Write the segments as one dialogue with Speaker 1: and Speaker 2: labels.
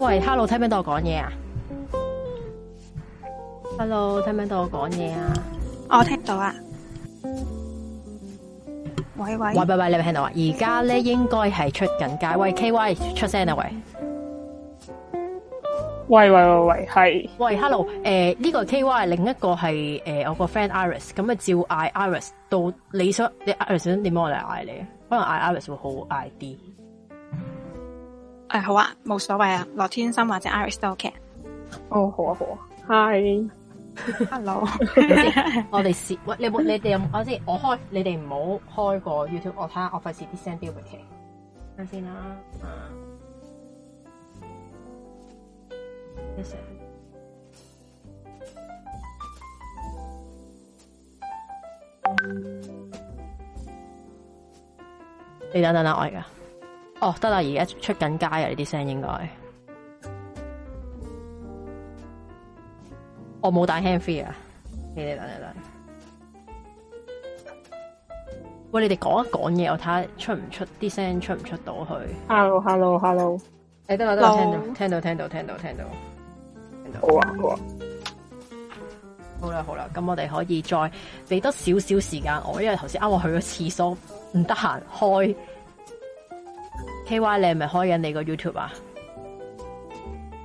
Speaker 1: 喂，Hello，聽唔聽到我講嘢啊？Hello，聽唔聽到我講嘢啊？我聽到，聽到啊。喂喂喂，你有聽到啊？而家咧應該係出緊街。喂，K Y，出聲啊喂！喂喂喂喂，係、呃。喂，Hello，誒，呢個 K Y，另一個係誒、呃、我個 friend Iris，咁啊照嗌 Iris，到
Speaker 2: 你想你 Iris 想點樣嚟嗌你，
Speaker 1: 可能嗌 Iris 會好嗌啲。
Speaker 2: 誒、哎，好啊，冇所謂啊，羅天心或者 Iris 都 OK。哦、oh,，好啊，好啊，Hi，Hello， 我哋試。你冇，你哋有冇啊？先，我
Speaker 1: 開，你哋唔好開個 YouTube，我睇下，我費事啲聲啲嘅，等先啦。啊，
Speaker 3: 咩 事
Speaker 1: 樂？ 你等等啊，我嚟㗎。哦，得啦，而家出緊街啊！呢啲聲應該，我冇帶 handfree 呀，啊。 你哋等一等，喂，你哋講一講嘢，我睇下出唔出啲聲，聲出唔出到去。Hello，Hello，Hello，
Speaker 4: 誒 hello, hello.、欸，得啦，得啦，聽到，
Speaker 1: 聽到，聽到，聽到，聽到，聽到，好啊，好啊，好啦，好啦，咁我哋可以再俾多少少時間我，因為頭先啱我去咗廁所，唔得閒開。K Y，、hey, 你係咪開緊你個 YouTube 啊？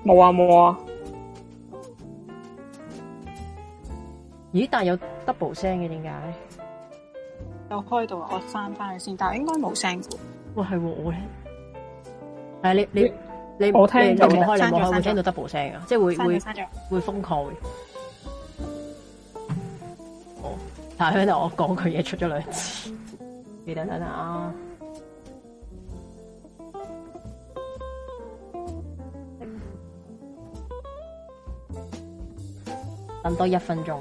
Speaker 3: 冇啊，冇啊。
Speaker 1: 咦，但有 double 聲嘅，點解？有
Speaker 2: 開到
Speaker 1: 我閂返去先，但應該冇聲嘅。哇、哦，係我咧。係你你你,你我聽到你冇開，我聽到 double 聲啊，即係會會會瘋狂。哦， 但係喺度，我講句嘢出咗兩次，等等等啊！等多一分鐘，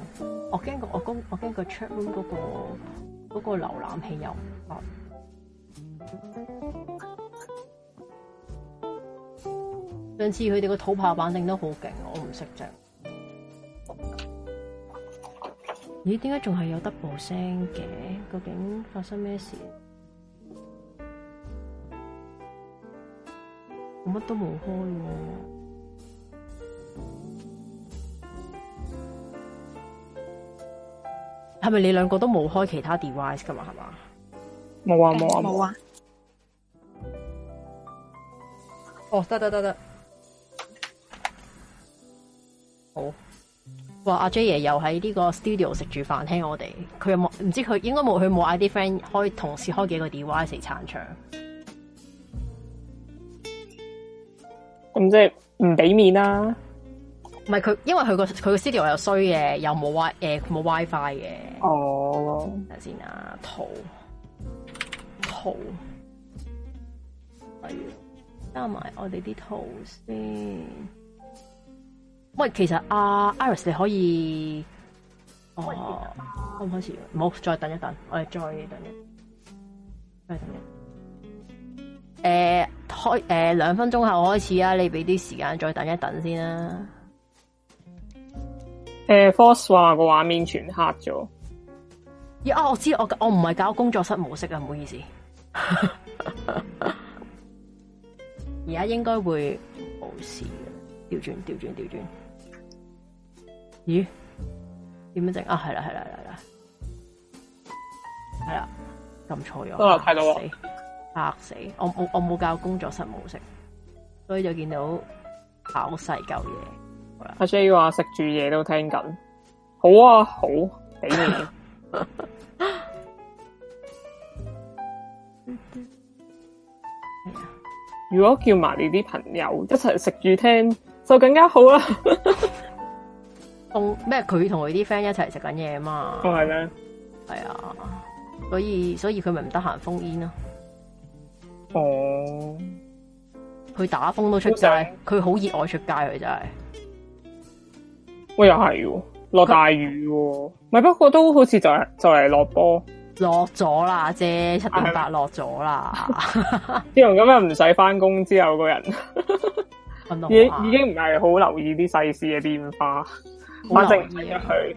Speaker 1: 我驚個我公，我驚個 checkroom 嗰個嗰、嗰個嗰個瀏覽器有。啊、上次佢哋個土炮板定得好勁，我唔識將。咦？點解仲係有 double 聲嘅？究竟發生咩事？我乜都冇開喎。係咪你兩個都冇開其他 device 噶嘛？係嘛？
Speaker 4: 冇啊，冇啊，冇啊，
Speaker 1: 啊！哦，得得得得，好。哇！阿、啊、J 爺又喺呢個 studio 食住飯聽我哋，佢又冇？唔知佢應該冇，佢冇嗌啲 friend 可以同時開幾個 device 嚟撐場。咁即係唔
Speaker 4: 俾面啦、啊。唔係佢，
Speaker 1: 因為佢個佢個 city 又衰嘅，又冇 wi 誒、呃、冇 wifi 嘅。哦，睇下先啊，圖圖係啊，加埋我哋啲圖先。喂，其實阿、啊、Iris 你可以哦，可、啊、唔開始，唔好再等一等，我哋再等一等，再等一等，誒、呃、開誒兩、呃、分鐘後開始啊！你俾啲時間再等一等先啦。
Speaker 4: 誒 f a r s e 話個畫面全黑咗。
Speaker 1: 咦啊！我知道我我唔係搞工作室模式啊，唔好意思。而 家 應該會冇事嘅，調轉調轉調轉。
Speaker 4: 咦？
Speaker 1: 點樣整啊？係啦係啦係啦。
Speaker 4: 係啦撳錯咗。多啦太多
Speaker 1: 嚇死！我我沒有我冇搞工作室模式，所以就見到跑晒嚿嘢。
Speaker 4: 阿 J 話食住嘢都聽緊，好啊好，俾你。 如果叫埋你啲朋友一齊食住聽，就更加好啦、
Speaker 1: 啊。咩？ 佢同佢啲 friend 一齊食緊嘢嘛？係、哦、咩？係啊，所以所以佢咪唔得閒封煙咯。
Speaker 3: 哦，
Speaker 1: 佢打風都出街，佢好熱愛出街，佢真係。
Speaker 4: 喂，又係喎，落大雨喎，咪係不，不過都好似就係就嚟落波，落咗啦，啫七點八落咗啦。依樣咁又唔使翻工，之後個人已、 嗯嗯嗯、已經唔係好留意啲世事嘅變化。
Speaker 1: 反正而家
Speaker 4: 係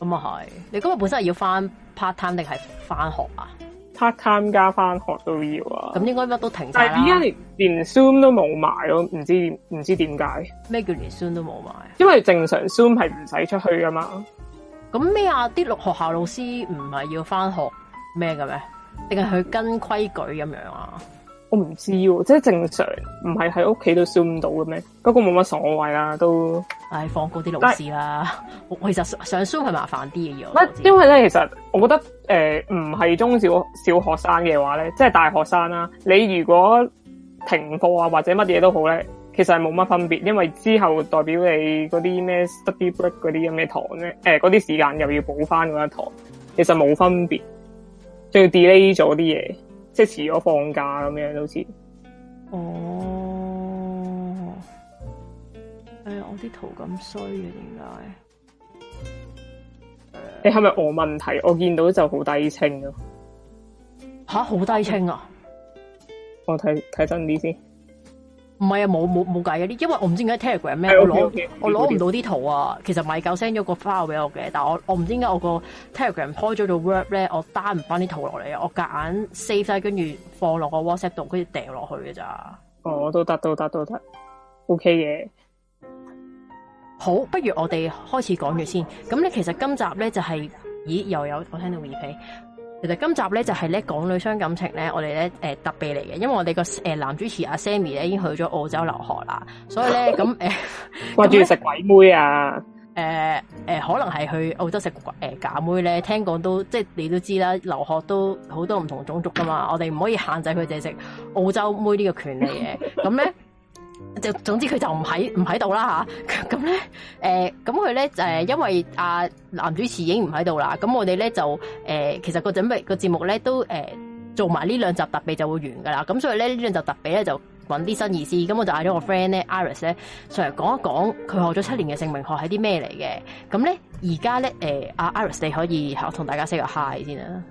Speaker 4: 咁啊，係、就是、
Speaker 1: 你今日本身係要翻 part time 定係
Speaker 4: 翻學啊？part time 加翻學都要啊！咁應該乜都停晒。但而家連 Zoom 都冇埋咯，唔知唔知點解？咩叫連 Zoom 都冇埋啊？因為正常 Zoom 係唔使出去噶嘛。咁咩啊？啲六學校老師唔係要翻學
Speaker 1: 咩嘅咩？定係佢跟規矩咁樣啊？
Speaker 4: 我唔知喎、啊，即係正常，唔係喺屋企都燒唔到嘅咩？不過冇乜所謂啦、啊，都唉、哎、放過啲老師啦。我其實上書係麻煩啲嘅嘢。乜？因為咧，其實我覺得誒，唔、呃、係中小小學生嘅話咧，即係大學生啦、啊。你如果停課啊，或者乜嘢都好咧，其實係冇乜分別，因為之後代表你嗰啲咩 study break 嗰啲咩堂咧，誒嗰啲時間又要補翻嗰一堂，其實冇分別，仲要 delay 咗啲嘢。即係遲我放假咁樣，好似哦。哎呀，我啲圖咁衰嘅點解？你係咪我問題？我見到就好低清咯。
Speaker 1: 吓、啊，好低清
Speaker 4: 啊！我睇睇真啲先。
Speaker 1: 唔係啊，冇冇冇計啲，因為我唔知點解 Telegram 咩、哎，我攞、okay, okay，我攞唔到啲圖啊。Okay. 其實米狗 send 咗個 file 俾我嘅，但係我我唔知點解我個 Telegram 開咗做 word 咧，我 down 唔翻啲圖落嚟啊。我夾硬 save 晒，跟住放落個 WhatsApp 度，跟住掉落去嘅咋。
Speaker 4: 哦，我都得，都得，都得，OK 嘅。好，不如我哋
Speaker 1: 開始講住先。咁咧，其實今集咧就係、是，咦又有，有我聽到 rep 其實今集咧就係、是、咧港女傷感情咧，我哋咧誒特別嚟嘅，因為我哋個誒男主持阿 Sammy 咧已經去咗澳洲留學啦，所以咧咁誒，我鍾意食 鬼妹啊，誒、呃、誒、呃，可能係去澳洲食誒、呃、假妹咧，聽講都即係你都知啦，留學都好多唔同種族噶嘛，我哋唔可以限制佢哋食澳洲妹呢個權利嘅，咁 咧。就總之佢就唔喺唔喺度啦吓咁咧，誒咁佢咧誒，啊呃就是、因為阿、啊、男主持已經唔喺度啦，咁我哋咧就誒、呃，其實個準備個節目咧都誒、呃、做埋呢兩集特備就會完噶啦。咁所以咧呢兩集特備咧就揾啲新意思，咁我就嗌咗我 friend 咧，Iris 咧上嚟講一講佢學咗七年嘅姓名學係啲咩嚟嘅。咁咧而家咧誒，阿、呃啊、Iris 你可以同大家 say 個 hi 先啊。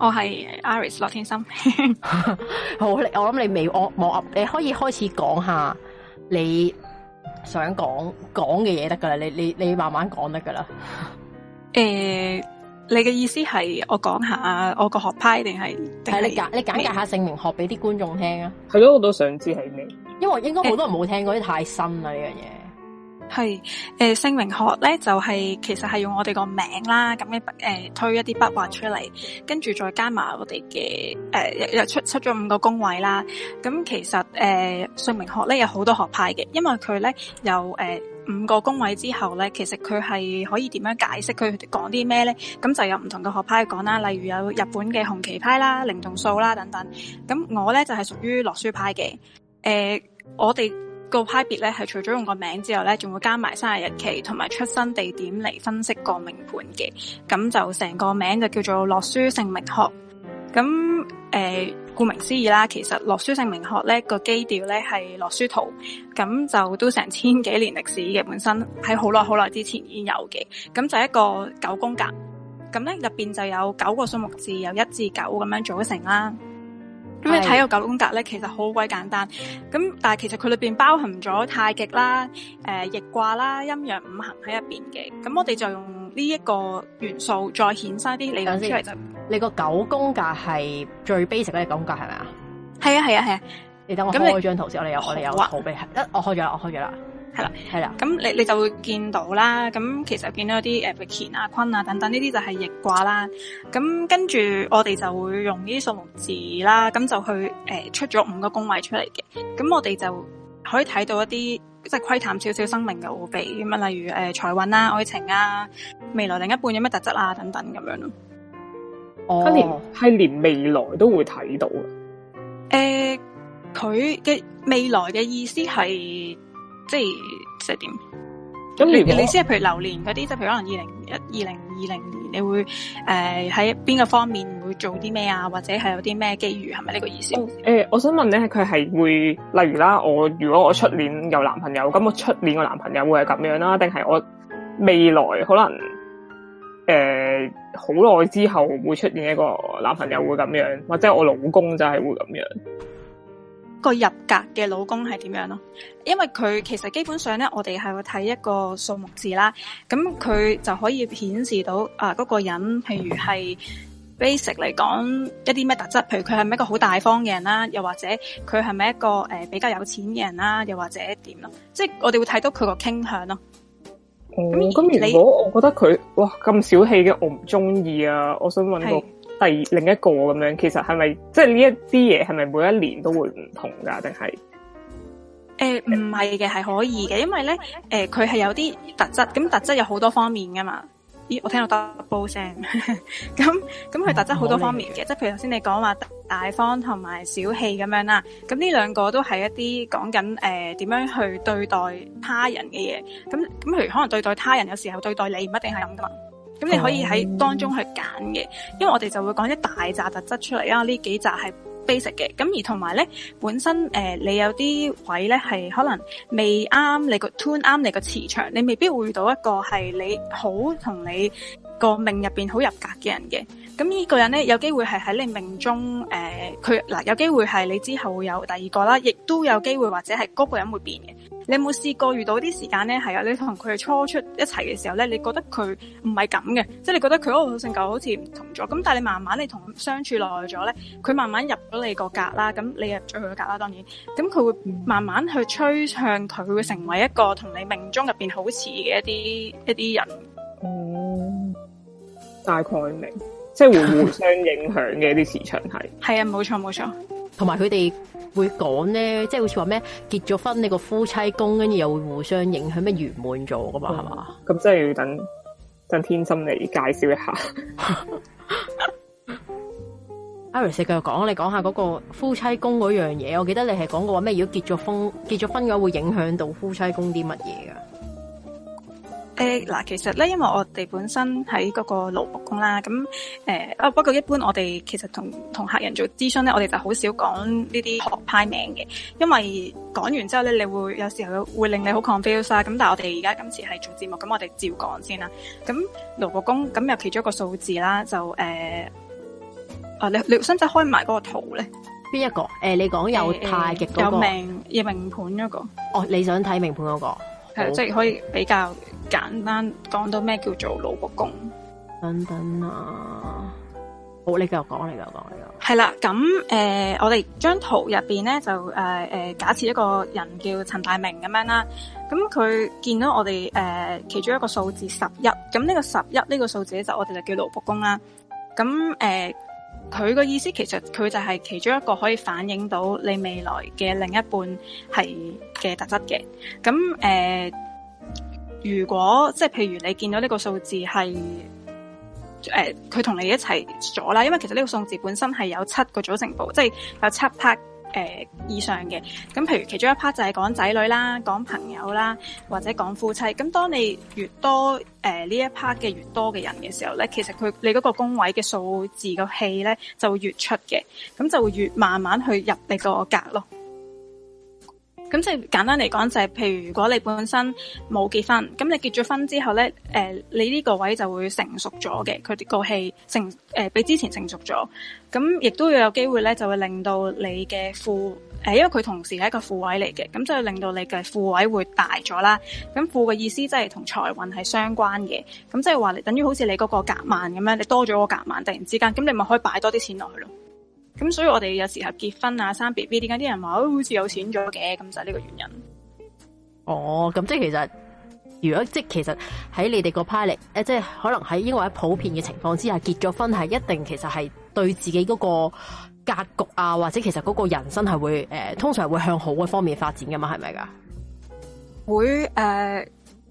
Speaker 2: 我係 Aris 羅天心。
Speaker 1: 好，我諗你未我冇，你可以開始講下你想講講嘅嘢得噶啦，你你你慢慢講得噶啦。
Speaker 2: 誒、 呃，你嘅意思係
Speaker 1: 我講下我個學派定係係你簡你簡介下姓名學俾啲觀眾聽啊？
Speaker 4: 係咯，我都想知係咩，
Speaker 2: 因為應該好多人冇聽過啲、欸、太新啦呢樣嘢。這個係，誒、呃，姓名學咧就係、是，其實係用我哋個名啦，咁嘅，誒、呃，推一啲筆畫出嚟，跟住再加埋我哋嘅，誒、呃，又出出咗五個工位啦，咁、嗯、其實，誒、呃，姓名學咧有好多學派嘅，因為佢咧有，誒、呃，五個工位之後咧，其實佢係可以點樣解釋佢哋講啲咩咧？咁、嗯、就有唔同嘅學派講啦，例如有日本嘅紅旗派啦、靈動數啦等等，咁、嗯、我咧就係屬於洛書派嘅，誒、呃，我哋。那個派別咧係除咗用個名之後咧，仲會加埋生日日期同埋出生地點嚟分析個名盤嘅，咁就成個名就叫做洛書姓名學。咁誒，顧名思義啦，其實洛書姓名學咧個基調咧係洛書圖，咁就都成千幾年歷史嘅，本身喺好耐好耐之前已經有嘅，咁就一個九宮格，咁咧入邊就有九個數目字，由一至九咁樣組成啦。咁你睇個九宮格咧，其實好鬼簡單。咁、嗯、但係其實佢裏邊包含咗太極啦、誒易卦啦、陰陽五行喺入邊嘅。咁我哋就用呢一個元素再衍生啲理論先。嚟就。
Speaker 1: 你個九宮格係最 basic 嘅九宮格係咪啊？係啊係啊係啊！你等我開張圖先，我哋有我哋有好俾，一我開咗啦我開咗啦。係啦，係啦，
Speaker 2: 咁你你就會見到啦。咁其實見到啲誒，乾 啊、坤啊等等呢啲就係逆卦啦。咁跟住我哋就會用呢啲數目字啦，咁就去誒、呃，出咗五個宮位出嚟嘅。咁我哋就可以睇到一啲即係窺探少少生命嘅奧秘，咁例如誒財運啊、愛情啊、未來另一半有咩特質啊等等咁樣
Speaker 4: 咯。哦，係連，連未來都會睇到
Speaker 2: 嘅。誒、呃，佢嘅未來嘅意思係。即係，即係點？咁你你即係譬如流年嗰啲，即係譬如可能二零一、二零二零年，你會，誒喺邊個方面會做啲咩啊？或者係有啲咩機遇？係咪呢個意思？誒、
Speaker 4: 哦呃，我想問咧，佢係會例如啦，我如果我出年有男朋友，咁、嗯、我出年我男朋友會係咁樣啦，定係我未來可能誒好耐之後會出現一個男朋友會咁樣，或者我老公就係會咁樣。
Speaker 2: 個入格嘅老公係點樣咯？因為佢其實基本上咧，我哋係會睇一個數目字啦。咁佢就可以顯示到啊，嗰、呃，那個人，譬如係 basic 嚟講一啲咩特質，譬如佢係咪一個好大方嘅人啦，又或者佢係咪一個誒、呃、比較有錢嘅人啦，又或者點咯？即係我哋會睇到佢個傾向咯。
Speaker 4: 咁、哦、咁如果我覺得佢哇咁小氣嘅，我唔中意啊！我想揾個。係另一個咁樣，其實係咪即係呢一啲嘢，係咪每一年都會唔同噶？定係？
Speaker 2: 誒、呃，唔係嘅，係可以嘅，因為咧，誒、呃，佢係有啲特質，咁、嗯、特質有好多方面噶嘛。咦，我聽到 double 聲，咁咁佢特質好多方面嘅，即係譬如頭先你講話大方同埋小氣咁樣啦，咁呢兩個都係一啲講緊誒點樣去對待他人嘅嘢，咁、嗯、咁譬如可能對待他人，有時候對待你唔一定係咁噶嘛。咁你可以喺當中去揀嘅、嗯，因為我哋就會講一大紮特質出嚟啊。因為幾呢幾紮係 basic 嘅，咁而同埋咧，本身誒、呃、你有啲位咧係可能未啱你個 tune，啱你個磁場，你未必會遇到一個係你好同你個命入邊好入格嘅人嘅。咁呢個人咧，有機會係喺你命中誒，佢、呃、嗱、呃、有機會係你之後會有第二個啦，亦都有機會或者係嗰個人會變嘅。你有冇試過遇到啲時間咧？係啊，你同佢初出一齊嘅時候咧，你覺得佢唔係咁嘅，即係你覺得佢嗰個性格好似唔同咗。咁但係你慢慢你同相處耐咗咧，佢慢慢入咗你個格啦，咁你入咗佢個格啦。當然，咁佢會慢慢去吹向佢會成為一個同你命中入邊好似嘅一啲一啲人。哦、嗯，
Speaker 4: 大概明，即係會互相影響嘅一啲時長係。
Speaker 2: 係啊，冇錯冇錯。
Speaker 4: 同埋佢哋會講
Speaker 1: 咧，即係好似話咩結咗婚你個夫妻宮，跟住又會互相影響咩圓滿咗噶
Speaker 4: 嘛，係、嗯、嘛？咁即係要等等天心嚟介紹一下。 Iris 繼續講，你講下嗰個夫妻宮嗰樣嘢。我記得你
Speaker 1: 係講過話咩？如果結咗婚，結咗婚嘅話會影響到夫妻宮啲乜嘢噶？
Speaker 2: 誒，嗱，其實咧，因為我哋本身喺嗰個羅卜公啦，咁誒，啊、呃，不過一般我哋其實同同客人做諮詢咧，我哋就好少講呢啲學派名嘅，因為講完之後咧，你會有時候會令你好 confused 啊。咁但係我哋而家今次係做節目，咁我哋照講先啦。咁羅卜公，咁又其中一個數字啦，就誒，
Speaker 1: 啊、呃，你你想唔想開埋嗰個圖咧？邊一個？誒、呃，你講有太極嗰、那個、呃，有名
Speaker 2: 盤名盤、那個。
Speaker 1: 哦，你想睇名盤嗰、那個？嗯、即係可
Speaker 2: 以比較簡單講到咩叫做勞伯公
Speaker 1: 等等啊！好、嗯嗯嗯嗯哦，你繼續講，你繼續講，你繼續
Speaker 2: 係啦。咁誒、呃，我哋張圖入邊咧，就誒誒、呃，假設一個人叫陳大明咁樣啦。咁佢見到我哋誒、呃、其中一個數字十一，咁呢個十一呢個數字咧，就我哋就叫勞伯公啦。咁誒。呃佢個意思其實佢就係其中一個可以反映到你未來嘅另一半係嘅特質嘅。咁誒、呃，如果即係譬如你見到呢個數字係誒，佢、呃、同你一齊咗啦，因為其實呢個數字本身係有七個組成部，即係有七 part。誒、呃、以上嘅咁，譬如其中一 part 就係講仔女啦，講朋友啦，或者講夫妻咁。當你越多誒呢、呃、一 part 嘅越多嘅人嘅時候咧，其實佢你嗰個宮位嘅數字、個氣咧就會越出嘅，咁就會越慢慢去入你個格咯。咁即係簡單嚟講，就係譬如如果你本身冇結婚，咁你結咗婚之後咧、呃，你呢個位就會成熟咗嘅，佢個氣成誒、呃、比之前成熟咗，咁亦都要有機會咧，就會令到你嘅負，因為佢同時係一個負位嚟嘅，咁就會令到你嘅負位會大咗啦。咁負嘅意思即係同財運係相關嘅，咁即係話你等於好似你嗰個夾萬咁樣，你多咗個夾萬，突然之間，咁你咪可以擺多啲錢落去咯。咁所以，我哋有時候結婚啊、生 B B，點解啲人話好似有錢咗嘅？咁就係呢個原因。
Speaker 1: 哦，咁即係其實，如果即係其實喺你哋個派嚟，誒、呃，即係可能喺應該喺普遍嘅情況之下，結咗婚係一定其實係對自己嗰個格局啊，或者其實嗰個人生係會誒、呃，通常係會向好嘅方面發展噶嘛？係咪噶？
Speaker 2: 會誒，嗱、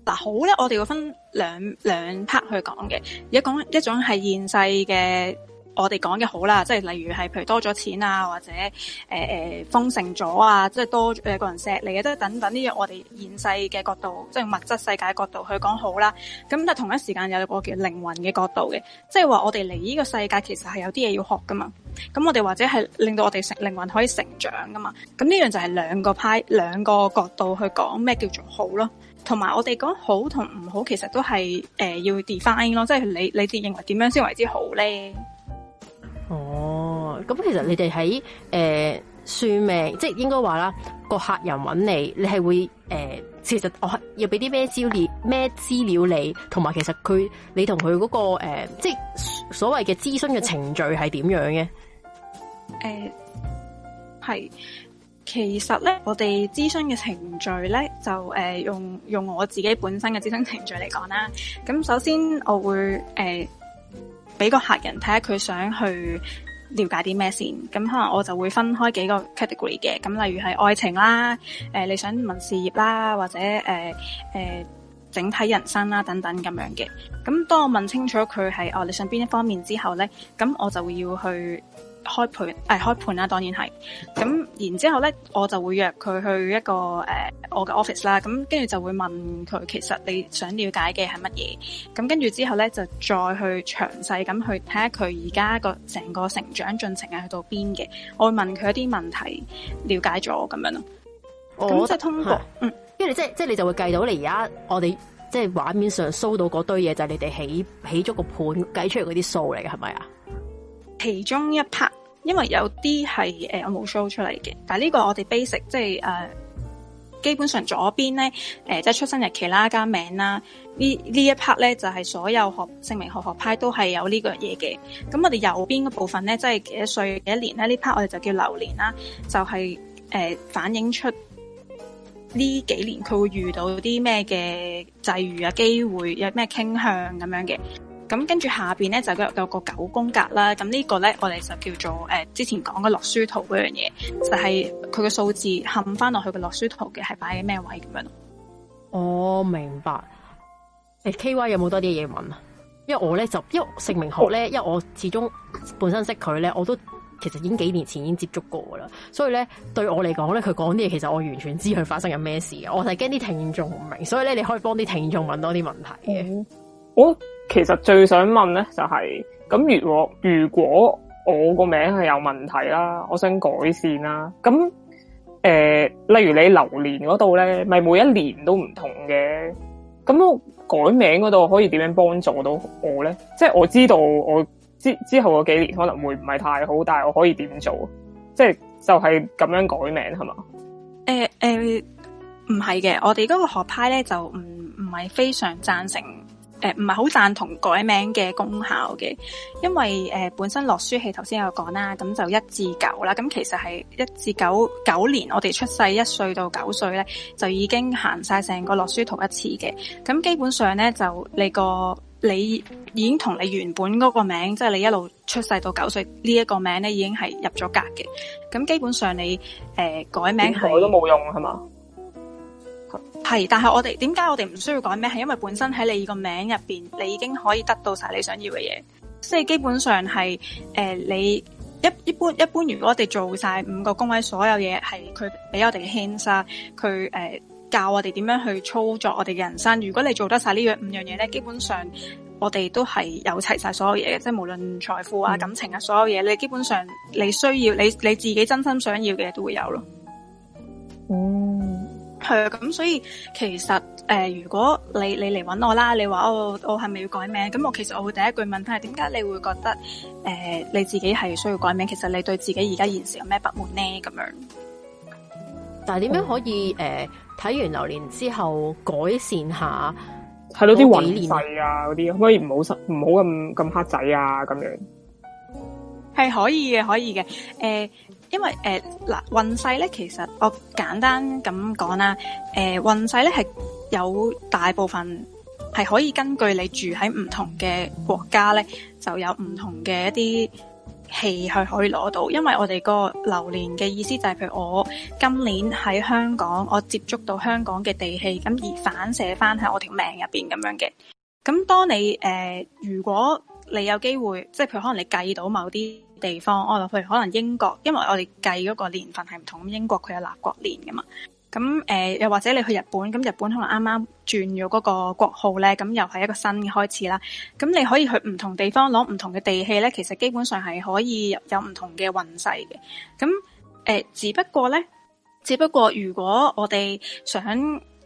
Speaker 2: 呃、好咧，我哋要分兩兩 part 去講嘅，一講一種係現世嘅。我哋講嘅好啦，即係例如係，譬如多咗錢啊，或者誒誒豐盛咗啊，即係多誒個人錫你嘅，都係等等呢樣。我哋現世嘅角度，即係物質世界嘅角度去講好啦。咁但係同一時間有個叫靈魂嘅角度嘅，即係話我哋嚟呢個世界其實係有啲嘢要學噶嘛。咁我哋或者係令到我哋成靈魂可以成長噶嘛。咁呢樣就係兩個派兩個角度去講咩叫做好咯。同埋我哋講好同唔好，其實都係誒、呃、要 define 咯，即係你你哋認為點樣先為之好咧？
Speaker 1: 哦，咁其實你哋喺誒算命，即係應該話啦，個客人揾你，你係會誒、呃，其實我要俾啲咩資料，咩資料你，同埋其實佢，你同佢嗰個誒、呃，即係所謂嘅諮詢嘅程序係點樣嘅？誒、
Speaker 2: 呃，係，其實咧，我哋諮詢嘅程序咧，就誒、呃、用用我自己本身嘅諮詢程序嚟講啦。咁首先我會誒。呃俾個客人睇下佢想去了解啲咩先，咁可能我就會分開幾個 category 嘅，咁例如係愛情啦，呃、你想問事業啦，或者、呃呃、整體人生啦等等咁樣嘅。咁當我問清楚佢係哦你想邊一方面之後咧，咁我就會要去開盤誒、哎，開盤啦，當然係咁。然之後咧，我就會約佢去一個誒、呃，我嘅 office 啦。咁跟住就會問佢，其實你想了解嘅係乜嘢？咁跟住之後咧，就再去詳細咁去睇下佢而家個成個成長進程係去到邊嘅。我會問佢一啲問題，了解咗咁樣咯。
Speaker 1: 咁即係通過，嗯，因為你即係即係，你就會計到你而家我哋即係畫面上搜到嗰堆嘢，就係、是、你哋起起咗個盤計出嚟嗰啲數嚟嘅，係咪啊？
Speaker 2: 其中一 part。因為有啲係誒我冇 show 出嚟嘅，但係呢個我哋 basic 即係誒、呃，基本上左邊咧誒、呃、即係出生日期啦、加名啦，這這呢呢一 part 咧就係、是、所有學姓名學學派都係有呢個嘢嘅。咁我哋右邊嘅部分咧，即係幾多歲幾多年咧？呢 part 我哋就叫流年啦，就係、是、誒、呃、反映出呢幾年佢會遇到啲咩嘅際遇啊、機會有咩傾向咁樣嘅。咁跟住下邊咧就有個個九宮格啦，咁、這、呢個咧我哋就叫做誒之前講嘅落書圖嗰樣嘢，就係佢嘅數字嵌翻落去嘅落書圖嘅係擺喺咩位咁樣？
Speaker 1: 我、哦、明白。誒，K Y 有冇多啲嘢問啊？因為我咧就因為姓名學咧，因為我始終本身識佢咧，我都其實已經幾年前已經接觸過噶啦，所以咧對我嚟講咧，佢講啲嘢其實我完全知佢發生緊咩事嘅，我就係驚啲聽眾唔明，所以咧你可以幫啲聽眾問多啲問題、嗯
Speaker 4: 我其實最想問咧，就係咁。如果如果我個名係有問題啦，我想改善啦，咁誒，例如你流年嗰度咧，咪每一年都唔同嘅。咁改名嗰度可以點樣幫助到我咧？即係我知道我之之後嗰幾年可能會唔係太好，但係我可以點做？即係就係咁樣改名係嘛？
Speaker 2: 誒誒，唔係嘅，我哋嗰個學派咧就唔唔係非常贊成。誒、呃，唔係好贊同改名嘅功效嘅，因為誒、呃、本身洛書戲頭先有講啦，咁就一至九啦，咁其實係一至九九年，我哋出世一歲到九歲咧，就已經行晒成個洛書圖一次嘅，咁基本上咧就你個你已經同你原本嗰個名，即、就、係、是、你一路出世到九歲呢一、這個名咧，已經係入咗格嘅，咁基本上你誒、呃、改名係都冇用係嘛？係、嗯，但係我哋點解我哋唔需要改名？係因為本身喺你個名入邊，你已經可以得到晒你想要嘅嘢。即係基本上係誒、呃，你一一般一般，一般如果我哋做晒五個工位，所有嘢係佢俾我哋 h a n 佢，誒教我哋點樣去操作我哋嘅人生。如果你做得晒呢樣五樣嘢咧，基本上我哋都係有齊晒所有嘢，即係無論財富啊、感情啊、所有嘢、嗯，你基本上你需要你你自己真心想要嘅嘢都會有咯。哦、嗯。係啊，咁所以其實誒、呃，如果你你嚟揾我啦，你話我你說，我係咪要改名？咁我其實我會第一句問翻係點解你會覺得誒、呃，你自己係需要改名？其實你對自己而家現時有咩不滿呢？咁樣。
Speaker 1: 但係點樣可以誒，睇、嗯呃、完流年之後改善一下？係咯、啊，啲
Speaker 4: 運勢啊，嗰啲可以唔好唔好咁咁黑仔啊，咁樣。
Speaker 2: 係可以嘅，可以嘅，誒。呃因為誒嗱、呃、運勢咧，其實我簡單咁講啦，誒、呃、運勢咧係有大部分係可以根據你住喺唔同嘅國家咧，就有唔同嘅一啲氣去可以攞到。因為我哋個流年嘅意思就係、是，譬如，我今年喺香港，我接觸到香港嘅地氣，咁而反射翻喺我條命入邊咁樣嘅。咁當你誒、呃，如果你有機會，即係譬如，可能你計到某啲。地方，我諗譬如可能英國，因為我哋計嗰個年份係唔同，英國佢有立國年噶嘛。咁誒、呃，又或者你去日本，咁日本可能啱啱轉咗嗰個國號咧，咁又係一個新嘅開始啦。咁你可以去唔同地方攞唔同嘅地氣咧，其實基本上係可以有唔同嘅運勢嘅。咁誒、呃，只不過咧，只不過如果我哋想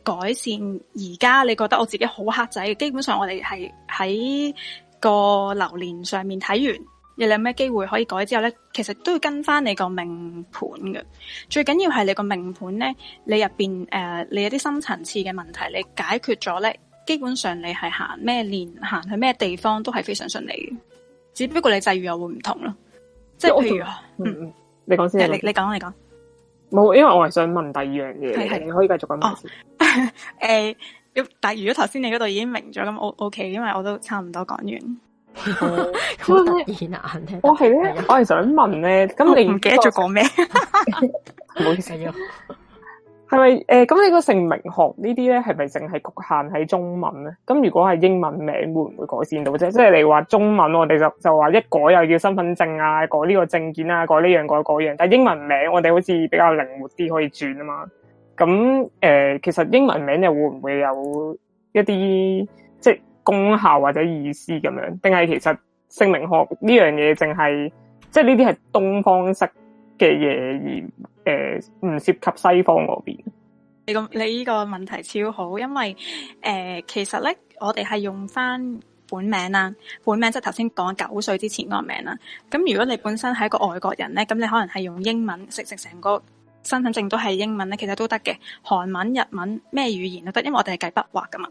Speaker 2: 改善,而家，你覺得我自己好黑仔，基本上我哋係喺個流年上面睇完，你有咩機會可以改之後咧？其實都要跟翻你個命盤嘅。最緊要係你個命盤咧，你入邊誒，你有啲深層次嘅問題，你解決咗咧，基本上你係行咩年，行去咩地方都係非常順利嘅。只不過你際遇又會唔同咯。即係譬如，嗯，
Speaker 4: 你講先、嗯、先，你你講，你講。冇，因為我係想問第二樣嘢、嗯，你可以繼續講。
Speaker 2: 誒、哦 欸，但係如果頭先你嗰度已經明咗，咁 O，O，K，、OK，因為我都差唔多講完。
Speaker 4: 咁、 嗯、好突然啊！啊 我係咧、啊，我係想問咧、啊，咁你唔記得咗講咩？唔好意思啊，係咪？誒、呃，咁你個姓名學呢啲咧，係咪淨係局限喺中文咧？咁如果係英文名，會唔會改善到啫？即、就、係、是、你話中文我，我哋就就話一改又要身份證啊，改呢個證件啊，改呢、這個這個、樣改嗰樣。但係英文名，我哋好似比較靈活啲，可以轉啊嘛。咁誒、呃，其實英文名又會唔會有一啲？功效或者意思咁樣，定係其實姓名學呢樣嘢淨係，即係呢啲係東方式嘅嘢而誒唔、呃、涉及西方嗰邊。
Speaker 2: 你個你呢個問題超好，因為誒、呃、其實咧我哋係用翻本名啦，本名即係頭先講九歲之前個名啦。咁如果你本身係一個外國人咧，咁你可能係用英文食食成個身份證都係英文咧，其實都得嘅。韓文、日文咩語言都得，因為我哋係計筆畫噶嘛。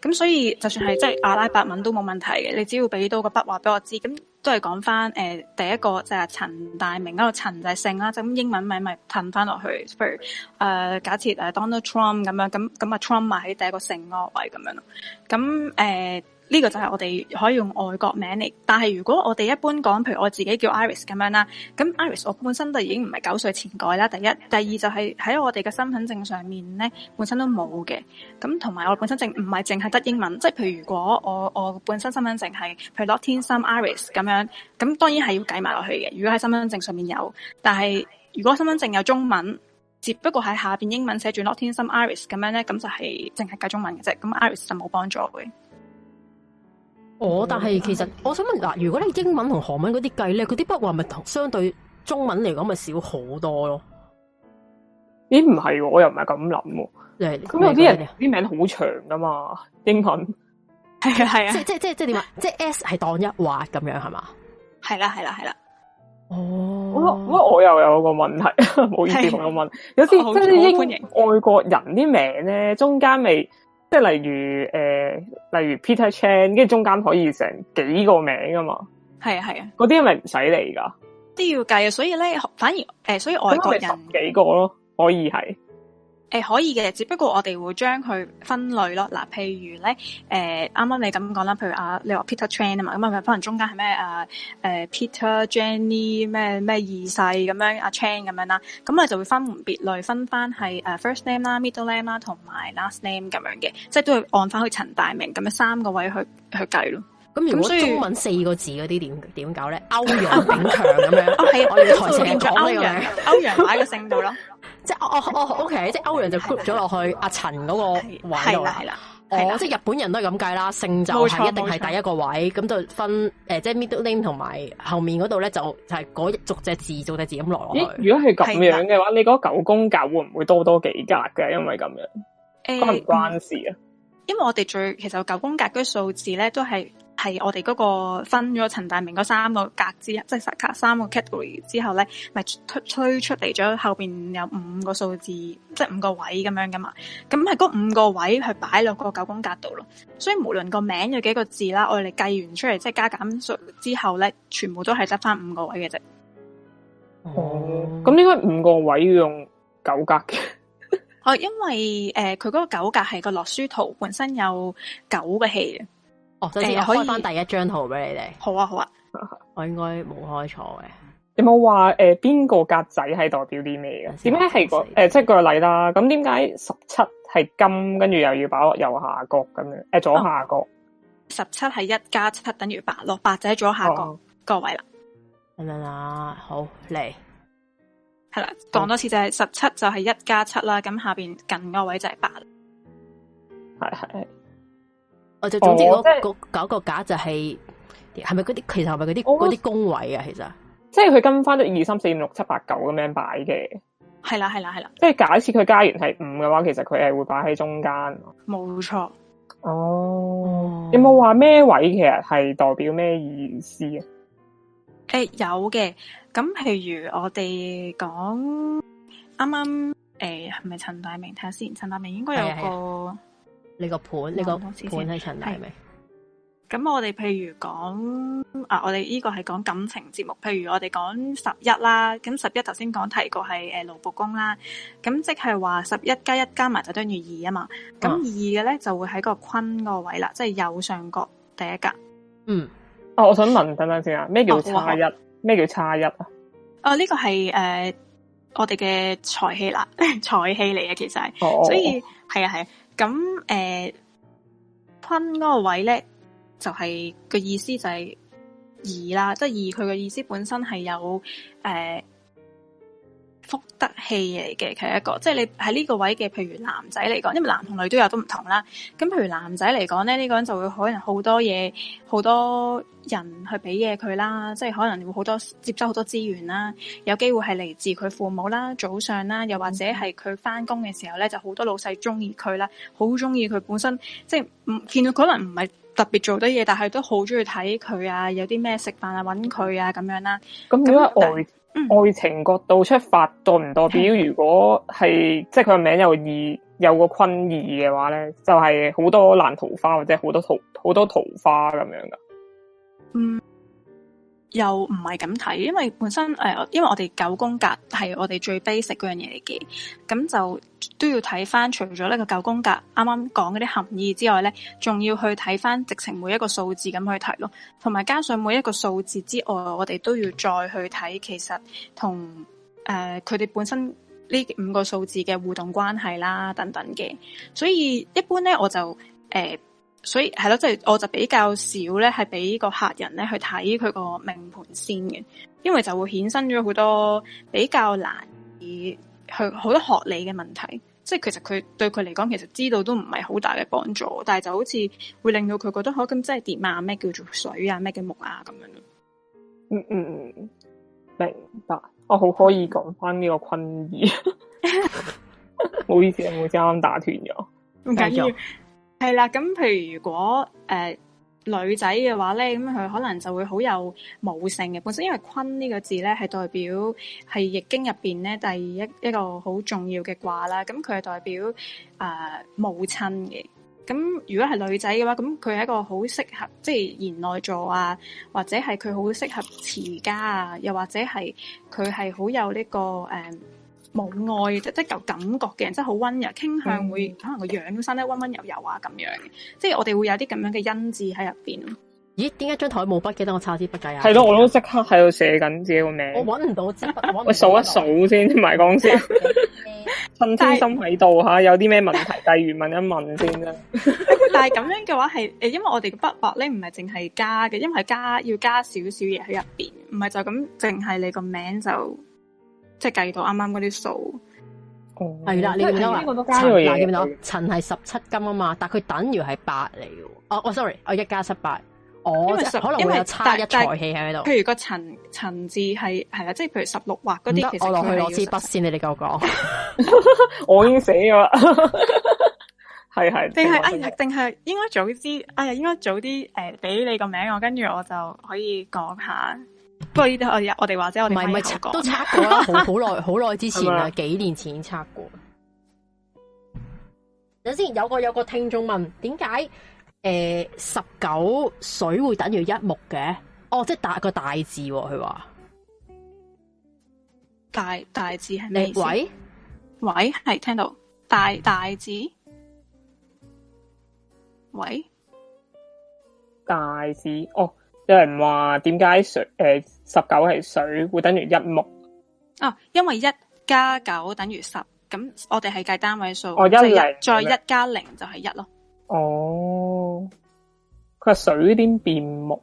Speaker 2: 咁所以就算係即係阿拉伯文都冇問題嘅，你只要俾到個筆畫俾我知，咁都係講翻誒，第一個就係陳大明嗰個陳就姓啦，咁英文名咪褪翻落去，譬如誒、呃、假設誒 Donald Trump 咁樣，咁咁啊 Trump 埋喺第一個姓嗰位咁樣咯，咁誒。呃呢個就係我哋可以用外國名嚟，但係如果我哋一般講，譬如我自己叫 Iris 咁樣啦，咁 Iris 我本身都已經唔係九歲前改啦。第一，第二就係喺我哋嘅身份證上面咧，本身都冇嘅。咁同埋我本身淨唔係淨係得英文，即係譬如如果我我本身身份證係，譬如洛天心 Iris 咁樣，咁當然係要計埋落去嘅。如果喺身份證上面有，但係如果身份證有中文，只不過喺下面英文寫住洛天心 Iris 咁樣咧，咁就係淨係計中文嘅啫。咁 Iris 就冇幫助嘅。
Speaker 1: 哦，但係其實我想問嗱，如果你英文同韓文嗰啲計咧，
Speaker 4: 嗰啲筆畫咪同相對中文嚟講咪少好多咯？咦，唔係、啊，我又唔係咁諗。咁有啲人啲名好長噶嘛？英文係 啊係啊，即即即即點啊？即 S 係當一劃咁樣係嘛？
Speaker 2: 係啦係啦
Speaker 1: 係
Speaker 3: 啦。
Speaker 4: 哦，啊， 我我又有個問題，唔好意思同，啊，一問，有啲即係英外國人啲名咧，中間未。即係例如誒、呃，例如 Peter Chan，跟住中間可以成幾個名噶嘛？
Speaker 2: 係啊係啊，嗰
Speaker 4: 啲係咪唔使嚟噶，
Speaker 2: 都要計啊，所以咧，反而誒、呃，所以外國人是是十幾
Speaker 4: 個咯，可以係。
Speaker 2: 誒，可以嘅，只不過我哋會將佢分類咯。嗱、啊，譬如咧，誒、呃，啱啱你咁講啦，譬如啊，你話 Peter Chan 啊嘛，咁啊，可能中間係咩誒誒 Peter Jenny 咩咩二世咁樣，阿、啊、Chan 咁樣啦，咁咧就會分門別類，分翻係誒 first name 啦，middle name 啦，同埋 last name 咁樣嘅，即係都會按翻去陳大明咁樣三個位去去計咯。
Speaker 1: 咁如果中文四個字嗰啲點點搞咧？歐陽炳強咁樣，
Speaker 2: 喺、 哦、台前講呢個
Speaker 1: 名，歐陽擺個姓度咯。即係我我 OK，即係歐陽就 group 咗落去阿陳嗰個位度啦。哦，哦哦 okay, 即係、 嗯、日本人都係咁計啦，姓就係一定係第一個位。咁就分誒，即、就、係、是、middle name 同埋後面嗰度咧，就就係一逐隻字，逐隻字咁落落去。如
Speaker 4: 果係咁樣嘅話，你嗰九宮格會唔會多多幾格嘅、嗯？因為咁樣
Speaker 2: 誒，關事啊？因為我哋最其實九宮格嗰數字咧都係。係我哋嗰個分咗陳大明嗰三個格之一，即係三三個 category 之後咧，咪推出嚟咗後邊有五個數字，即係五個位咁樣噶嘛？咁係嗰五個位去擺落個九宮格度咯。所以無論個名有幾個字啦，我哋計完出嚟，即係加減數之後咧，全部都係得翻五個位嘅啫。哦、嗯，
Speaker 4: 咁應該五個位要用九格
Speaker 2: 嘅。 哦，因為誒，佢、呃、嗰個九格係個洛書圖本身有九個戲嘅。
Speaker 1: 哦，暫時、嗯、可以開翻第一張圖俾你哋。好啊，好啊， 我應該冇開
Speaker 4: 錯嘅。有冇話誒邊個格仔係代表啲咩嘅？點解係個誒即係個例啦？咁點解十七係金，跟住又要把握右下角咁樣？誒、欸、左下
Speaker 2: 角十七係一加七等於八落八就喺左下角個位啦。咁
Speaker 1: 樣啦，好嚟，
Speaker 2: 係啦，講 多次就係十七就係一加七啦。咁下邊近個位就係八。係
Speaker 1: 係。
Speaker 4: 我
Speaker 2: 就總之嗰、哦嗰個
Speaker 4: 搞、嗰個架就係，係咪嗰啲其實係咪嗰啲嗰啲宮位啊？其實，即係佢跟翻咗二三四五六七八九咁樣擺嘅。
Speaker 2: 係啦係啦係啦，
Speaker 4: 即係假設佢加完係五嘅話，其實佢係會擺喺中間。
Speaker 2: 冇錯。哦。嗯、
Speaker 4: 有冇話咩位其實係代表咩意思
Speaker 2: 啊？誒、呃，有嘅。咁譬如我哋講，啱啱誒係咪陳大明？睇下先，陳大明應該有一個。
Speaker 1: 你個盤、嗯，你個盤係陳大
Speaker 2: 係咪？咁我哋譬如講啊，我哋呢個係講感情節目。譬如我哋講十一啦，咁十一頭先講提過係誒勞步宮啦，咁即係話十一加一加埋就等於二啊嘛。咁二嘅，咧就會喺個坤個位啦，即係右上角第一格。
Speaker 4: 嗯。啊、哦，我想問，等等先啊，咩叫差一？咩叫差一啊？
Speaker 2: 哦，呢個係誒我哋嘅財氣啦，財氣嚟嘅其實係，哦，所以係啊係啊。係啊咁誒，昆、呃、嗰個位咧，就係、是、個意思就係二啦，即係二，佢嘅意思本身係有誒。呃福德氣嚟嘅，佢一個，即係你喺呢個位嘅，譬如男仔嚟講，因為男同女都有都唔同啦。咁譬如男仔嚟講咧，呢、呢個人就會可能好多嘢，好多人去俾嘢佢啦，即係可能會好多接收好多資源啦，有機會係嚟自佢父母啦、祖上啦，又或者係佢翻工嘅時候咧，就好多老細中意佢啦，好中意佢本身，即係唔見到可能唔係特別做得嘢，但係都好中意睇佢啊，有啲咩食飯啊，揾佢啊咁樣啦。
Speaker 4: 咁如果愛情角度出發，代唔代表如果係即係佢個名有二有個坤二嘅話咧，就係、是、好多爛桃花或者好多桃好多桃花咁樣噶。嗯。
Speaker 2: 又唔係咁睇，因為本身誒、呃，因為我哋九宮格係我哋最 basic 嗰樣嘢嚟嘅，咁就都要睇翻除咗呢個九宮格啱啱講嗰啲含義之外咧，仲要去睇翻直情每一個數字咁去睇咯，同埋加上每一個數字之外，我哋都要再去睇其實同誒佢哋本身呢五個數字嘅互動關係啦，等等嘅，所以一般咧我就誒。呃所以係咯，即係、就是、我就比較少咧，係俾個客人咧去睇佢個命盤先嘅，因為就會衍生咗好多比較難以去好多學理嘅問題。即、就、係、是、其實佢對佢嚟講，其實知道都唔係好大嘅幫助。但係就好似會令到佢覺得可真，哦，咁即係點啊？咩叫做水啊？咩嘅木啊？咁樣咯。嗯
Speaker 4: 嗯，明白。我好可以講翻呢個困意。唔 好意思，我而家打斷咗，唔
Speaker 2: 緊要。係啦，咁譬如如果誒、呃、女仔嘅話咧，咁佢可能就會好有母性嘅。本身因為坤呢、這個字咧係代表係易經入邊咧第一一個好重要嘅卦啦。咁佢係代表誒、呃、母親嘅。咁如果係女仔嘅話，咁佢係一個好適合即係賢內助啊，或者係佢好適合持家啊，又或者係佢係好有呢、這個誒。呃冇愛，即即由感覺嘅人，即好溫柔，傾向會、嗯、可能個樣生得溫溫柔柔啊，咁樣即係我哋會有啲咁樣嘅音字喺入邊。
Speaker 1: 咦？點解張台冇筆嘅？等我擦啲筆計啊！係
Speaker 4: 咯，我都即刻喺度寫緊自己個名字。我
Speaker 2: 搵唔到支筆，我
Speaker 4: 數 一數先，埋 講說先。 趁貼心喺度吓，有啲咩問題？例 如問一問先啦。
Speaker 2: 但係咁樣嘅話，係誒，因為我哋嘅筆畫咧，唔係淨係加嘅，因為加要加少少嘢喺入邊，唔係就咁淨係你個名就。即係計到啱啱嗰啲數，係、嗯、啦。你到、哎這個都樣嗯、見到話陳，你見到
Speaker 1: 陳係十七金啊嘛，但佢等於係八嚟喎。
Speaker 2: 哦、oh, oh、，sorry，我一加十八，我可能會有差一財氣喺度。譬如個陳陳字係係啦，即係譬如十六畫嗰啲。我落去攞支筆
Speaker 1: 先，你哋繼續講。
Speaker 4: 我已經死咗。 係係。定係哎呀？
Speaker 2: 定係應該早啲？哎呀，應該早啲誒，俾、呃、你個名我，跟住我就可以講下。不，不過我
Speaker 1: 我哋或者我唔係唔係測都測過，啦好耐好耐之前啦， 幾年前測過等等。有之有個有個聽眾問，點解誒十九水會等於一木嘅？哦，即係大個大字，啊，佢話
Speaker 2: 大大字係咩？喂喂，係聽到大大字？喂
Speaker 4: 大字哦。有人話點解水誒十九係水會等于一木？
Speaker 2: 哦，因為一加九等于十，咁我哋係計單位數，即係零再一加零就係一咯。
Speaker 4: 哦，佢、就、話、是哦、水點變木？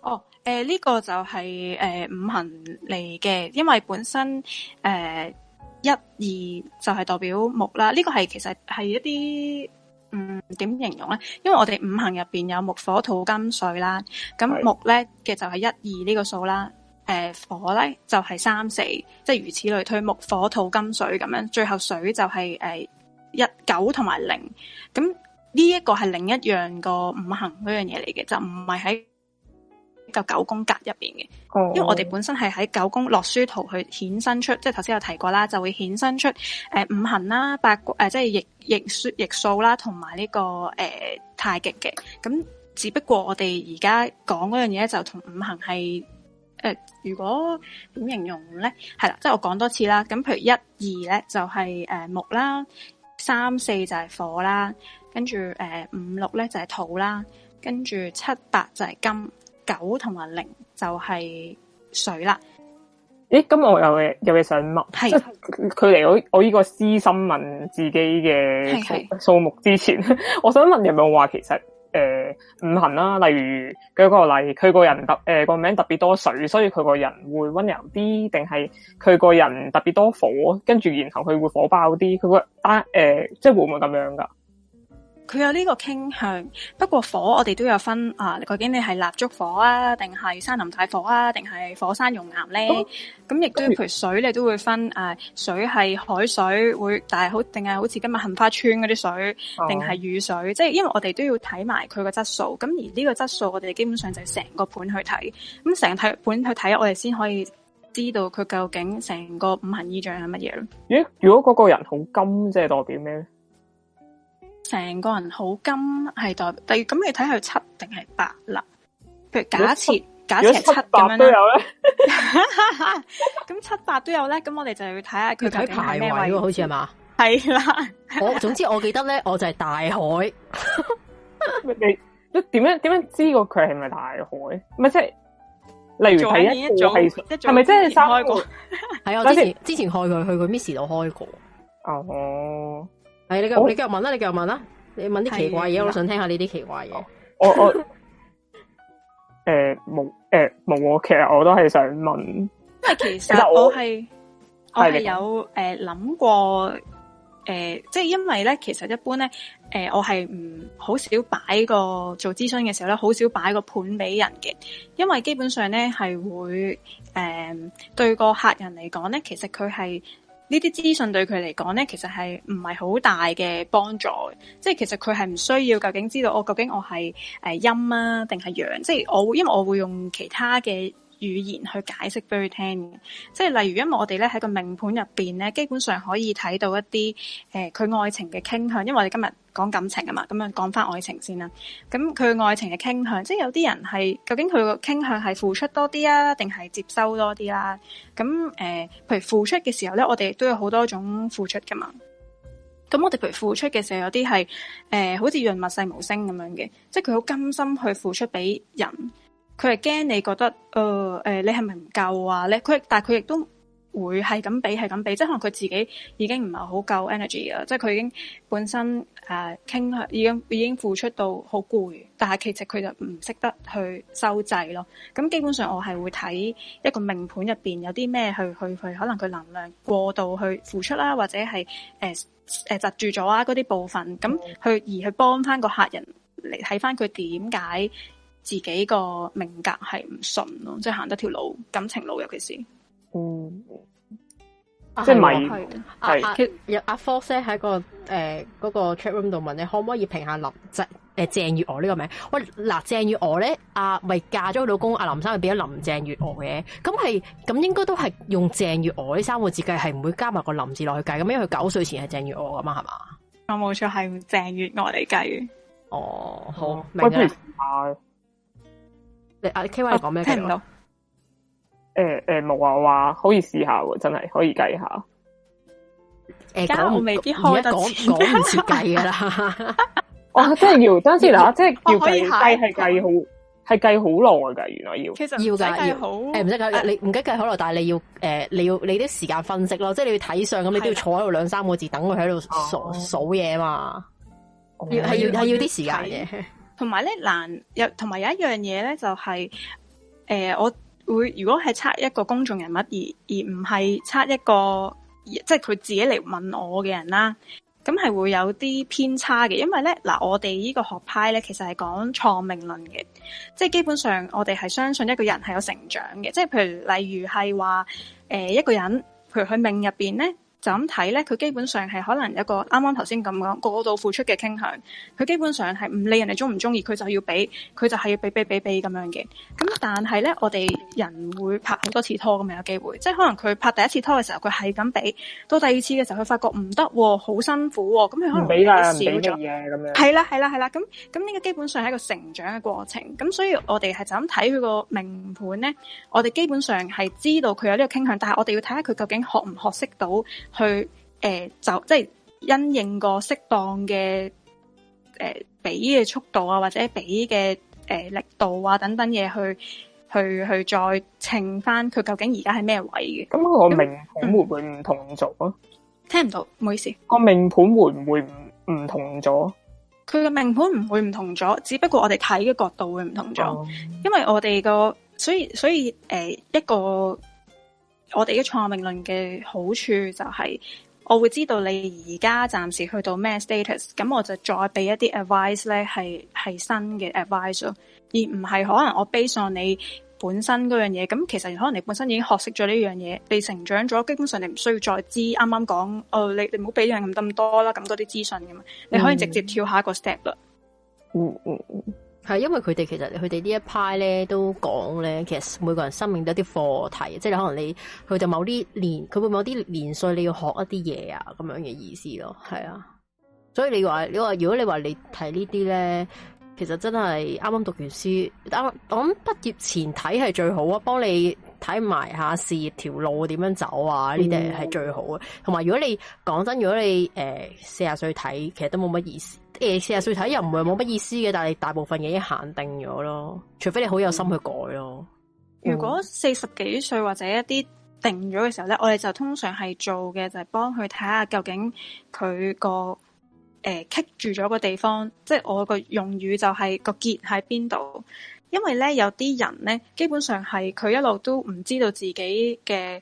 Speaker 2: 哦，誒、呃、呢、這個就係、是、誒、呃、五行嚟嘅，因為本身誒一二就係代表木啦，呢、這個係其實係一啲。嗯，點形容咧？因為我哋五行入邊有木、火、土、金、水啦。咁木咧，其實係一二呢個數啦。誒、呃，火咧就係三四，即係如此類推。木、火、土、金、水咁樣，最後水就係誒一九同埋零。咁呢一個係另一樣個五行嗰樣嘢嚟嘅，就唔係喺。就九宮格入邊嘅，oh. 因為我哋本身係喺九宮洛書圖去衍生出，即係頭先有提過啦，就會衍生出誒、呃、五行啦、八誒即係易易數易數啦，同埋呢個誒、呃、太極嘅。咁只不過我哋而家講嗰樣嘢就同五行係誒、呃，如果點形容咧？係啦，即係我講多次啦。咁譬如一二咧就係誒木啦，三、呃、四就係火啦，跟住誒五六咧就係、是、土啦，跟住七八就係金。九同埋零就係水啦。
Speaker 4: 咦，咁我又又嘢想問，係佢嚟，我我呢個私心問自己嘅數目之前，我想問你有冇話其實誒、呃、五行啦、啊，例如舉個例，佢個人、呃、特誒個名特別多水，所以佢個人會溫柔啲，定係佢個人特別多火，跟住然後佢會火爆啲，佢個單誒、呃呃、即係會唔會咁樣噶？
Speaker 2: 佢有呢個傾向，不過火我哋都有分啊，究竟你係蠟燭火啊，定係山林大火啊，定係火山熔岩咧？咁、嗯、亦都、嗯、譬如水，你都會分誒、啊，水係海水會，但係好定係好似今日杏花村嗰啲水，定係雨水？啊、即係因為我哋都要睇埋佢個質素，咁而呢個質素我哋基本上就係成個盤去睇，咁成個盤去睇，我哋先可以知道佢究竟成個五行意象係乜嘢咯。
Speaker 4: 咦？如果嗰個人
Speaker 2: 好金，即係代表咩？成個人好金係代表，但係咁你睇下七定係八啦。譬如假設假設係七咁樣都 有咧。咁七八都有咧，咁我哋就要睇下佢睇排位位好似係嘛？
Speaker 4: 係啦，我總之我記得咧，我就係大海。 你點樣點樣知個佢係咪大海？唔係即係
Speaker 1: 例如睇一個係咪即係開過？
Speaker 4: 係啊，之前之
Speaker 1: 前開佢去個 miss 度開過。哦。你，你繼續問啦，oh. 你繼續問啦，你問啲奇怪嘢，我想聽下呢啲奇怪
Speaker 4: 嘢。我我誒冇誒冇，其實我都係想問，因
Speaker 2: 為其實我係我係有誒諗、呃、過誒、呃，即係因為咧，其實一般咧，誒、呃、我係唔好少擺個做諮詢嘅時候咧，好少擺個盤俾人嘅，因為基本上咧係會誒、呃、對個客人嚟講咧，其實佢係。呢啲資訊對佢嚟講咧，其實係唔係好大嘅幫助，即係其實佢係唔需要究竟知道我、哦、究竟我係誒陰啊定係陽，即係我因為我會用其他嘅。語言去解釋俾佢聽嘅，即係例如，因為我哋咧喺個命盤入邊咧，基本上可以睇到一啲誒佢愛情嘅傾向，因為我哋今日講感情啊嘛，咁樣講返愛情先啦。咁佢愛情嘅傾向，即係有啲人係究竟佢個傾向係付出多啲啊，定係接收多啲啦、啊？咁誒、呃，譬如付出嘅時候咧，我哋都有好多種付出㗎嘛。咁我哋譬如付出嘅時候有些是，有啲係誒，好似潤物細無聲咁樣嘅，即係佢好甘心去付出俾人。佢係驚你覺得，誒、呃、誒，你係咪唔夠啊？咧，佢但係佢亦都會係咁俾，係咁俾，即係可能佢自己已經唔係好夠 energy 啊，即係佢已經本身誒傾向已經已經付出到好攰，但係其實佢就唔識得去收制咯。咁基本上我係會睇一個命盤入邊有啲咩去去去，可能佢能量過度去付出啦、啊，或者係誒誒窒住咗啊嗰啲部分，咁去而去幫翻個客人嚟睇翻佢點解。自己個名格係唔順咯，即係行得條路感情路，尤其是，
Speaker 1: 嗯，即係問係阿阿阿喺個誒嗰、呃那個、chat room 度問你可唔可以評下林鄭誒鄭月娥呢個名？喂、啊，嗱、就是，鄭月娥咧，阿咪嫁咗老公阿林生，係變咗林鄭月娥嘅，咁係咁應該都係用鄭月娥呢三個字計，係唔會加埋個林字落去計，咁因為佢九歲前係鄭月娥㗎嘛，係嘛？
Speaker 2: 我冇錯係鄭月娥嚟計。哦，好，
Speaker 4: 明白。欸阿 K Y 講咩？聽唔到。誒誒，冇話話，可以試下喎，真係可以計下。誒，而家我未必開始講講唔設計噶啦、 oh。 哦，真係要，等陣先嗱，真係要計係計好係、嗯、計好耐㗎！原來要，其實要噶要。誒，唔使計、
Speaker 1: 啊，你唔計計好耐、啊，但係你要誒，你要你啲時間分析咯、啊，即係你要睇相咁，你都要坐喺度兩三個字等佢喺度數數嘢、啊啊、嘛，係、oh, yeah. 要係要啲時間嘅。
Speaker 2: 同埋咧難有，同埋有一樣嘢咧，就係、是、誒、呃，我會如果係測一個公眾人物而而唔係測一個即係佢自己嚟問我嘅人啦，咁係會有啲偏差嘅，因為咧嗱、呃，我哋呢個學派咧，其實係講創命論嘅，即係基本上我哋係相信一個人係有成長嘅，即係譬如例如係話誒一個人，譬如佢命入邊咧。就咁睇咧，佢基本上係可能有個啱啱頭先咁講過度付出嘅傾向。佢基本上係唔理人哋中唔中意，佢就要俾，佢就係要俾俾俾俾咁樣嘅。咁但係咧，我哋人會拍好多次拖咁樣有機會，即係可能佢拍第一次拖嘅時候，佢係咁俾，到第二次嘅時候，佢發覺唔得，好辛苦喎，咁佢可能唔俾啦，少咗嘢咁樣。係啦，係啦，係啦，咁咁呢個基本上係一個成長嘅過程。咁所以我哋係就咁睇佢個名盤咧，我哋基本上係知道佢有呢個傾向，但係我哋要睇下佢究竟學唔學識到。去、呃、就即係因應個適當嘅誒俾嘅速度啊，或者俾嘅、呃、力度啊，等等嘢去去去再稱翻佢究竟而家係咩位嘅？
Speaker 4: 咁我命盤會唔會唔同咗、嗯？
Speaker 2: 聽唔到，唔好意思。
Speaker 4: 個命盤會唔會唔同咗？
Speaker 2: 佢嘅命盤唔會唔同咗，只不過我哋睇嘅角度會唔同咗、嗯，因為我哋個所以所以誒、呃、一個。我哋嘅創命論嘅好處就係，我會知道你而家暫時去到咩 status，咁我就再俾一啲 advice 咧，係係新嘅 advice 咯，而唔係可能我 base on 你本身嗰樣嘢。咁其實可能你本身已經學識咗呢樣嘢，你成長咗，基本上你唔需要再知。啱啱講哦，你你唔好俾人咁多啦，咁多啲資訊咁嘛。你可以直接跳下一個 step 啦。嗯
Speaker 3: 嗯。
Speaker 1: 係，因為佢哋其實佢哋呢一派咧都講咧，其實每個人生命都有啲課題，即係可能你佢就某啲年，佢會某啲年歲你要學一啲嘢啊，咁樣嘅意思咯，係啊。所以你話你話，如果你話你睇呢啲咧，其實真係啱啱讀完書，啱啱我諗畢業前睇係最好啊，幫你睇埋下事業條路點樣走啊，呢啲係最好啊。同埋如果你講真，如果你誒四十歲睇，其實都冇乜意思。欸、四十歲睇又唔係冇乜意思嘅，但係大部分嘢已經限定咗咯，除非你好有心去改咯、嗯嗯。
Speaker 2: 如果四十幾歲或者一啲定咗嘅時候咧，我哋就通常係做嘅就係幫佢睇下究竟佢個誒棘、呃、住咗個地方，即係我個用語就係個結喺邊度。因為咧有啲人咧，基本上係佢一路都唔知道自己嘅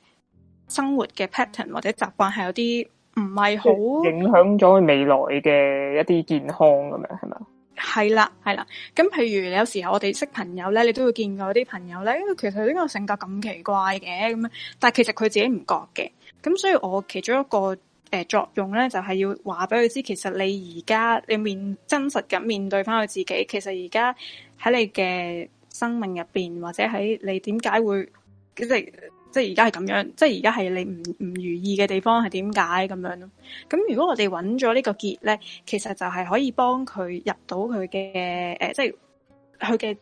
Speaker 2: 生活嘅 pattern 或者習慣係有啲。唔係好
Speaker 4: 影響咗未來嘅一啲健康咁樣係咪？
Speaker 2: 係啦係啦，咁譬如有時候我哋識朋友咧，你都會見過啲朋友咧，其實呢個性格咁奇怪嘅，咁樣，但係其實佢自己唔覺嘅。咁所以，我其中一個誒、呃、作用咧，就係、是、要話俾佢知，其實你而家你面真實咁面對翻佢自己，其實而家喺你嘅生命入邊，或者喺你點解會即係。其實即係而家係咁樣，即係而家係你唔唔如意嘅地方係點解咁樣咯？咁如果我哋揾咗呢個結咧，其實就係可以幫佢入到佢嘅誒，即係佢嘅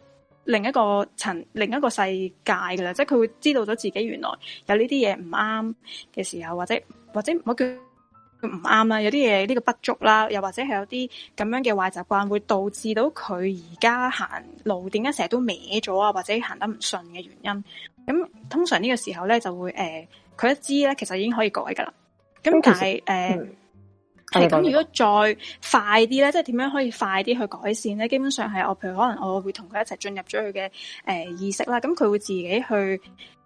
Speaker 2: 另一個層、另一個世界噶啦。即係佢會知道咗自己原來有呢啲嘢唔啱嘅時候，或者或者唔好叫唔啱啦，有啲嘢呢個不足啦，又或者係有啲咁樣嘅壞習慣，會導致到佢而家行路點解成日都歪咗啊，或者行得唔順嘅原因。咁通常呢個時候咧就會誒，佢、呃、一知咧其實已經可以改噶啦。咁但係誒，係、呃、咁。嗯、如果再快啲咧、嗯，即係點樣可以快啲去改善咧？基本上係我譬如可能我會同佢一齊進入咗佢嘅誒意識啦。咁佢會自己去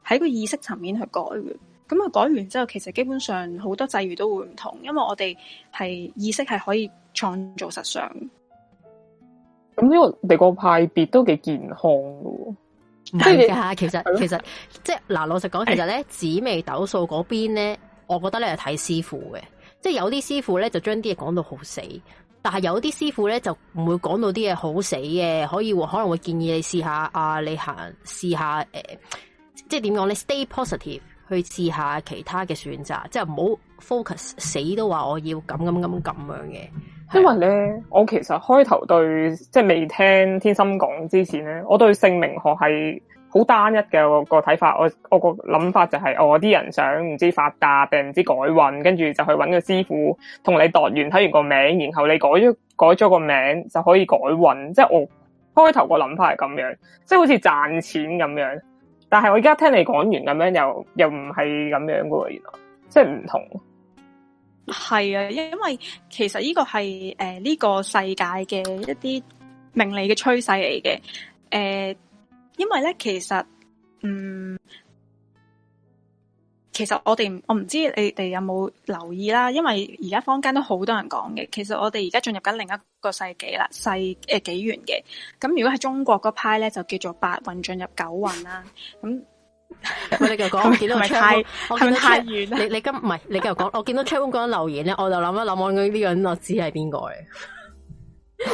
Speaker 2: 喺個意識層面去改嘅。咁啊改完之後，其實基本上好多際遇都會唔同，因為我哋係意識係可以創造實相。
Speaker 4: 咁呢、這個呢個、這個、派別都幾健康噶。唔係㗎，其實
Speaker 2: 其實即係嗱，
Speaker 1: 老實講，其實咧紫微斗數嗰邊咧，我覺得咧係睇師傅嘅，即係有啲師傅咧就將啲嘢講到好死，但係有啲師傅咧就唔會講到啲嘢好死嘅，可以可能會建議你試下啊，你行試下誒，即係點講咧，你 stay positive 去試下其他嘅選擇，即係唔好 focus 死都話我要
Speaker 4: 咁咁咁咁樣嘅。因為咧，我其實開頭對即係未聽天心講之前咧，我對姓名學係好單一嘅個個睇法，我我個諗法就係我啲人想唔知發達定唔知改運，跟住就去揾個師傅同你度完睇完個名，然後你改咗改咗個名就可以改運。即係我開頭個諗法係咁樣，即係好似賺錢咁樣。但係我而家聽你講完咁樣，又又唔係咁樣噶喎，原來即係唔同。
Speaker 2: 係啊，因為其實呢個係誒呢個世界嘅一啲命理嘅趨勢嚟嘅，誒、呃，因為咧其實，嗯，其實我哋我唔知你哋有冇留意啦，因為而家坊間都好多人講嘅，其實我哋而家進入緊另一個世紀啦，世誒紀、呃、元嘅，咁如果係中國嗰派咧，就叫做八運進入九運啦，咁。
Speaker 1: 我 你繼續講，我見到窗，我見到窗，你你今唔係你繼續講，我見到窗嗰個留言咧，我就諗一諗，這個，我呢個我知係邊個嘅。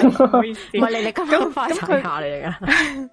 Speaker 1: 唔好意思，唔 係你你咁快下你嚟噶，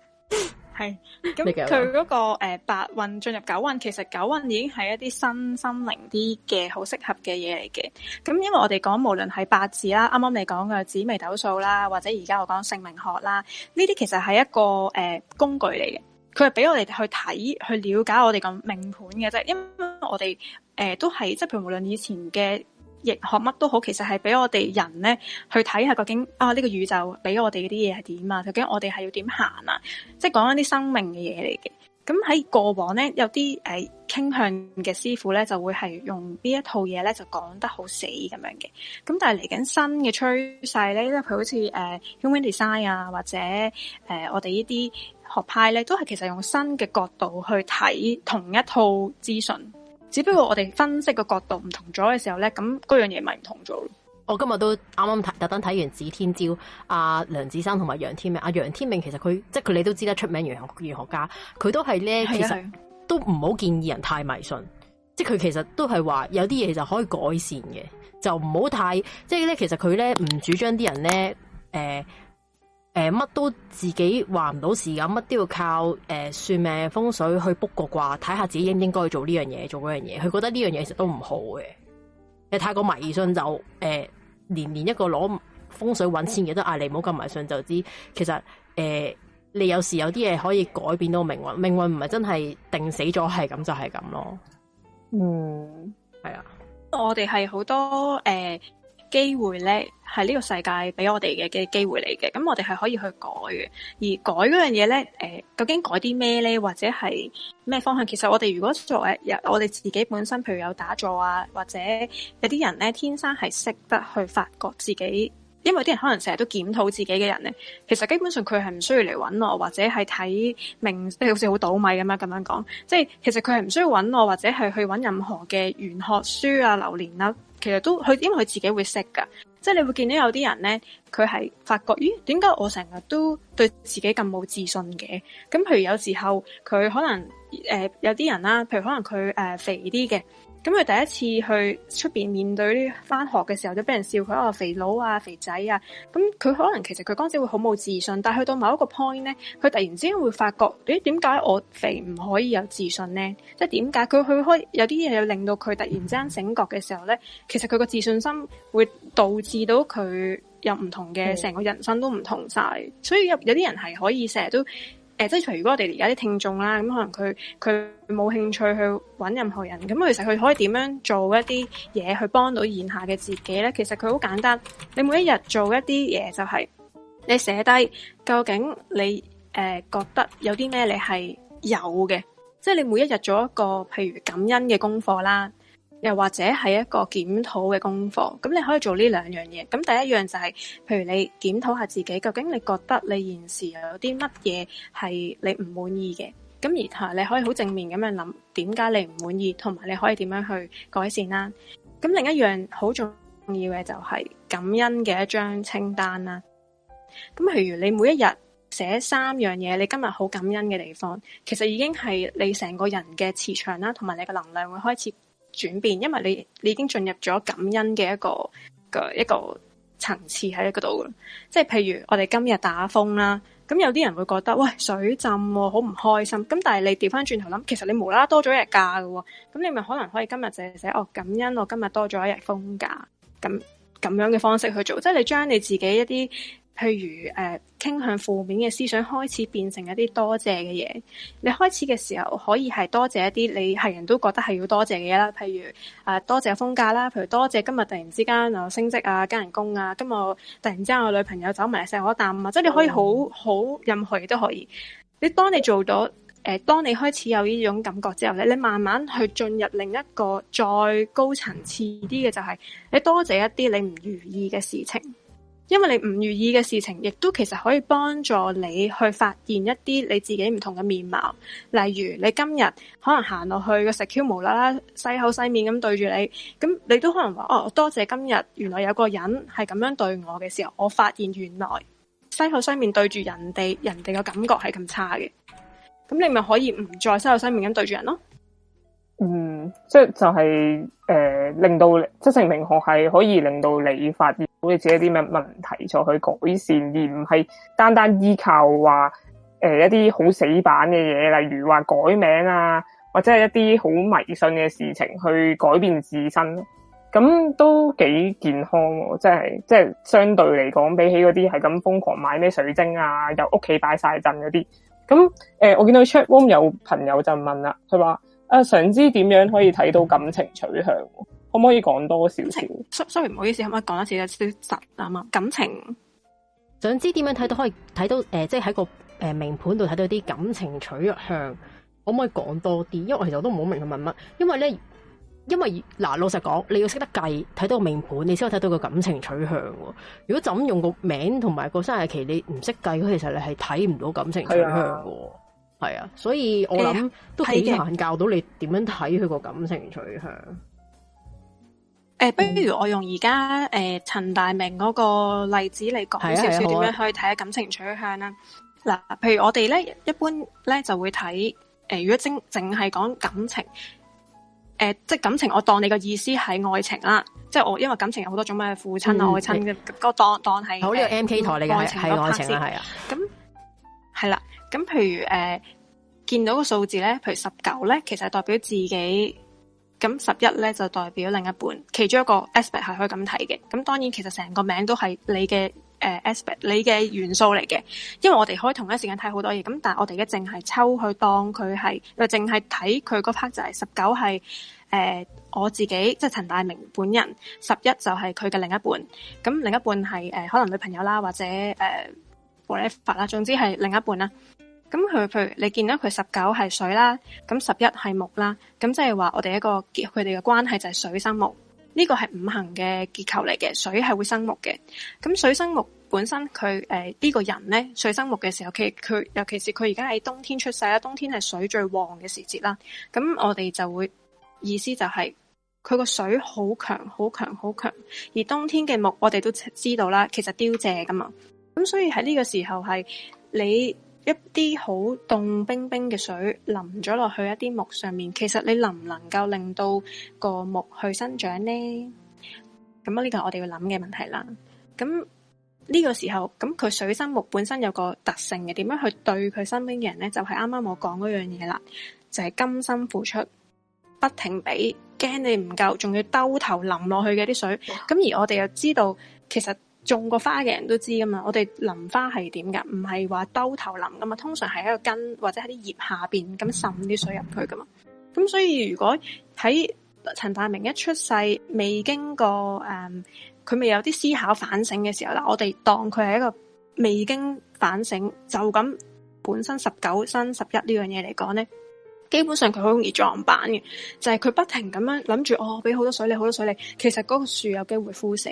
Speaker 2: 係咁佢嗰個誒八運進入九運，其實九運已經係一啲新心靈啲嘅好適合嘅嘢嚟嘅。咁因為我哋講，無論係八字啦，啱啱你講嘅紫微斗數啦，或者而家我講姓名學啦，呢啲其實係一個誒、呃、工具嚟嘅。佢係俾我哋去睇，去了解我哋個命盤嘅啫。因為我哋誒、呃、都係即係，譬如無論以前嘅亦學乜都好，其實係俾我哋人咧去睇下究竟啊呢、這個宇宙俾我哋嗰啲嘢係點啊？究竟我哋係要點行啊？即係講緊啲生命嘅嘢嚟嘅。咁喺過往咧有啲誒傾向嘅師傅咧就會係用呢一套嘢咧就講得好死咁樣嘅。咁但係嚟緊新嘅趨勢咧，即係佢好似誒 human design 啊，或者誒、呃、我哋呢啲。學派咧都係其實用新嘅角度去睇同一套資訊，只不過我哋分析嘅角度唔同咗嘅時候咧，咁嗰樣嘢咪唔同咗咯。
Speaker 1: 我今日都啱啱睇特登睇完指天椒，阿、啊、梁子珊同埋楊天命，阿、啊、楊天命其實佢即係佢你都知得出名玄學、玄學家，佢都係咧其實都唔好建議人太迷信，即係佢其實都係話有啲嘢就可以改善嘅，就唔好太即係咧。其實佢咧唔主張啲人咧誒。呃誒、呃，乜都自己話唔到事噶，乜都要靠誒、呃、算命風水去卜個卦，睇下自己應唔應該做呢樣嘢，做嗰樣嘢。佢覺得呢樣嘢其實都唔好嘅，你太過迷信就誒，年、呃、年一個攞風水揾錢嘅都嗌、啊、你唔好咁迷信就知道。其實誒、呃，你有時有啲嘢可以改變到命運，命運唔係真係定死咗，係咁
Speaker 2: 就係、是、咁咯。嗯，
Speaker 3: 係啊，
Speaker 2: 我哋係好多誒。呃機會咧，係呢個世界俾我哋嘅嘅機會嚟嘅，咁我哋係可以去改嘅。而改嗰樣嘢咧，誒，究竟改啲咩咧，或者係咩方向？其實我哋如果作為我哋自己本身，譬如有打坐啊，或者有啲人咧，天生係識得去發覺自己，因為啲人可能成日都檢討自己嘅人咧，其實基本上佢係唔需要嚟揾我，或者係睇名，即係好似好倒米咁樣咁樣講。即係其實佢係唔需要揾我，或者係去揾任何嘅玄學書啊、流年啦。其實都佢因為佢自己會識㗎，即係你會見到有啲人咧，佢係發覺咦，點解我成日都對自己咁冇自信嘅？咁譬如有時候佢可能誒、呃、有啲人啦，譬如可能佢誒、呃、肥啲嘅。咁佢第一次去出邊面，面對返翻學嘅時候，就俾人笑佢一、哦、肥佬啊、肥仔啊。咁佢可能其實佢嗰陣時會好冇自信，但係去到某一個 point 呢，佢突然之間會發覺，咦？點解我肥唔可以有自信呢？即即係點解佢去開有啲嘢，令到佢突然之間醒覺嘅時候呢、嗯？其實佢個自信心會導致到佢有唔同嘅成、嗯、個人生都唔同晒。所以有有啲人係可以成日都。呃、即係除如果我哋而家啲聽眾啦，咁可能佢佢冇興趣去搵任何人，咁其實佢可以點樣做一啲嘢去幫到現下嘅自己咧？其實佢好簡單，你每一日做一啲嘢就係、是、你寫低究竟你、呃、覺得有啲咩你係有嘅，即係你每一日做一個譬如感恩嘅功課啦。又或者係一個檢討嘅功課，咁你可以做呢兩樣嘢。咁第一樣就係、是，譬如你檢討下自己，究竟你覺得你現時又有啲乜嘢係你唔滿意嘅？咁然後，你可以好正面咁樣諗，點解你唔滿意？同埋你可以點樣去改善啦？咁另一樣好重要嘅就係感恩嘅一張清單啦。咁譬如你每一日寫三樣嘢，你今日好感恩嘅地方，其實已經係你成個人嘅磁場啦，同埋你嘅能量會開始。轉變，因為你你已經進入咗感恩嘅一個個一個層次喺嗰度嘅。即係譬如我哋今日打風啦，咁有啲人會覺得喂，水浸，好唔開心。咁但係你調翻轉頭諗，其實你無啦啦多咗一日假㗎，咁你咪可能可以今日寫一寫哦感恩，我今日多咗一日放假，咁咁樣嘅方式去做，即係你將你自己一啲。譬如誒、呃、傾向負面嘅思想開始變成一啲多謝嘅嘢，你開始嘅時候可以係多謝一啲你係人都覺得係要多謝嘅嘢啦，譬如多、呃、謝風假啦，譬如多謝今日突然之間我升職啊加人工啊，今日突然之間我女朋友走埋嚟錫我一啖啊，嗯、即係你可以好好任何嘢都可以。你當你做到、呃、當你開始有呢種感覺之後咧，你慢慢去進入另一個再高層次啲嘅就係你多謝一啲你唔如意嘅事情。因為你唔如意嘅事情，亦都其實可以幫助你去發現一啲你自己唔同嘅面貌。例如，你今日可能行落去個石 Q 無啦啦，西口西面咁對住你，咁你都可能話哦，多謝今日原來有個人係咁樣對我嘅時候，我發現原來西口西面對住人哋，人哋嘅感覺係咁差嘅。咁你咪可以唔再西口西面咁對住人咯。嗯，
Speaker 4: 即係就係、是、誒、呃，令到即姓名學係可以令到你發現。好似自己啲咩問題再去改善，而唔係單單依靠話誒、呃、一啲好死板嘅嘢，例如話改名啊，或者係一啲好迷信嘅事情去改變自身，咁都幾健康，即係即係相對嚟講，比起嗰啲係咁瘋狂買咩水晶啊，又屋企擺晒陣嗰啲，咁誒、呃，我見到 Chat Room 有朋友就問啦，佢話想知點樣可以睇到感情取向。啊。可唔可以講多
Speaker 2: 少情？雖雖然唔好意思，可唔可以講一次少？實啊嘛？感情
Speaker 4: 想知點樣睇到，可以睇到誒、呃，即係
Speaker 1: 喺個誒名盤度睇到啲感情取向。可唔可以講多啲？因為其實我都唔好明佢問乜，因為咧，因為嗱、呃，老實講，你要識得計睇到個名盤，你先可以睇到個感情取向。如果就咁用個名同埋個生日期，你唔識計，其實你係睇唔到感情取向嘅。係啊，啊，所以我想，我、哎、諗都幾難教到你點樣睇佢個感情取向。
Speaker 2: 誒，不如我用而家誒陳大明嗰個例子嚟講少少，點樣可以睇下感情取向啦？嗱、啊、譬、啊啊、如我哋咧，一般咧就會睇誒，如果正淨係講感情，誒、呃、即、就、係、是、感情，我當你個意思係愛情啦，即、就、係、是、我因為感情有好多種咩，父、嗯、親、母親嘅，嗰、那個當當係好呢、這個 M K 台嚟嘅係愛情係啊，咁係、啊、啦，咁譬如誒、呃、見到個數字咧，譬如十九咧，其實係代表自己。咁十一咧就代表另一半，其中一個 aspect 係可以咁睇嘅。咁當然其實成個名都係你嘅誒 aspect，你嘅元素嚟嘅。因為我哋可以同一時間睇好多嘢，咁但係我哋而家淨係抽去當佢係，就淨係睇佢個 part 就係十九係誒我自己，即係陳大明本人。十一就係佢嘅另一半，咁另一半係誒、呃、可能女朋友啦，或者誒摩尼法啦，總之係另一半啦。咁佢佢，譬如你見到佢十九係水啦，咁十一係木啦，咁即係話我哋一個佢哋嘅關係就係水生木，呢個係五行嘅結構嚟嘅，水係會生木嘅。咁水生木本身佢呢、呃呢個人咧，水生木嘅時候，其佢尤其是佢而家喺冬天出世啦，冬天係水最旺嘅時節啦。咁我哋就會意思就係佢個水好強，好強，好強。而冬天嘅木，我哋都知道啦，其實凋謝噶嘛。咁所以喺呢個時候係你。一啲好凍冰冰嘅水淋咗落去一啲木上面，其實你能唔能夠令到個木去生長呢？咁呢個係我哋要諗嘅問題啦。咁、這、呢個時候，咁佢水生木本身有個特性嘅，點樣去對佢身邊嘅人呢？就係啱啱我講嗰樣嘢啦，就係、是、甘心付出，不停俾驚你唔夠，仲要兜頭淋落去嘅啲水。咁而我哋又知道，其實。種過花嘅人都知噶嘛，我哋淋花係點噶？唔係話兜頭淋噶嘛，通常係喺個根或者喺啲葉下邊咁滲啲水入去噶嘛。咁所以如果喺陳大明一出世未經過誒，佢、嗯、未有啲思考反省嘅時候啦，我哋當佢係一個未經反省就咁本身十九生十一呢樣嘢嚟講咧，基本上佢好容易撞板嘅，就係、是、佢不停咁樣諗住哦，俾好多水你，好多水你，其實嗰個樹有機會枯死。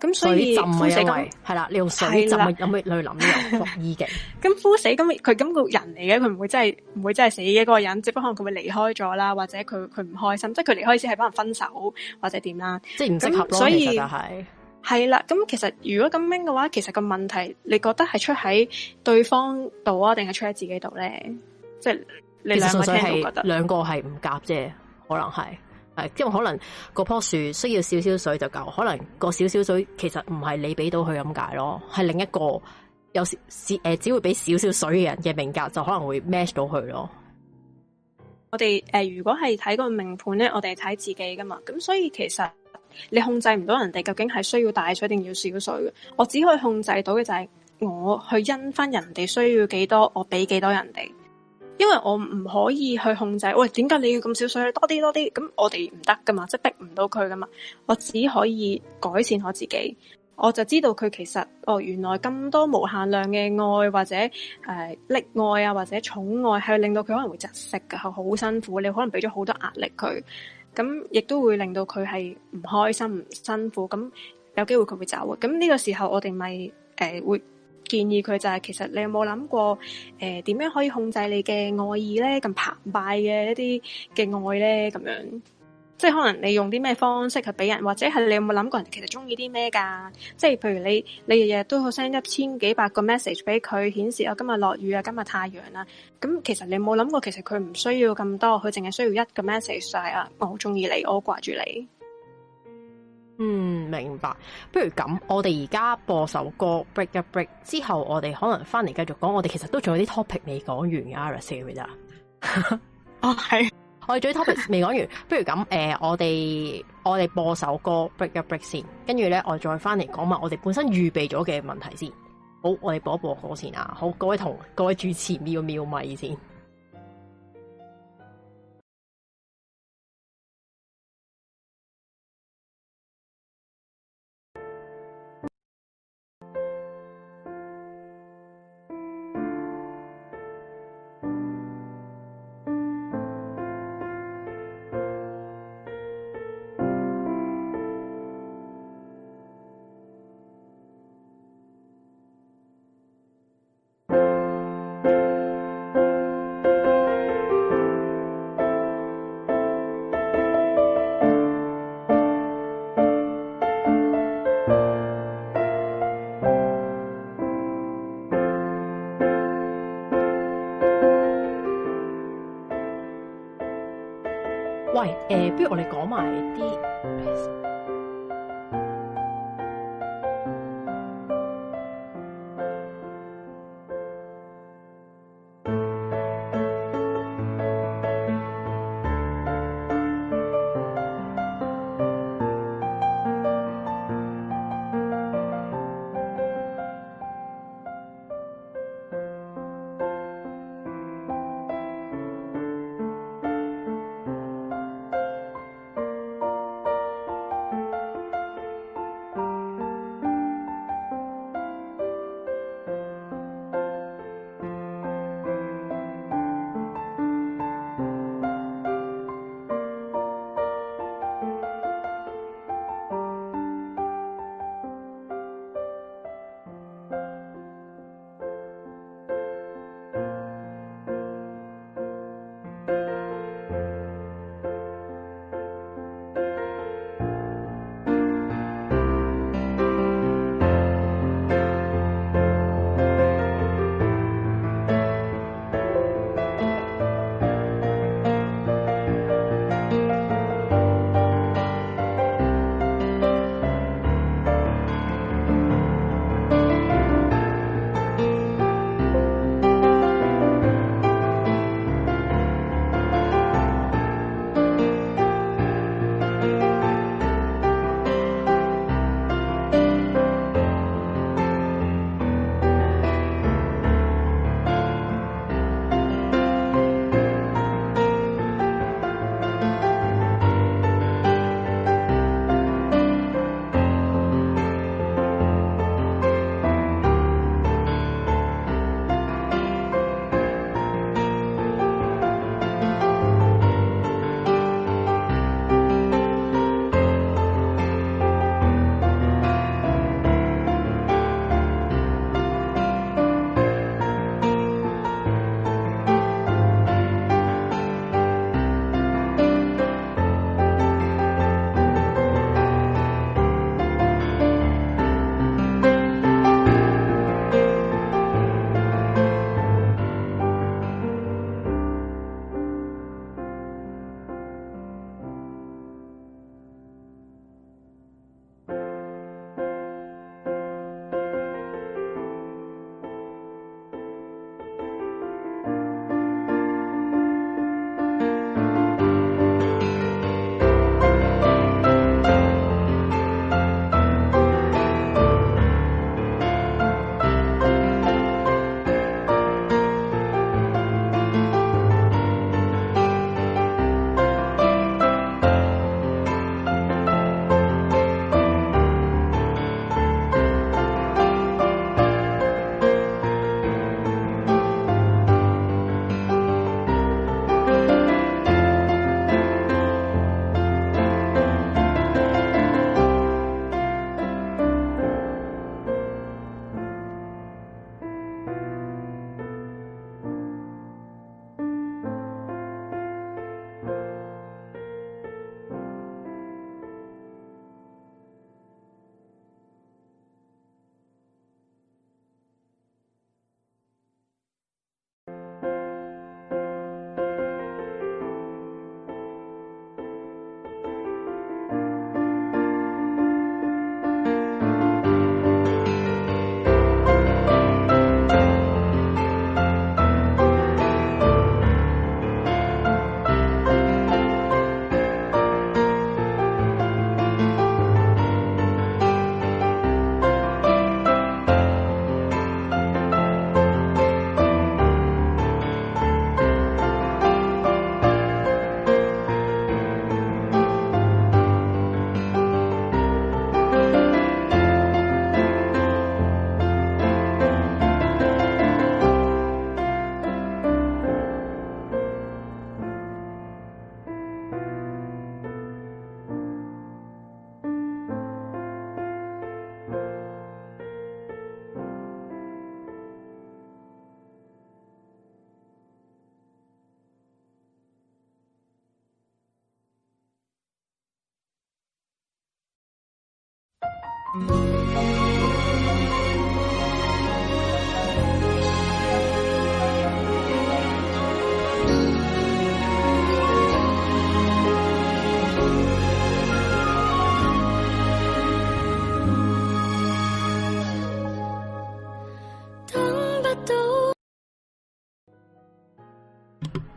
Speaker 2: 咁所以唔會死，
Speaker 1: 係啦，呢度水浸嘅諗一諗呢樣科技。
Speaker 2: 咁枯死，咁佢咁個人嚟嘅，佢唔會真係唔會真係死嘅。嗰、那個人，只不過可能佢會離開咗啦，或者佢佢唔開心，即係佢離開先係幫人分手或者點啦。即係唔適合，所以係係啦。咁其、就是、其實如果咁樣嘅話，其實個問題你覺得係出喺對方度啊，定係出喺自己度咧？即係你兩個，聽到覺得
Speaker 1: 兩個係唔夾啫，可能係。即係可能個棵樹需要少少水就夠，可能個少少水其實唔係你俾到佢咁解咯，係另一個有少誒只會俾少少水嘅人嘅命格就可能會 match 到佢咯。
Speaker 2: 我哋誒如果係睇個命盤咧，我哋睇自己噶嘛，咁所以其實你控制唔到人哋究竟係需要大水定要少水嘅，我只可以控制到嘅就係我去因翻人哋需要幾多，我俾幾多人哋。因為我唔可以去控制，喂，點解你要咁少水？多啲多啲，咁我哋唔得噶嘛，即係逼唔到佢噶嘛。我只可以改善我自己。我就知道佢其實哦，原來咁多無限量嘅愛或者誒溺愛啊，或者寵愛係令到佢可能會窒息嘅，係好辛苦。你可能俾咗好多壓力佢，咁亦都會令到佢係唔開心、唔辛苦。咁有機會佢會走嘅。咁呢個時候我哋咪誒會。建議佢就係、係、其實你有冇諗過誒點、呃、樣可以控制你嘅愛意咧？咁澎湃嘅一啲嘅愛咧，咁樣即係可能你用啲咩方式去俾人，或者係你有冇諗過人其實中意啲咩噶？即係譬如你你日日都好 send 一千幾百個 message 俾佢，顯示啊今日落雨啊，今日太陽啦。咁其實你冇有諗有過，其實佢唔需要咁多，佢淨係需要一個 message 就係、啊，我好中意你，我掛住你。
Speaker 1: 嗯，明白。不如咁，我哋而家播首歌《break 一 break》之後我，我哋可能翻嚟繼續講。我哋其實都仲有啲 topic 未講完嘅 Aaron，你明唔明啊？係 ，okay. 我哋仲有啲 topic 未講完。不如咁，誒、呃，我哋我哋播首歌《break 一 break》先，跟住咧，我再翻嚟講埋我哋本身預備咗嘅問題先。好，我哋播一播歌先啊。好，各位
Speaker 3: 同各位主持妙妙咪先。
Speaker 1: 我哋講埋啲。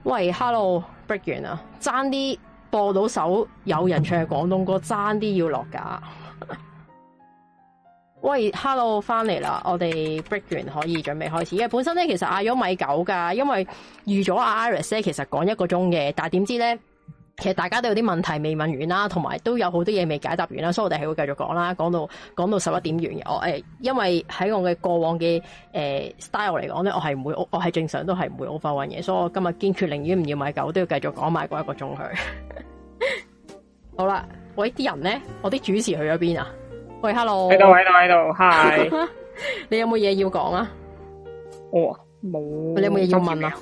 Speaker 1: 喂，Hello，break 完啊，爭啲播到首有人唱嘅廣東歌，爭啲要落架。 喂，Hello，翻嚟啦，我哋 break 完可以準備開始。因為本身咧其實嗌咗米九噶，因為預咗阿 Iris 咧其實講一個鐘嘅，但係點知咧。其實大家都有啲問題未問完啦，同埋都有好多嘢未解答完啦，所以我哋係會繼續講啦，講到講到十一點完嘅。我誒，因為喺我嘅過往嘅誒 style 嚟講咧，我係唔會我係正常都係唔會 overrun 嘅，所以我今日堅決寧願唔要買狗，都要繼續講買過一個鐘佢。 好啦，喂，啲人咧，我啲主持去咗邊啊？喂，hello，喺度喺度喺度，hi， 你有冇嘢要講啊？
Speaker 4: 我冇，你有冇嘢要問啊？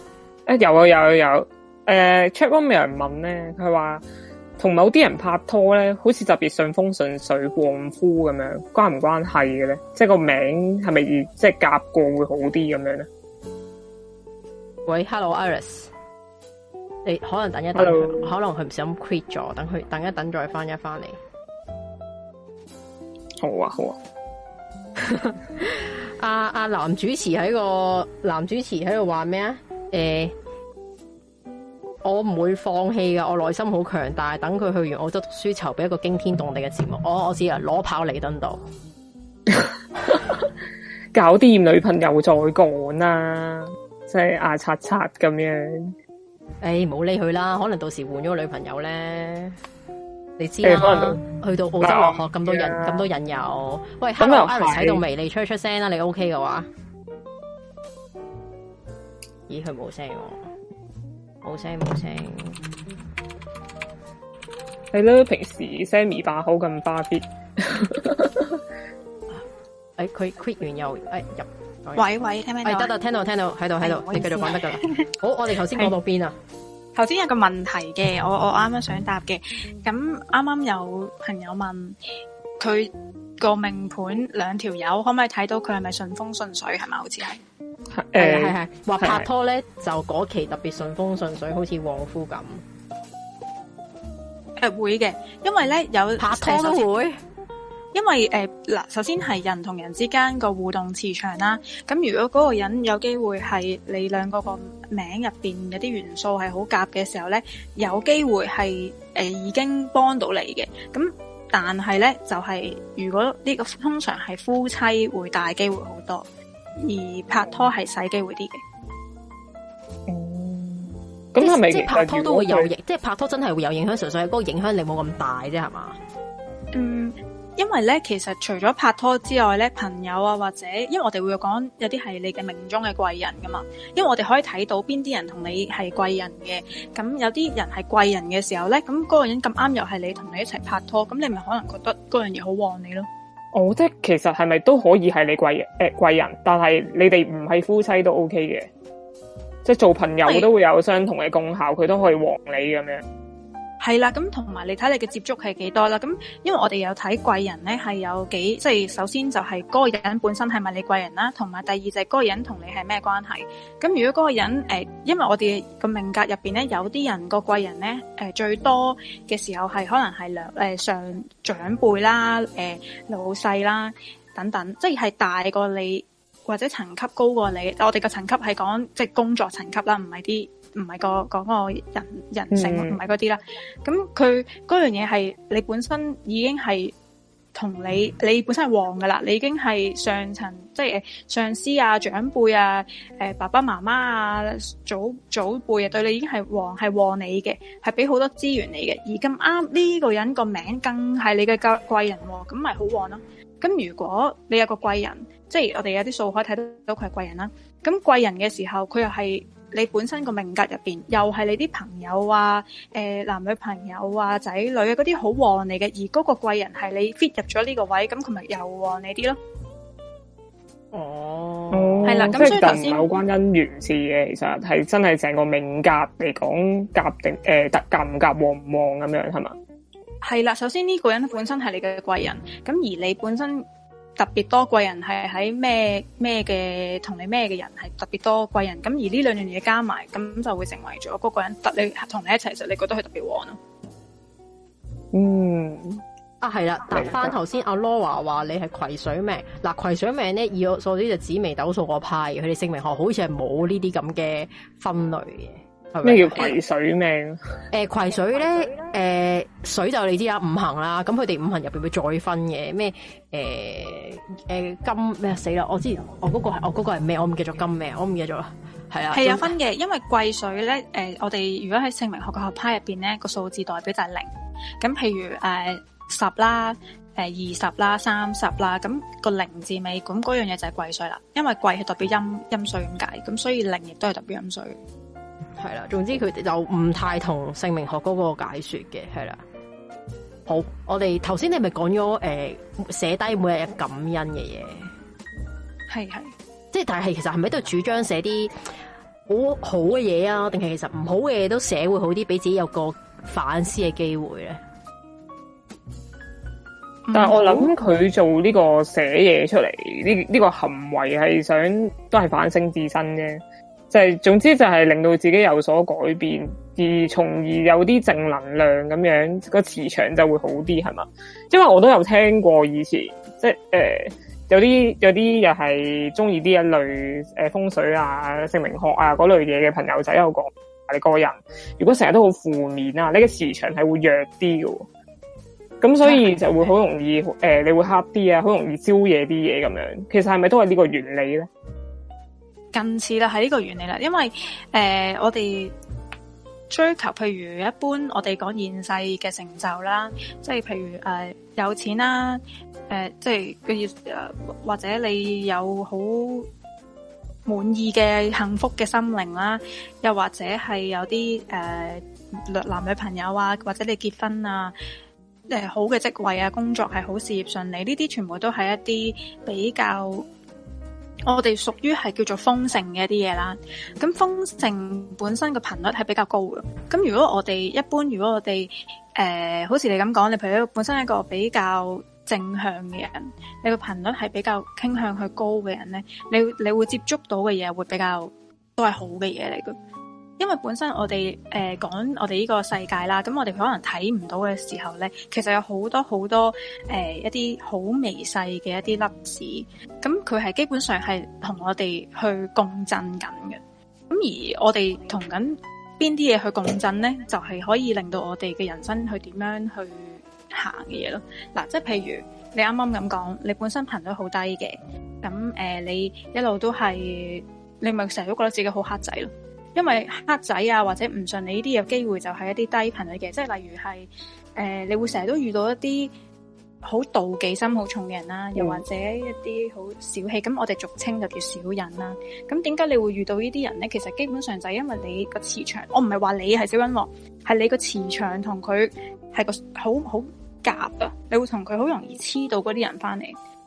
Speaker 4: 誒，有啊有有、啊、有。誒 check one 咩有人問咧，佢話同某啲人拍拖咧，好似特別順風順水旺夫咁樣，關唔關係嘅咧？即係個名係咪即係夾過會好啲咁樣咧？
Speaker 1: 喂，Hello，Iris，你可能等一等，Hello. 可能佢唔想 quit 咗，等佢等一等再翻一翻嚟。好啊，好啊。阿、 啊啊、男主持喺、個男主持喺度話咩啊？誒、欸。我唔會放棄噶我內心好強大。等佢去完澳洲讀書，籌備一個驚天動地嘅節目。我、哦、我知啦，攞跑李登道，
Speaker 4: 搞掂女朋友再講啦，即係牙擦擦咁樣。誒、哎，冇理佢啦，可能到時換咗個女朋友
Speaker 1: 咧。你知、欸、可能去到澳洲留學咁多人，咁多人有喂，咁阿 Alex 睇到未？你出一出聲啦，你 OK 嘅話，
Speaker 4: 咦，佢冇聲喎。冇聲冇聲，係咯。平時 Sammy 把口，咁巴閉，哎，佢 quick 完又哎入。喂喂，聽唔、哎、聽到？得，聽到聽到，喺度
Speaker 2: 喺度，啊、你繼續講得噶啦。
Speaker 1: 好，我哋頭先講到邊啊？
Speaker 2: 頭先有個問題嘅，我我啱啱想答嘅。咁啱啱有朋友問佢個命盤兩條友可唔可以睇到佢係咪順風順水？係咪好似係？誒，係係
Speaker 1: 話拍拖咧，就嗰期特別順風順水，好似旺夫咁。
Speaker 2: 誒，會嘅，因為咧有拍拖都會，因為誒嗱、呃，首先係人同人之間個互動磁場啦。咁如果嗰個人有機會係你兩個個名入邊有啲元素係好夾嘅時候咧，有機會係誒、呃、已經幫到你嘅。咁但係咧就係、是、如果呢、呢個通常係夫妻會大機會好多。而拍拖係細機會啲
Speaker 1: 嘅。哦、嗯，咁係咪即係拍拖都會，會有影響？即係拍拖真係會有影響，純粹係嗰個影響力冇咁大啫，係嘛？
Speaker 2: 嗯，因為咧，其實除咗拍拖之外咧，朋友啊，或者，因為我哋會講有啲係你嘅命中嘅貴人噶嘛，因為我哋可以睇到邊啲人同你係貴人嘅，咁有啲人係貴人嘅時候咧，咁嗰個人咁啱又係你同你一齊拍拖，咁你咪可能覺得嗰樣嘢好旺你咯。我、哦、
Speaker 4: 即係其實係咪都可以係你貴誒貴人，但係你哋唔係夫妻都 OK 嘅，即係做朋友都會有相同嘅功效，佢都可以旺你咁樣。
Speaker 2: 係啦，咁同埋你睇你嘅接觸係幾多啦？咁因為我哋有睇貴人咧，係有幾即係、就是、首先就係嗰個人本身係咪你貴人啦，同埋第二就係嗰個人同你係咩關係？咁如果嗰個人、呃、因為我哋個命格入邊咧，有啲人個貴人咧、呃、最多嘅時候係可能係上長輩啦、呃、老細啦等等，即係係大過你或者層級高過你。我哋個層級係講即係工作層級啦，唔係啲。唔係個講個人人性，唔係嗰啲啦。咁佢嗰樣嘢係你本身已經係同你，你本身旺噶啦。你已經係上層，即係上司啊、長輩啊、誒爸爸媽媽啊、祖祖輩啊，對你已經係旺，係旺你嘅，係俾好多資源你嘅。而咁啱呢個人個名更係你嘅貴人人、啊，咁咪好旺咯。咁如果你有個貴人，即係我哋有啲數可以睇到佢係貴人啦、啊。咁貴人嘅時候，佢又係。你本身個命格入邊，又係你啲朋友啊、誒、呃、男女朋友啊、仔女啊嗰啲好旺你嘅，而嗰個貴人係你 fit 入咗呢個位，咁佢咪又旺你啲咯？
Speaker 4: 哦，係啦，咁所以頭先有關姻緣事嘅，其實係真係成個命格嚟講，夾定誒夾唔夾旺唔旺咁樣係嘛？
Speaker 2: 係啦，首先呢個人本身係你嘅貴人，咁而你本身。特別多貴人係喺咩咩嘅，同你咩嘅人係特別多貴人，咁而呢兩樣嘢加埋，咁就會成為咗嗰個人突你同你一齊，其實你覺得佢特別旺咯。嗯，
Speaker 1: 啊係啦，回答翻頭先阿羅華話你係葵水命，嗱、啊、葵水命咧，以我所知就紫微斗數個派，佢哋姓名學好似係冇呢啲咁嘅分類嘅。
Speaker 4: 咩
Speaker 1: 叫癸水命？誒、嗯，癸、呃、水咧，誒、呃，水就你知啊，五行啦。咁佢哋五行入邊會再分嘅，咩？誒、呃，誒、呃，金咩？死啦！我之前我嗰個係我個係咩？我唔記得咗金咩？我唔記得咗啦。係啊，係有分
Speaker 2: 嘅，因為癸水咧，誒、呃，我哋如果喺姓名學嘅學派入邊咧，個數字代表就係零。咁譬如誒、呃、十啦，誒、呃、二十啦，三十啦、咁、個零字尾，咁嗰樣嘢就係癸水啦。因為癸係代表陰陰水咁解，咁所以零亦都係代表陰水。
Speaker 1: 係啦，總之佢就唔太同姓名學嗰個解說嘅，係啦。好，我哋頭先你係咪講咗誒，寫低每日感恩嘅嘢？
Speaker 2: 係係，
Speaker 1: 即係但係其實係咪都係主張寫啲好好嘅嘢啊？定係其實唔好嘅嘢都寫會好啲，俾自己有個反思
Speaker 4: 嘅機會咧？但係我諗佢做呢個寫嘢出嚟，呢、呢、呢個行為係想都係反省自身啫。就係、是，總之就係令到自己有所改變，而從而有啲正能量咁樣，那個磁場就會好啲係嘛？因為我都有聽過以前即係誒、呃、有啲有啲又係中意啲一類誒、呃、風水啊、姓名學啊嗰類嘢嘅朋友仔有講，你個人如果成日都好負面啊，呢個磁場係會弱啲嘅，咁所以就會好容易誒、呃、你會黑啲啊，好容易招惹啲嘢咁樣。其實係咪都係呢個原理咧？
Speaker 2: 近似啦，係呢個原理啦，因為誒、呃，我哋追求，譬如一般我哋講現世嘅成就啦，即係譬如誒、呃、有錢啦、啊，誒、呃、即係佢要，或者你有好滿意嘅幸福嘅心靈啦、啊，又或者係有啲誒、呃、男女朋友啊，或者你結婚啊，誒、呃、好嘅職位啊，工作係好事業順利，呢啲全部都係一啲比較。我哋屬於係叫做豐盛嘅一啲嘢啦，咁豐盛本身個頻率係比較高嘅。咁如果我哋一般，如果我哋誒好似你咁講，你譬如本身係一個比較正向嘅人，你個頻率係比較傾向去高嘅人咧，你你會接觸到嘅嘢會比較都係好嘅嘢嚟嘅。因為本身我哋誒、呃、講我哋呢個世界啦，咁我哋可能睇唔到嘅時候咧，其實有好多好多誒、呃、一啲好微細嘅一啲粒子，咁佢係基本上係同我哋去共振緊嘅。咁而我哋同緊邊啲嘢去共振咧，就係、是、可以令到我哋嘅人生去點樣去行嘅嘢咯。嗱，即係譬如你啱啱咁講，你本身頻率好低嘅，咁誒、呃，你一路都係你咪成日都覺得自己好黑仔咯。因為黑仔啊，或者唔順你呢啲，有機會就係一啲低頻率嘅，即係例如係誒、呃，你會成日都遇到一啲好妒忌心好重嘅人啦、啊嗯，又或者一啲好小氣，咁我哋俗稱就叫小人啦、啊。咁點解你會遇到這些人呢啲人咧？其實基本上就係因為你個磁場，我唔係話你係小音樂，係你個磁場同佢係個好好夾啊，你會同佢好容易黐到嗰啲人翻嚟。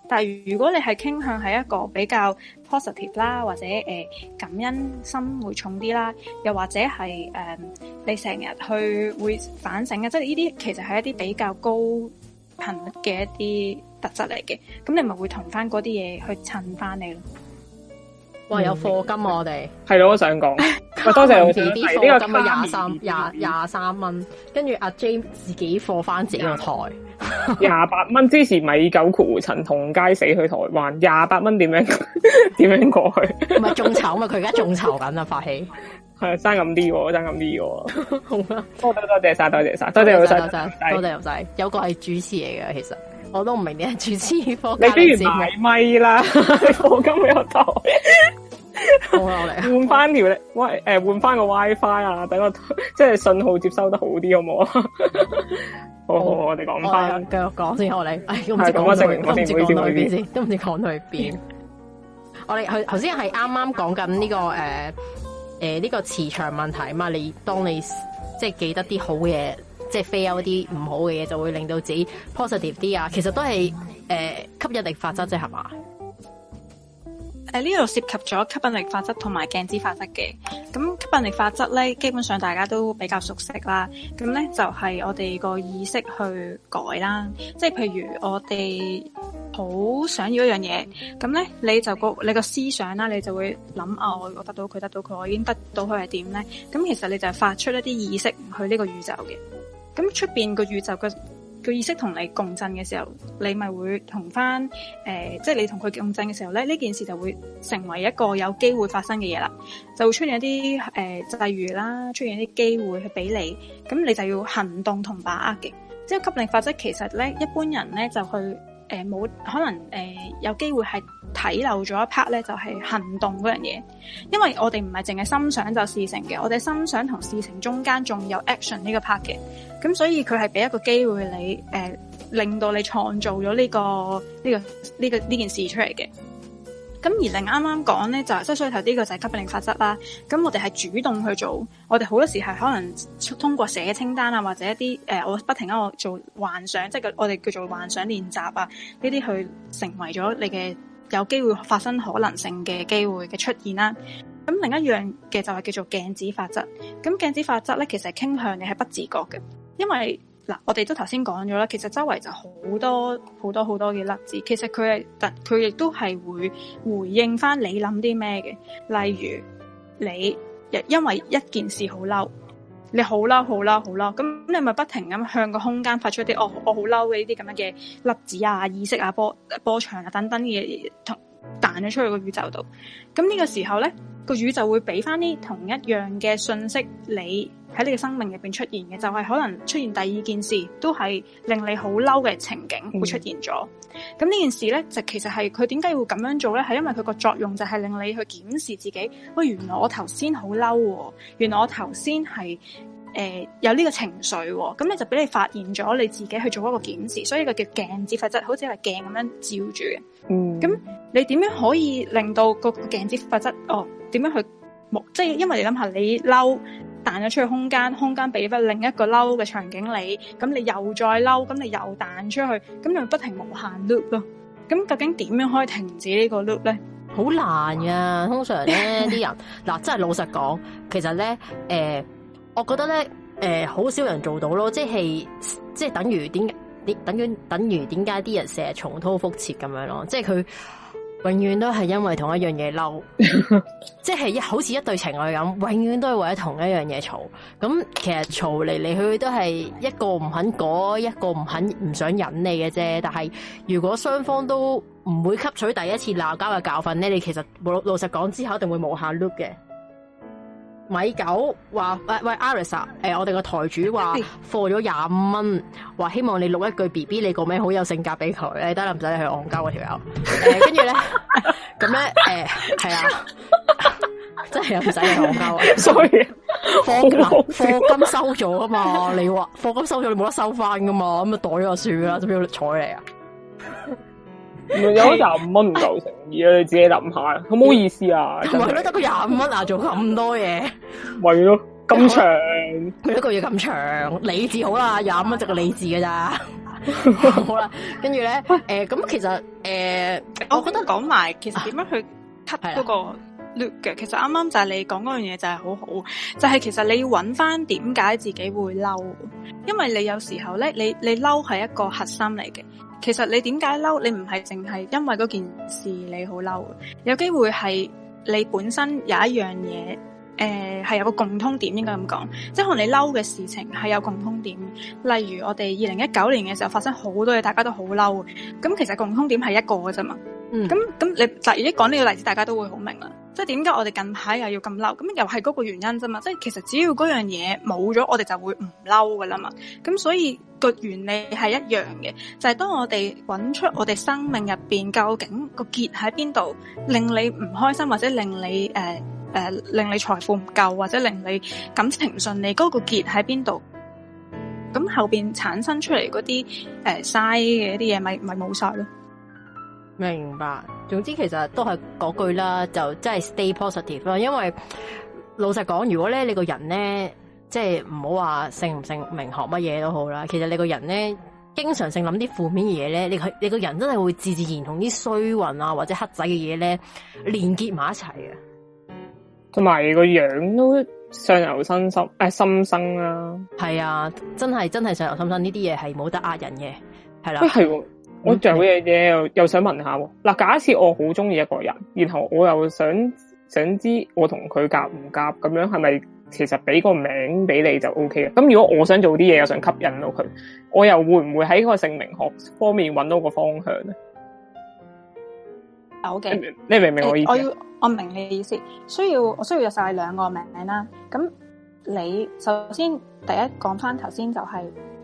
Speaker 2: 但係如果你係傾向係一個比較 positive 啦，或者誒、呃、感恩心會重啲啦，又或者係誒、呃、你成日去會反省嘅，即係呢啲其實係一啲比較高頻率嘅一啲特質嚟嘅。咁你咪會同翻嗰啲嘢去襯翻你咯。哇、嗯！有課金、啊、我哋
Speaker 4: 係咯，我想講， 多謝 我 B B 課金廿三廿
Speaker 2: 廿三蚊，跟住阿
Speaker 1: James 自己課翻自己個台。嗯
Speaker 4: 廿八蚊支持米九酷陳同佳死去台灣，廿八蚊點樣點樣過去？唔係眾籌啊嘛，佢而家眾籌緊啊發起，係 啊，爭咁啲，爭咁啲喎。好多謝多謝晒，多謝晒，多謝多謝，多
Speaker 1: 謝有個係主持嚟嘅，其實我都唔明點樣主持。 你居然
Speaker 4: 買米啦？ 我今日有台。 換翻條咧，喂，誒、呃，換翻個 WiFi 啊，等我即係信號接收得好啲，好冇？好啊？好好好，我哋講翻，繼續講先，我哋都唔知講到，都唔知講到去邊先，都唔知講到去邊。
Speaker 1: 我哋頭先係啱啱講緊呢個誒誒呢個磁場問題啊嘛，你當你即係記得啲好嘢，即係 fail 一啲唔好嘅嘢，就會令到自己 positive 啲啊。其實都係誒、呃、吸引力法則啫，係嘛？
Speaker 2: 喺呢度涉及咗吸引力法則同埋鏡子法則嘅，咁吸引力法則咧，基本上大家都比較熟悉啦。咁咧就係、是、我哋個意識去改啦，即係譬如我哋好想要一樣嘢，咁咧你就個你個思想啦、啊，你就會諗啊，我得到佢，得到佢，我已經得到佢係點咧？咁其實你就係發出一啲意識去呢個宇宙嘅，咁出邊個宇宙嘅。佢意識同你共振嘅時候，你咪會同翻誒，即、呃、係、就是、你同佢共振嘅時候咧，呢件事就會成為一個有機會發生嘅嘢啦，就會出現一啲誒，例、呃、如啦，出現一啲機會去俾你，咁你就要行動同把握嘅。即係吸引法則其實咧，一般人咧就去。誒，冇可能誒、呃，有機會係睇漏咗一 part 咧，就係行動嗰樣嘢。因為我哋唔係淨係心想就事成嘅，我哋心想同事情中間仲有 action 呢個 part 嘅，咁所以佢係俾一個機會你誒、呃，令到你創造咗呢個呢個呢個呢件事出嚟嘅。咁而另啱啱講咧，就即係上頭呢個就係吸引力法則啦。咁我哋係主動去做，我哋好多時係可能通過寫清單啊，或者一啲、呃、我不停喺度做幻想，即、就、係、是、我哋叫做幻想練習啊，呢啲去成為咗你嘅有機會發生可能性嘅機會嘅出現啦、啊。咁另一樣嘅就係叫做鏡子法則。咁鏡子法則咧，其實係傾向你係不自覺嘅，因為。嗱，我哋都頭先講咗啦，其實周圍就好多好多好多嘅粒子，其實佢係特，佢亦都係會回應翻你諗啲咩嘅。例如你，因因為一件事好嬲，你好嬲好嬲好嬲，咁你咪不，不停咁向個空間發出一啲哦，我好嬲嘅呢啲咁樣嘅粒子啊、意識啊、波波長啊等等嘅同。彈咗出去個宇宙度，咁呢個時候呢，個宇宙會俾翻啲同一樣嘅信息你喺你嘅生命入邊出現嘅，就係、是、可能出現第二件事，都係令你好嬲嘅情景會出現咗。咁、嗯、呢件事呢，就其實係佢點解會咁樣做呢？係因為佢個作用就係令你去檢視自己，喂，原來我頭先好嬲，原來我頭先係。誒、呃，有呢個情緒、哦，咁你就俾你發現咗你自己去做一個檢視，所以佢叫鏡子法則，好似係鏡咁樣照住嘅。嗯，咁你點樣可以令到個鏡子法則？哦，點樣去目？即、就、係、是、因為你諗下，你嬲彈咗出去空間，空間俾翻另一個嬲嘅場景你，咁你又再嬲，咁你又彈出去，咁就不停無限 loop 咯。咁究竟點樣可以停止呢個 loop 咧？好
Speaker 1: 難呀、啊，通常咧啲 人，嗱，真係老實講， 其實咧，誒、呃。我覺得咧，誒、呃，好少人做到咯，即係即係等於點解，等緊等於點解啲人成日重蹈覆轍咁樣咯，即係佢永遠都係因為同一樣嘢嬲， 即係一好似一對情侶咁，永遠都係為咗同一樣嘢嘈。咁其實嘈嚟嚟去去都係一個唔肯講，一個唔肯唔想忍你嘅啫。但係如果雙方都唔會吸取第一次鬧交嘅教訓咧，你其實老老實講之後，一定會冇下 loop 嘅。米九話：誒喂，Arisa，誒、啊欸、我哋個台主話，貨咗廿五蚊，話希望你錄一句 B B 你個名好有性格俾佢，你得啦唔使你去戇鳩嗰條友。跟住咧，咁咧誒係啊，真係唔使去戇鳩啊。所以貨金貨金收咗啊嘛， 你話貨金收咗你冇得收翻噶嘛，咁啊袋咗就算啦，做咩要睬你啊？
Speaker 4: 有得廿五蚊唔夠誠意啊！你自己諗下，好唔好意思啊？同埋佢都得個廿五蚊啊，做咁
Speaker 1: 多嘢，係咯，咁長，每一個月咁長，理智好啦、啊，廿五蚊就個理智噶咋，
Speaker 2: 好啦、啊，跟住咧，誒，咁、呃、其實，誒、呃，我覺得講埋、那個啊，其實點樣去 cut 嗰個 look 嘅，其實啱啱就係你講嗰樣嘢就係好好，就係、是、其實你要搵翻點解自己會嬲，因為你有時候咧，你你嬲係一個核心嚟嘅。其實你點解嬲？你唔係淨係因為嗰件事你好嬲，有機會係你本身有一樣嘢，誒、呃、係有個共通點應該咁講，即係可能你嬲嘅事情係有共通點，例如我哋二零一九年嘅時候發生好多嘢，大家都好嬲，咁其實共通點係一個嘅啫嘛。咁、嗯、咁，你突然一講呢個例子，大家都會好明啦。即係點解我哋近排又要咁嬲？咁又係嗰個原因啫嘛。即係其實只要嗰樣嘢冇咗，我哋就會唔嬲噶啦嘛。咁所以個原理係一樣嘅，就係、是、當我哋揾出我哋生命入邊究竟個結喺邊度，令你唔開心或者令你誒誒、呃呃、令你財富唔夠或者令你感情唔順利，嗰、嗰個結喺邊度，咁後邊產生出嚟嗰啲誒嘥嘅一啲嘢，咪咪冇晒咯。
Speaker 1: 明白，總之其實都係嗰句啦，就真係 stay positive 咯。因為老實講，如果咧你個人咧，即係唔好話姓唔姓名學乜嘢都好啦，其實你個人咧，經常性諗啲負面嘅嘢咧，你個你個人真係會自自然同啲衰運啊或者黑仔嘅嘢咧連結埋一齊、哎、啊。
Speaker 4: 同埋個樣都相由心生，誒心生啦。係啊，真係真係相由心生，呢啲嘢係冇得呃人嘅，係啦、啊。係、欸我仲嘅嘢又想問下喎，嗱，假設我好中意一個人，然後我又想想知我同佢夾唔夾咁樣，係咪其實俾個名俾你就 O K 啦？咁如果我想做啲嘢又想吸引到佢，我又會唔會喺個姓名學方面揾到個方向咧
Speaker 2: ？o k 你明唔明我意思，欸？我要我明你意思，需要我需要就係兩個名啦。咁你首先。第一講翻頭先就係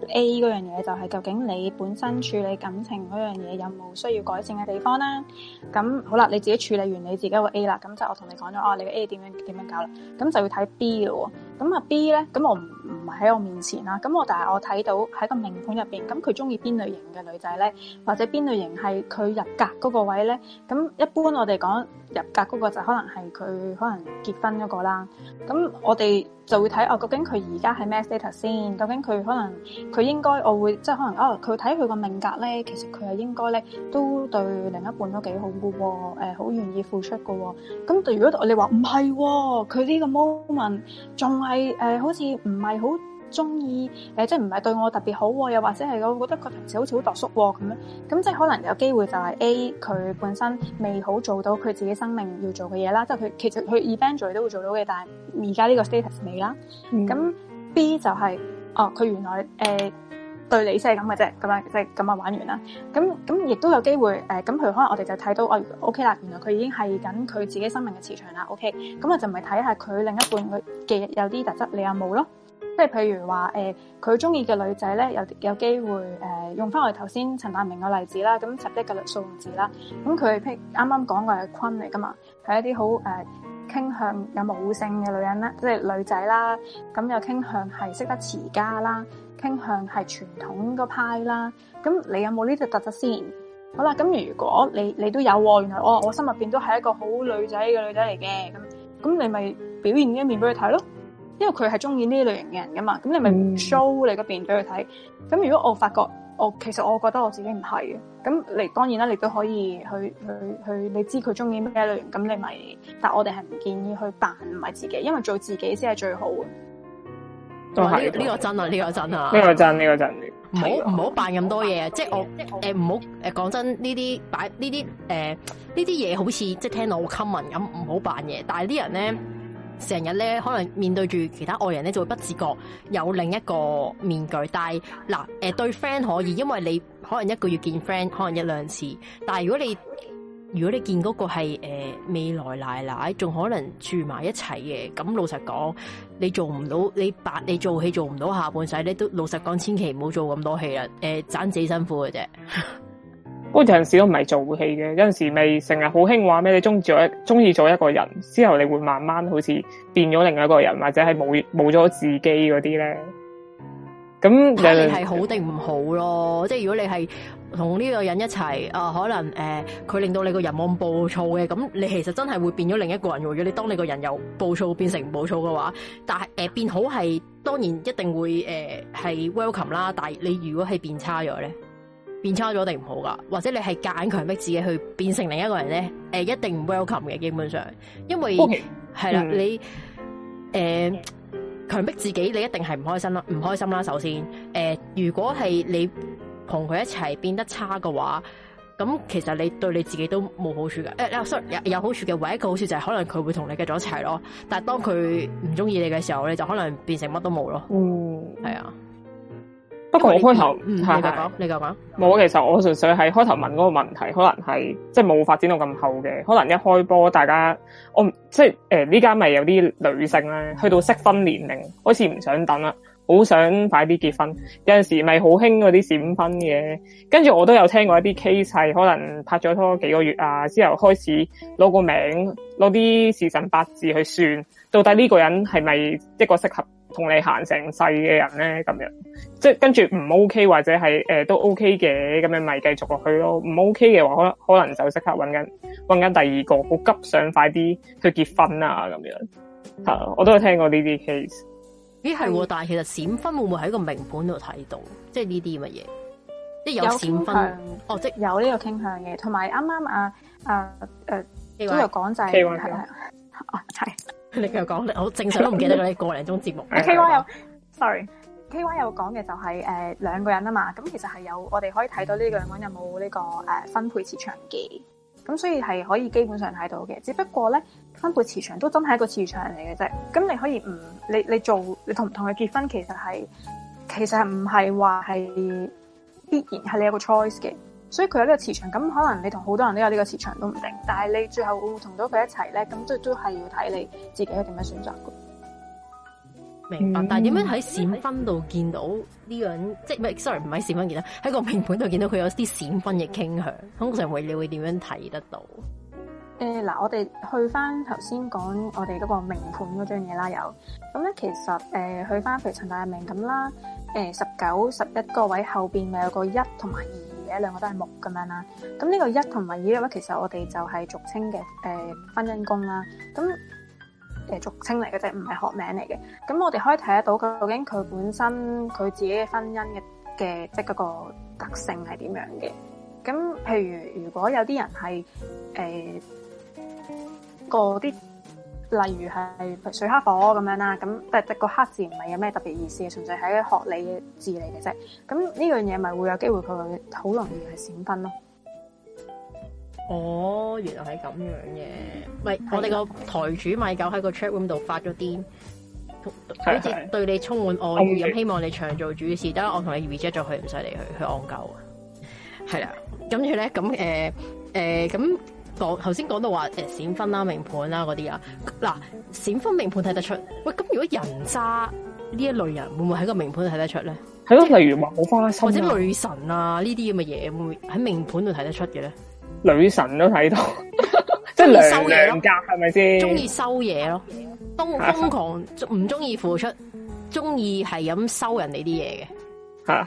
Speaker 2: A 嗰樣嘢，就係究竟你本身處理感情嗰樣嘢有冇需要改善嘅地方啦。咁好啦，你自己處理完你自己個 A 啦，咁就我同你講咗哦，你個 A 點樣點樣搞啦？咁就要睇 B 咯喎。咁啊 B 咧，咁我唔唔係喺我面前啦。咁我但係我睇到喺個名盤入面，咁佢中意邊類型嘅女仔咧，或者邊類型係佢入格嗰個位咧？咁一般我哋講入格嗰個就可能係佢可能結婚嗰個啦。咁我哋就會睇哦，究竟佢而家係咩？status 先，究竟佢可能佢應該我會，即係可能啊，佢睇佢個命格咧，其實佢係應該咧都對另一半都幾好噶喎、哦，誒、呃、好願意付出噶喎、哦。咁如果你話唔係，佢呢、哦、個 moment 仲係誒好似唔係好中意誒即係唔係對我特別好，又或者係我覺得佢平時好似好度縮咁樣，咁即係可能有機會就係 A 佢本身未好做到佢自己生命要做嘅嘢啦，即係佢其實佢 eventual 都會做到嘅，但係而家呢個 status 未啦，咁、嗯。那 B 就係、是、哦，佢原來、呃、對你先係咁嘅啫，咁樣即係咁啊玩完啦。咁咁亦都有機會誒，咁、呃、譬如可能我哋就睇到哦，O K 啦，原來佢已經係緊佢自己生命嘅磁場啦。O K，咁我就咪睇下佢另一半嘅有啲特質你有冇咯。即係、呃呃、譬如話誒，佢中意嘅女仔咧，有有機會誒用翻我哋頭先陳大明嘅例子啦。咁十一個數字啦，咁佢譬如啱啱講嘅係坤嚟噶嘛。係一啲好，誒傾向有母性嘅女人啦，即係女仔啦，咁又傾向係識得持家啦，傾向係傳統嗰派啦。咁你有冇呢啲特質先？好啦，咁如果你你都有，哦，原來我我心入邊都係一個好女仔嘅女仔嚟嘅，咁咁你咪表現一面俾佢睇咯。因為佢係中意呢類型嘅人噶嘛，咁你咪 show 你嗰邊俾佢睇。咁如果我發覺，我其實我覺得我自己唔係嘅。咁你當然啦，你都可以去去去，你知佢中意咩類型，咁你咪。但我哋係唔建議去扮唔係自己，因為做自己先係最好啊。
Speaker 4: 都係呢個真啊，呢個真啊，呢個真，呢個真，唔好唔
Speaker 1: 好扮咁多嘢，即係我誒唔好誒講真呢啲擺呢啲誒呢啲嘢，好似即係聽到好 common 咁，唔好扮嘢。但係啲人咧。嗯成日咧，可能面對住其他外人咧，就會不自覺有另一個面具。但係嗱、呃，對 friend 可以，因為你可能一個月見 friend 可能一兩次。但係如果你如果你見嗰個係、呃、未來奶奶，仲可能住埋一齊嘅，咁老實講，你做唔到，你白你做戲做唔到下半世咧，你都老實講，千祈唔好做咁多戲啦，誒、呃，盞自己辛苦嘅啫。
Speaker 4: 嗰陣時都唔係做戲嘅，有陣時咪成日好興話咩？你中意咗一中意咗一個人之後，你會慢慢好似變咗另外一個人，或者係冇冇咗自己嗰啲咧？咁你係
Speaker 1: 好定唔好咯？ 即係如果你係同呢個人一齊啊、呃，可能誒，佢、呃、令到你個人冇咁暴躁嘅，咁你其實真係會變咗另一個人。如果你當你個人由暴躁變成唔暴躁嘅話，但係誒、呃、變好係當然一定會誒係、呃、welcome 啦。但係你如果係變差咗咧？變差咗定唔好噶，或者你係夾硬強迫自己去變成另一個人咧？誒，一定唔 welcome 嘅，基本上，因為係啦，okay. mm. 你誒強迫、呃 okay. 自己，你一定係唔開心啦，唔開心啦。首先，誒、呃，如果係你同佢一齊變得差嘅話，咁其實你對你自己都冇好處嘅。誒，有有好處嘅、呃 no, sorry，唯一一個好處就係可能佢會同你繼續一齊咯。但係當佢唔中意你嘅時候，你就可能變成乜都冇咯。
Speaker 4: 嗯，係啊。不過我開頭，嗯，你嚟講，你就講，冇，我其實我純粹係開頭問嗰個問題，可能係即係冇發展到咁後嘅，可能一開波大家，我即係誒呢家咪有啲女性咧、啊，去到適婚年齡，開始唔想等啦，好想快啲結婚。有陣時咪好興嗰啲閃婚嘅，跟住我都有聽過一啲 case 係可能拍咗拖了幾個月啊，之後開始攞個名攞啲時辰八字去算，到底呢個人係咪一個適合？同你行成世嘅人咧，咁樣即係跟住唔 OK 或者係誒、呃、都 OK 嘅，咁樣咪繼續落去咯。唔 OK 嘅話，可能可能就即刻搵緊揾緊第二個，好急想快啲去結婚啊咁樣、嗯。我都有聽過呢啲 case。
Speaker 1: 咦係、嗯，但係其實閃婚會唔會喺個名盤度睇到？即係呢啲乜嘢？
Speaker 2: 即係有閃婚哦，即有呢個傾向嘅。同埋啱啱啊啊誒、啊、都有講就係
Speaker 1: 係。 你佢又講好正常，都唔記得嗰啲個零鐘節目。 KY 有
Speaker 2: ，sorry，KY 有講嘅就係誒兩個人啊嘛。咁其實係有我哋可以睇到呢個兩個人有冇呢、這個誒、呃、分配磁場嘅。咁所以係可以基本上睇到嘅。只不過咧，分配磁場都是真係一個磁場嚟嘅啫。咁你可以唔你你做你同唔同佢結婚其實是，其實係其實係唔係話係必然係你有個 choice 嘅。所以佢有呢個磁場，咁可能你同好多人都有呢個磁場都唔定，但係你最後會唔會同到佢一齊咧？咁都都係要睇你自己係點樣選擇嘅。
Speaker 1: 明白。但係點樣喺閃分度見到
Speaker 2: 呢樣？即係
Speaker 1: sorry 唔係閃分見到喺個明盤度見到佢有啲閃分嘅傾向。通常會你會點樣睇得到？
Speaker 2: 嗱、呃，我哋去翻頭先講我哋嗰個明盤嗰張嘢啦，有咁咧，其實、呃、去翻肥陳大明咁啦，誒十九十一個位後邊咪有個一同埋二。一兩個都係木咁樣啦，咁呢個一同埋二咧，其實我哋就係俗稱嘅誒、呃、婚姻宮啦，咁誒、呃、俗稱嚟嘅啫，唔係學名嚟嘅。咁我哋可以睇得到究竟佢本身佢自己嘅婚姻嘅嘅即係嗰個特性係點樣嘅。咁譬如如果有啲人係誒個啲，呃例如係水黑火咁樣啦，咁但係個黑字唔係有咩特別意思，純粹係學你嘅字嚟嘅啫。咁呢樣嘢咪會有機會佢好容易係閃婚咯。
Speaker 3: 哦，
Speaker 1: 原來係咁樣嘅。唔，我哋個台主米狗喺個 chat room 度發咗啲好似對你充滿愛意咁，希望你長做主持。得、嗯、我同你 reject 咗佢，唔使嚟去去戇鳩。係啦，跟住咧，咁誒誒咁。講頭先講到話誒閃婚啦名盤啦嗰啲啊，嗱閃婚名盤睇得出。喂咁如果人渣呢一類人會唔會喺個名盤睇得出咧？
Speaker 4: 係咯，例如話好花心或者女
Speaker 1: 神啊，呢啲咁嘅嘢，會唔會喺名盤度睇得出嘅咧？
Speaker 4: 女神都睇到， 即係是娘 娘家 收嘢咯，係咪先？中意
Speaker 1: 收嘢咯，瘋瘋狂唔中意付出，中意係咁收人哋啲嘢嘅，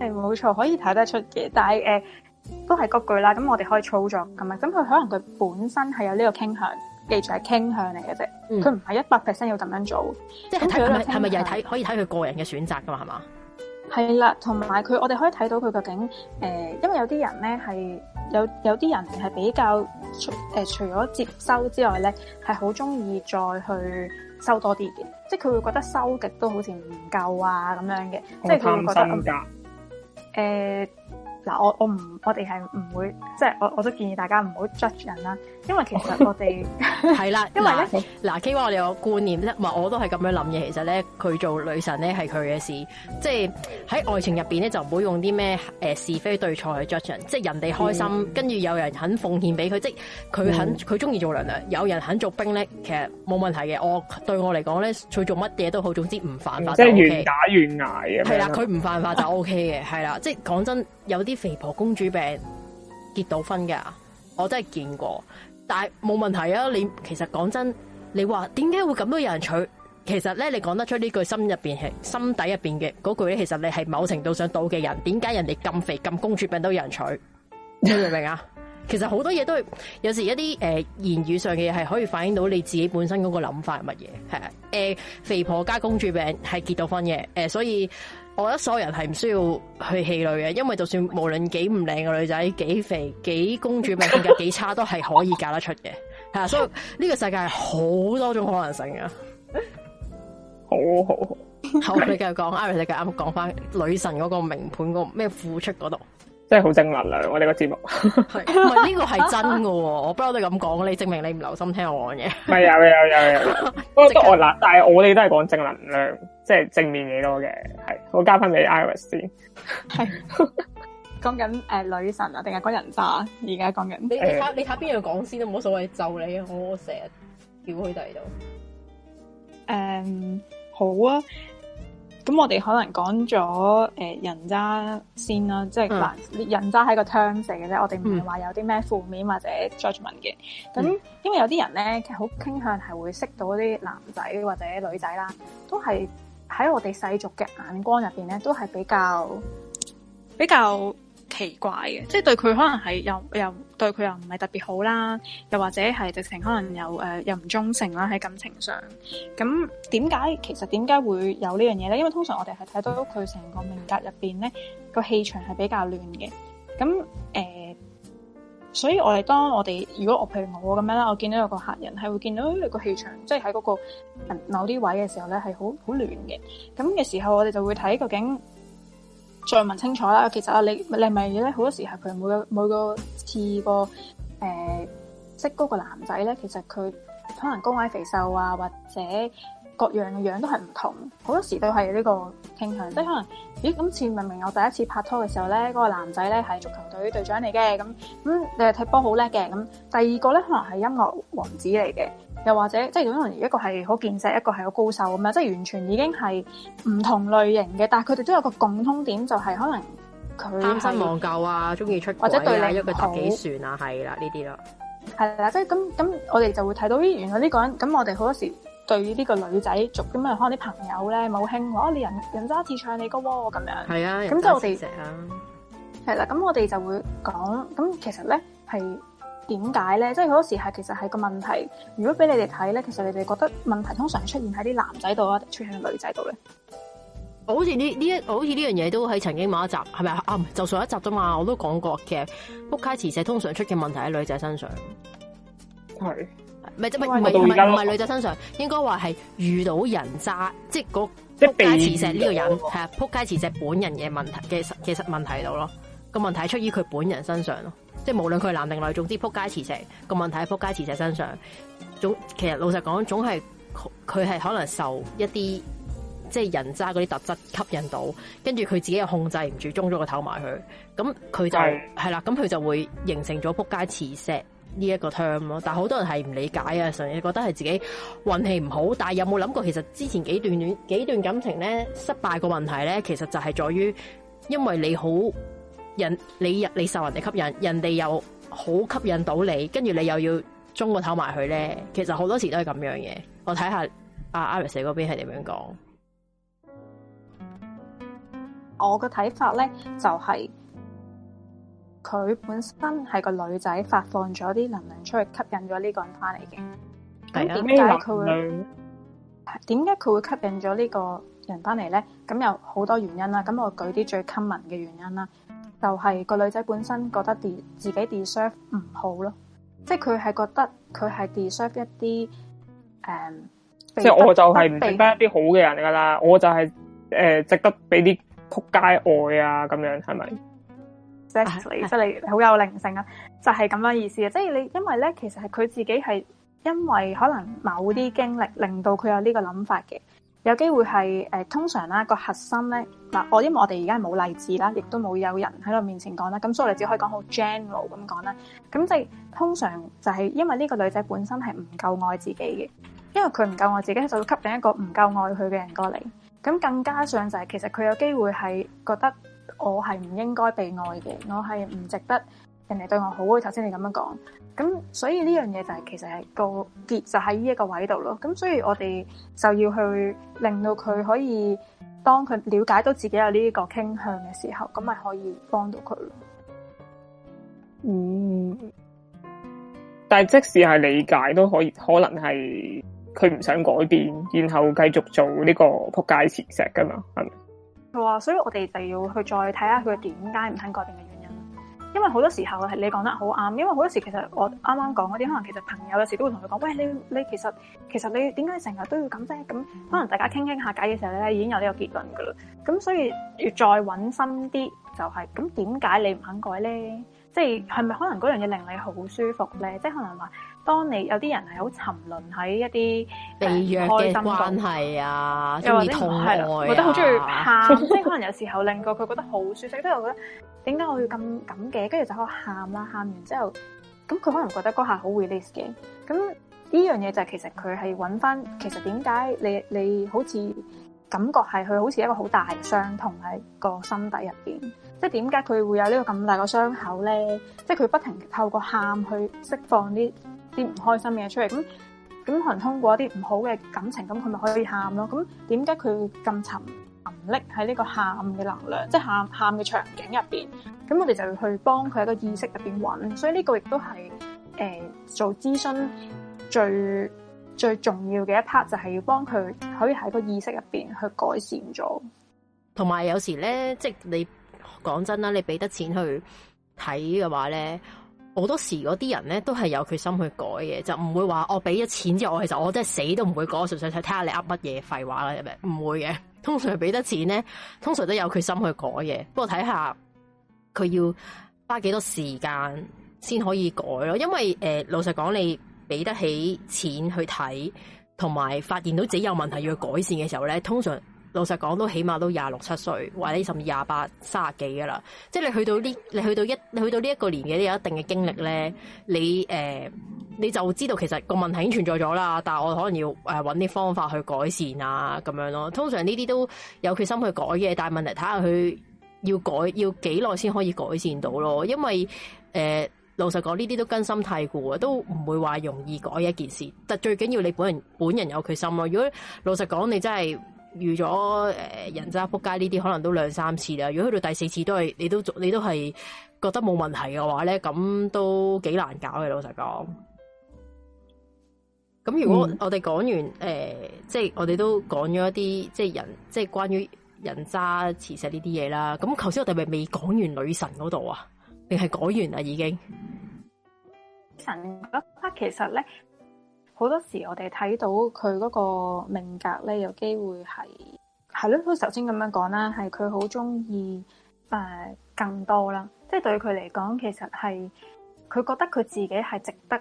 Speaker 2: 係冇錯可以睇得出嘅，但係誒。呃都係嗰句啦，咁我哋可以操作噶嘛？咁佢可能佢本身係有呢個傾向，記住係傾向嚟嘅啫，佢唔係一百 percent 要咁樣做，即係睇係咪又係睇
Speaker 1: 可以睇佢個人嘅選擇噶嘛？係嘛？
Speaker 2: 係啦，同埋佢我哋可以睇到佢究竟誒、呃，因為有啲人咧係有有啲人係比較除誒、呃、除咗接收之外咧，係好中意再去收多啲嘅，即係佢會覺得收極都好似唔夠啊咁樣嘅，即係佢會覺得誒。呃呃嗱，我我唔，我哋係唔會，即係我我都建議大家唔好 judge 人啦。 因為其實我哋係啦，因為咧嗱、啊啊，基話我哋有個觀
Speaker 1: 念咧，唔、啊、係我都係咁樣諗嘅。其實咧，佢做女神咧係佢嘅事，即係喺愛情入邊咧就唔好用啲咩誒是非對錯去 judge、就是、人，即係人哋開心，嗯、跟住有人肯奉獻俾佢，即係佢肯佢中意做娘娘，有人肯做兵咧，其實冇問題嘅。我對我嚟講咧，佢做乜嘢都好，總之唔犯法就 O、OK、即係願打
Speaker 4: 願捱啊！係啦，佢
Speaker 1: 唔犯法就 O K 嘅，係 啦。即係講真，有啲肥婆公主病結到婚噶，我都係見過。但係冇問題啊！你其實講真，你話點解會咁多有人娶？其實咧，你講得出呢句心入邊係心底入邊嘅嗰句咧，其實你係某程度上到嘅人。點解人哋咁肥咁公主病都有人娶？你 明唔明啊？其實好多嘢都係有時一啲誒、呃、言語上嘅嘢係可以反映到你自己本身嗰個諗法係乜嘢係誒肥婆加公主病係結到婚嘅，誒、呃，所以。我覺得所有人係唔需要去戲女嘅，因為就算無論幾唔靚嘅女仔，幾肥，幾公主命，又幾差，都係可以嫁得出嘅。係啊，所以呢個世界係好多種可能性㗎。好 好好，你繼 我哋繼續講，Iris 你啱講翻女神嗰
Speaker 4: 個名盤、嗰個咩付出嗰度。真係好正能量，我哋個節目，
Speaker 1: 唔係呢個係真嘅、哦，我不嬲都咁講你，證明你唔留心聽我講嘢。唔係有
Speaker 4: 有有有，即係 我嗱，但係我哋都係講正能量，即、就、係、是、正面嘢多嘅，係我加翻俾 Iris 先。
Speaker 2: 係講緊誒女神啊，定係講人渣？啊？而家講緊？你你睇、嗯、你睇邊度講先都冇所謂，就你我我成日叫佢第二度。誒、um,，好啊。咁我哋可能講咗誒人渣先啦，即係男、嗯、人渣係個 terms 嚟嘅啫，我哋唔係話有啲咩負面或者 judgement 嘅。咁、嗯、因為有啲人咧，其實好傾向係會識到啲男仔或者女仔啦，都係喺我哋世俗嘅眼光入邊咧，都係比較比較，比較奇怪嘅，即係對佢可能係又又對佢又唔係特別好啦，又或者係直情可能、呃、又誒又唔忠誠啦喺感情上，咁點解其實點解會有這件事呢樣嘢咧？因為通常我哋係睇到佢成個命格入邊咧個氣場係比較亂嘅，咁誒、呃，所以我哋當我哋如果我譬如我咁樣啦，我見到有個客人係會見到呢個氣場，即係喺嗰個某啲位嘅時候咧係好好亂嘅，咁嘅時候我哋就會睇究竟。再問清楚啦，其實啊，你你係咪咧好多時候佢每個每個次個誒、呃、識嗰個男仔咧，其實佢可能高矮肥瘦啊，或者，各樣嘅樣都係唔同，好多時都係呢個傾向，即係可能咦？今次明明我第一次拍拖嘅時候咧，嗰、那個男仔咧係足球隊隊長嚟嘅，咁咁誒踢波好叻嘅，咁第二個咧可能係音樂王子嚟嘅，又或者即係可能一個係好健碩，一個係好高瘦咁樣，即係完全已經係唔同類型嘅，但係佢哋都有一個共通點，就係、是、可能佢貪新忘
Speaker 1: 舊啊，中意出軌或者對你好，打、啊啊、幾船啊，係啦呢啲咯，
Speaker 2: 係啦，即係咁咁，那那我哋就會睇到咦，原來呢個人咁，那我哋好多時。對於呢個女仔，逐啲咩可能啲朋友咧冇興，話、哦、你人人渣自唱你歌喎，哦。咁樣。係啊，人渣磁石啊。係啦，咁我哋就會講，咁其實咧係點解咧？即係好多時係其實係個問題。如果俾你哋睇咧，其實你哋覺得問題通常出現喺啲男仔度啊，定出現喺女仔度咧？
Speaker 1: 好似呢呢一，好似呢樣嘢都喺曾經某一集係咪啊？就上一集啫嘛，我都講過嘅。撲街磁石通常出嘅問題喺女仔身上。係。唔係即係唔係唔係唔係女仔身上，應該話係遇到人渣，即係扑街磁石呢個人係啊，扑街磁石本人嘅問題嘅實其實問題度咯，個問題出於佢本人身上咯，即係無論佢係男定女，總之扑街磁石。個問題喺扑街磁石身上。總其實老實講，總係佢係可能受一啲即係人渣嗰啲特質吸引到，跟住佢自己又控制唔住，中咗個頭埋去，咁佢就係啦，咁佢就會形成咗扑街磁石。呢一個 turn 咯，但係好多人係唔理解啊，成日覺得係自己運氣唔好，但係有冇諗過其實之前幾段戀幾段感情咧失敗個問題咧，其實就係在於，因為你好人，你又你，你受人哋吸引，人哋又好吸引到你，跟住你又要中個頭埋去咧，其實好多時都係咁樣嘅。我睇下阿 Alex 嗰邊係點樣講。
Speaker 2: 我嘅睇法咧就係、是。佢本身係個女仔發放咗啲能量出去，吸引咗呢個人翻嚟嘅。咁點解佢
Speaker 3: 會？
Speaker 2: 點解佢會吸引咗呢個人翻嚟咧？咁有好多原因啦。咁我舉啲最 common 嘅原因啦，就係、是、個女仔本身覺得 de 自己 deserve 唔好咯，即係佢係覺得佢係 deserve 一啲誒、嗯。即係我就係唔值得一
Speaker 4: 啲好嘅人噶啦，我就係、是、誒、呃、值得俾啲仆街愛啊咁樣，係咪？
Speaker 2: 即係你，好有靈性啊！就係咁樣意思啊！即係你，因為咧，其實係佢自己係因為可能某啲經歷令到佢有呢個諗法嘅，有機會係誒、呃、通常啦個核心咧嗱，我、呃、因為我哋而家係冇例子啦，亦都冇有人喺我面前講啦，咁所以我哋只可以講好 general 咁講啦。咁即係通常就係因為呢個女仔本身係唔夠愛自己嘅，因為佢唔夠愛自己，就會吸引一個唔夠愛佢嘅人過嚟。咁更加上就係其實佢有機會係覺得。我係唔應該被愛嘅，我係唔值得人哋對我好。頭先你咁樣講，咁所以呢樣嘢就係、是、其實係個結，就喺呢一個位度咯。咁所以我哋就要去令到佢可以當佢了解到自己有呢個傾向嘅時候，咁咪可以幫到佢咯。嗯，
Speaker 4: 但係即使係理解都可以，可能係佢唔想改變，然後繼續做呢個扑街前石石噶嘛，係咪？
Speaker 2: 係啊，所以我哋就要去再睇下佢點解唔肯改變嘅原因。因為好多時候，係你講得好啱，因為好多時其實我啱啱講嗰啲，可能其實朋友有時都會同佢講，喂，你你其實其實，你點解成日都要咁啫？咁可能大家傾傾下偈嘅時候咧，已經有呢個結論噶啦。咁所以要再搵深啲，就係咁點解你唔肯改咧？即係係咪可能嗰樣嘢令你好舒服咧？即係可能話。當你有啲人係好沉淪喺一啲被虐嘅關係，開心關
Speaker 1: 係啊，又或者係咯，啊啊，覺得好中
Speaker 2: 意喊，即 係可能有時候令到佢覺得好舒適。都係我覺得點解我要咁咁嘅？跟住就可以喊啦，喊完之後，咁佢可能覺得嗰下好 release 嘅。咁呢樣嘢就係、是、其實佢係揾翻其實點解你你，你好似感覺係佢好似一個好大嘅傷痛喺個心底入邊，即係點解佢會有呢個咁大嘅傷口咧？即係佢不停透過喊去釋放啲。啲唔開心嘅嘢出嚟，咁咁可能通過一啲唔好嘅感情，咁佢咪可以喊咯。咁點解佢咁沉沉溺喺呢個喊嘅能量，即係喊喊嘅場景入邊？咁我哋就要去幫佢喺個意識入邊揾。所以呢個亦都係誒做諮詢最最重要嘅一 part，就係、是、要幫佢可以喺個意識入邊去改善咗。
Speaker 1: 同埋有，有時咧，即係你講真啦，你俾得錢去睇嘅話咧。好多時嗰啲人咧都係有決心去改嘅，就唔會話我俾咗錢之後，我其實我真係死都唔會改，我想睇睇下你噏乜嘢廢話啦，係咪？唔會嘅，通常俾得錢咧，通常都有決心去改嘅。不過睇下佢要花幾多時間先可以改咯，因為誒、呃、老實講，你俾得起錢去睇，同埋發現到自己有問題要去改善嘅時候咧，通常。老實講，起碼都起碼都廿六七歲，或者甚至廿八、三十幾噶啦。即係你去到呢，你去到一，你去到呢一個年紀，有一定嘅經歷咧，你誒、呃、你就知道其實個問題已經存在咗啦。但係我可能要誒揾啲方法去改善啊，咁樣咯。通常呢啲都有決心去改嘅，但係問題睇下佢要改要幾耐先可以改善到咯。因為誒、呃、老實講呢啲都根深蒂固啊，都唔會話容易改一件事。但最緊要你本人本人有決心咯、啊。如果老實講，你真係。遇咗誒人渣仆街呢啲，可能都兩三次啦。如果去到第四次都係你都你都係覺得冇問題嘅話咧，咁都幾難搞嘅。老實講，咁如果我哋講完誒、嗯呃，即係我哋都講咗一啲即係人，即係關於人渣磁石呢啲嘢啦。咁頭先我哋咪未講完女神嗰度啊，定係講完啦已經？
Speaker 2: 神嗰 part 其實咧。好多時我哋睇到佢嗰個命格咧，有機會係係咯，好似頭先咁樣講啦，係佢好中意誒更多啦，即係對佢嚟講，其實係佢覺得佢自己係值得誒、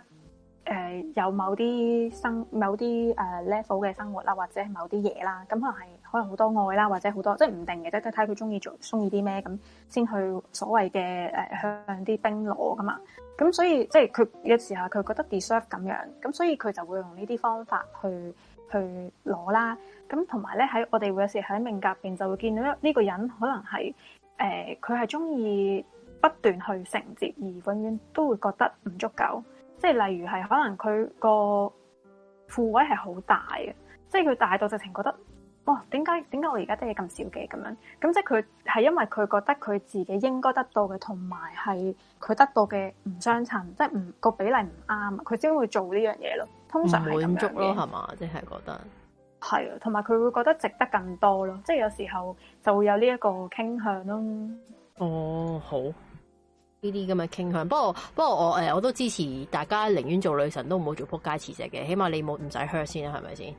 Speaker 2: 呃、有某啲生某啲誒 level 嘅生活啦，或者係某啲嘢啦，咁可能係。可能好多愛啦，或者好多即係唔定嘅，即係睇佢中意做中意啲咩咁，先去所謂嘅誒向啲兵攞噶嘛。咁所以即係佢有時候佢覺得 deserve 咁樣，咁所以佢就會用呢啲方法去去攞啦。咁同埋咧喺我哋會有時喺命格邊就會見到呢個人可能係誒佢係中意不斷去承接，而永遠都會覺得唔足夠。即係例如係可能佢個負位係好大嘅，即係佢大到直情覺得。哇、哦，點解點解我而家得嘢咁少嘅咁樣？咁即係佢係因為佢覺得佢自己應該得到嘅，同埋係佢得到嘅唔相襯，即係唔個比例唔啱，佢先會做呢樣嘢咯。通常係滿足咯，係嘛？即係覺得係啊，同埋佢會覺得值得更多咯。即係有時候就會有呢一個傾向咯。
Speaker 1: 哦，好呢啲咁嘅傾向。不過不過我誒，我都支持大家寧願做女神都唔好做撲街辭職嘅。起碼你冇唔使 hurt 先啦，係咪先？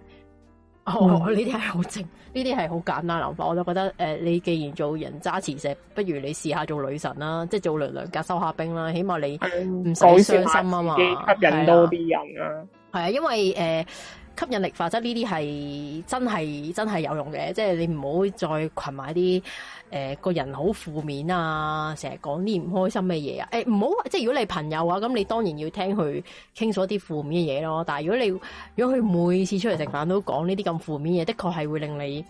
Speaker 1: 我呢啲係好正，呢啲係好簡單諗法。我就覺得，誒、呃，你既然做人渣磁石，不如你試下做女神啦，即係做娘娘格收下兵啦，起碼你唔使傷心啊嘛，說說吸引多啲人啦，啊。係啊，因為誒。呃吸引力法則呢啲係真係真係有用嘅，即係你唔好再群埋啲誒個人好負面啊，成日講啲唔開心嘅嘢啊，誒唔好即係如果你朋友啊，咁你當然要聽佢傾訴啲負面嘅嘢咯。但係如果你如果佢每次出嚟食飯都講呢啲咁負面嘢，的確係會令你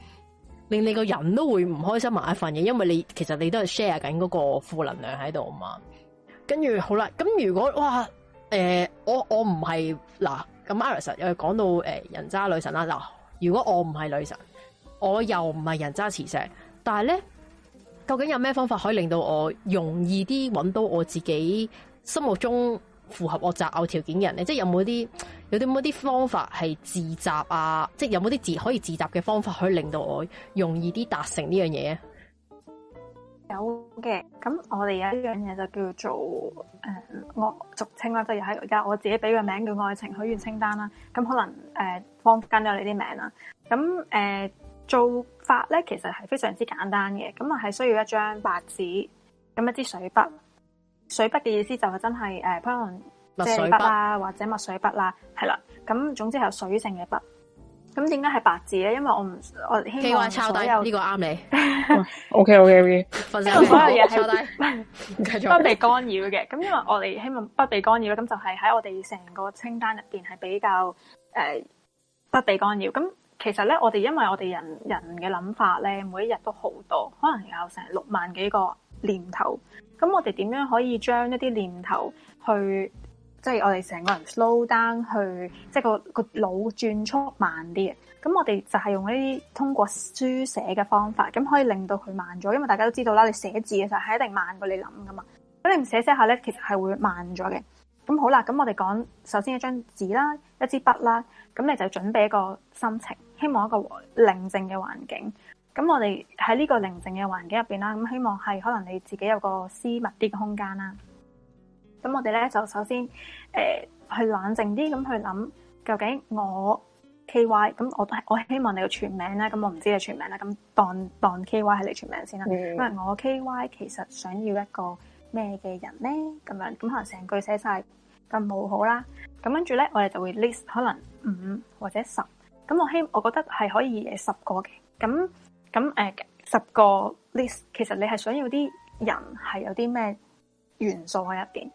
Speaker 1: 令你個人都會唔開心埋一份嘢，因為你其實你都係 share 緊嗰個負能量喺度啊嘛。跟住好啦，咁如果哇誒、呃、我我唔係嗱。咁 Alex 又講到誒人渣女神啦，嗱，如果我唔係女神，我又唔係人渣磁石，但係咧，究竟有咩方法可以令到我容易啲搵到我自己心目中符合我擇偶條件嘅人咧？即係有冇啲有啲冇啲方法係自習啊？即係有冇啲自可以自習嘅方法可以令到我容易啲達成呢樣嘢？
Speaker 2: 有嘅，咁我哋有一樣嘢就叫做誒、呃，我俗稱啦，就係喺而家我自己俾個名叫愛情許願清單啦。咁可能誒放、呃、跟咗你啲名啦。咁誒、呃、做法咧，其實係非常之簡單嘅。咁啊，係需要一張白紙，咁一支水筆。水筆嘅意思就係真係誒，可能水筆啊，或者墨水筆啦，係啦。咁總之係有水性嘅筆。咁點解係白字咧？因為我唔，我希望有抄有呢 個啱你。
Speaker 4: O K O K O K，
Speaker 2: 分係抄低 不被干擾嘅。咁因為我哋希望不被干擾啦，咁就係喺我哋成個清單入邊係比較誒、呃、不被干擾。咁其實咧，我哋因為我哋人人嘅諗法咧，每一日都好多，可能有成六萬幾個念頭。咁我哋點樣可以將一啲念頭去？即係我哋成個人 slow down 去，即係個個腦轉速慢啲嘅。咁我哋就係用呢啲通過書寫嘅方法，咁可以令到佢慢咗。因為大家都知道啦，你寫字嘅時候係一定慢過你諗噶嘛。咁你唔寫寫下咧，其實係會慢咗嘅。咁好啦，咁我哋講首先一張紙啦，一支筆啦，咁你就準備一個心情，希望一個寧靜嘅環境。咁我哋喺呢個寧靜嘅環境入邊啦，咁希望係可能你自己有個私密啲嘅空間啦。咁我哋咧就首先，誒、呃、去冷靜啲咁去諗，究竟我 KY 咁，我我希望你嘅全名啦，咁我唔知你全名啦，咁當當 KY 係你全名先啦。嗯、因為我 KY 其實想要一個咩嘅人咧，咁樣咁可能成句寫晒，咁冇好啦。咁跟住咧，我哋就會 list 可能五或者十，咁我希我覺得係可以十個嘅。咁咁誒十個 list，其實你係想要啲人係有啲咩元素喺入邊？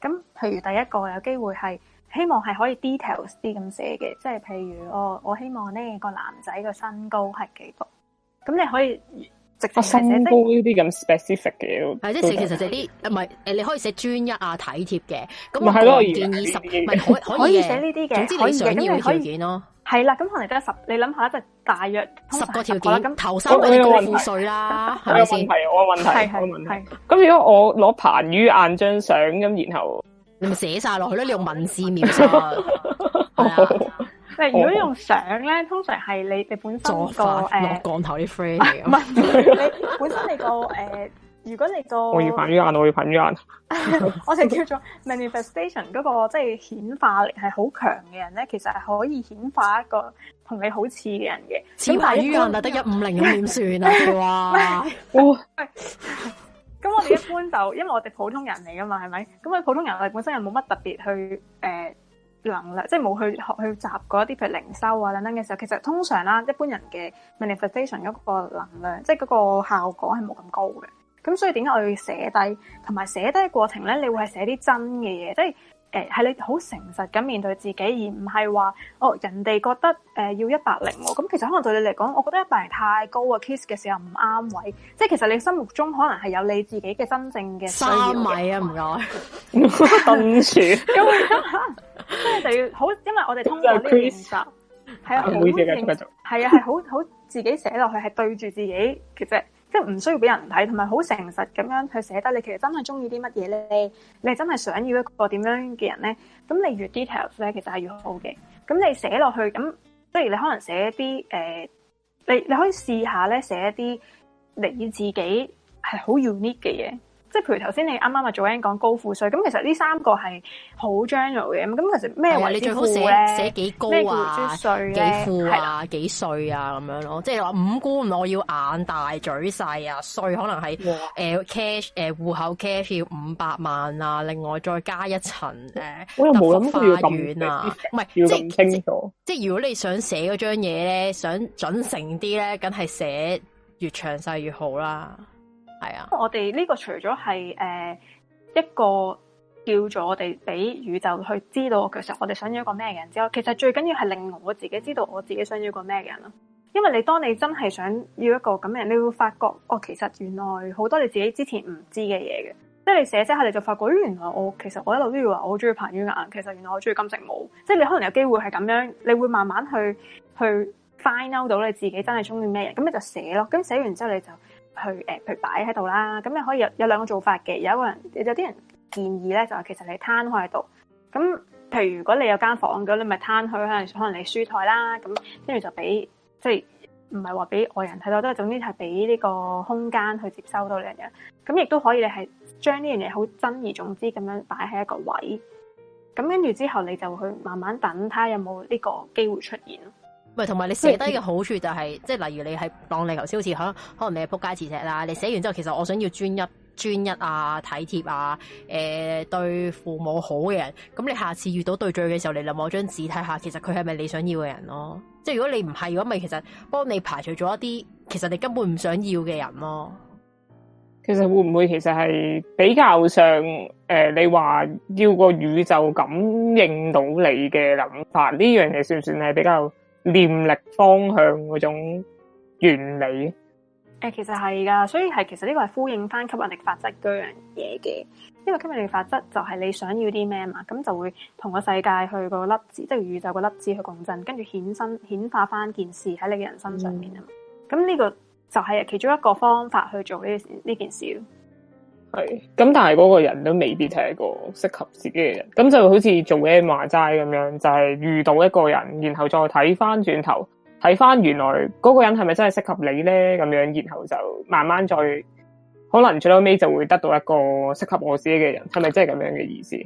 Speaker 2: 咁，譬如第一個有機會係希望係可以 details 啲咁寫嘅，即係譬如我、哦、我希望呢個男仔個身高係幾高。咁你可以直接寫、啊、身高
Speaker 4: 呢啲咁 specific 嘅，或、
Speaker 1: 就、係、是、寫其實寫啲唔係誒，你可以寫專一啊體貼嘅，咁咪係我個建議十，咪可，可以寫呢啲嘅，總之你想要嘅條件咯。
Speaker 2: 係啦，咁可能得十，你諗下即係、就是、大約個十個條件，咁、嗯嗯、頭三嗰個、哦、富帥啦，係咪先？我嘅問，問題，我嘅問題，我嘅問題。
Speaker 4: 咁如果我攞彭于晏張相咁，然後你咪寫晒落去
Speaker 1: 咯，你用文字描述、
Speaker 2: 啊。係 係 是的 如果用相咧，通常係你你本身個誒降頭啲 friend 嚟。唔 係，呃、 你本身你個誒。呃 如果你到，我要彭于
Speaker 4: 晏，我要彭于晏，
Speaker 2: 我哋叫做 manifestation 嗰、那個即係顯化力係好強嘅人咧，其實係可以顯化一個同你好似嘅人嘅。顯化彭于晏，但得
Speaker 1: 一五零咁點算啊？哇！
Speaker 2: 咁我哋一般就因為我哋普通人嚟噶嘛，係咪咁？咁我哋普通人嚟本身又冇乜特別去誒、呃、能力，即係冇去學去習嗰一啲譬如靈修啊等等嘅時候，其實通常啦，一般人嘅 manifestation 嗰個能量，即係嗰個效果係冇咁高嘅。咁所以點解我要寫低，同埋寫低嘅過程咧，你會係寫啲真嘅嘢，即係誒係你好誠實咁面對自己，而唔係話哦人哋覺得誒、呃，要一百零，咁其實可能對你嚟講，我覺得一百零太高啊，kiss 嘅時候唔啱位，即係其實你心目中可能係有你自己嘅真正嘅三米
Speaker 1: 啊，唔該，跟住，即係
Speaker 2: 就要好，因為我哋通過呢個係啊，係啊，係好好自己寫落去，係對住自己其實。即係唔需要俾人睇，同埋好誠實咁樣去寫得你其實真係中意啲乜嘢咧？你真係想要一個點樣嘅人咧？咁你越 details 咧，其實係越好嘅。咁你寫落去咁，即係你可能寫一啲誒、呃，你你可以試下咧寫一啲你自己係好 unique 嘅嘢。即係譬如頭先你啱啱啊，Joan 講高富帥，咁其實呢三個係好 general 嘅，咁其實咩為之富咧？你最好寫，寫幾高啊？咩叫富稅咧？幾富啊？
Speaker 1: 幾稅啊？咁樣咯，即係話五官我要眼大嘴細啊，稅可能係誒、呃、cash 誒戶口 cash 要五百萬啊，另外再加一層誒德福花園啊，唔係即係即係如果你想寫嗰張嘢咧，想準成啲咧，梗係寫越詳細越好啦。係啊，
Speaker 2: 我哋呢個除咗係誒一個叫做我哋俾宇宙去知道其實我哋想要一個咩人之外，其實最緊要係令我自己知道我自己想要個咩人咯。因為你當你真係想要一個咁嘅人，你會發覺哦，其實原來好多你自己之前唔知嘅嘢嘅，即係你寫寫下你就發覺，原來我其實我一路都要話我好中意彭于晏，其實原來我中意金城武，即係你可能有機會係咁樣，你會慢慢去去 find out 到你自己真係中意咩人，咁你就寫咯，咁寫完之後你就。去誒，佢擺喺度啦。咁你可以有有兩個做法嘅。有一個人，有啲人建議咧，就話其實你攤開喺度。咁譬如如果你有間房，咁你咪攤開喺可能你書台啦。咁跟住就俾即係唔係話俾外人睇到，都係總之係俾呢個空間去接收到你嘅。咁亦都可以你係將呢樣嘢好珍而重之咁樣擺喺一個位。咁跟住之後你就去慢慢等，睇下有冇呢個機會出現。同埋你寫低嘅
Speaker 1: 好處就係、是，即係例如你係當你頭先好似可可能你係撲街磁石啦，你寫完之後，其實我想要專一、專一啊、體貼啊、誒、欸、對父母好嘅人，咁你下次遇到對象嘅時候，你就我張紙睇下，其實佢係咪你想要嘅人咯？即係如果你唔係，如果咪其實幫你排除咗一啲，其實你根本唔想要嘅人咯。
Speaker 4: 其實會唔會其實係比較上誒、呃，你話要個宇宙感應到你嘅諗法呢樣嘢算唔算係比較？念力方向嗰種原理，
Speaker 2: 誒，其實係噶，所以係其實呢個係呼應翻吸引力法則嗰樣嘢嘅。呢個吸引力法則就係你想要啲咩嘛，咁就會同個世界去個粒子，即係宇宙個粒子去共振，跟住顯身顯化翻件事喺你嘅人生上面啊。咁，嗯，呢個就係其中一個方法去做呢呢件事。
Speaker 4: 係咁，但係嗰個人都未必係一個適合自己嘅人。咁就好似做 M 話齋咁樣，就係、是、遇到一個人，然後再睇翻轉頭，睇翻原來嗰個人係咪真係適合你咧？咁樣然後就慢慢再可能最後尾就會得到一個適合我自己嘅人，係咪真係咁樣嘅意思？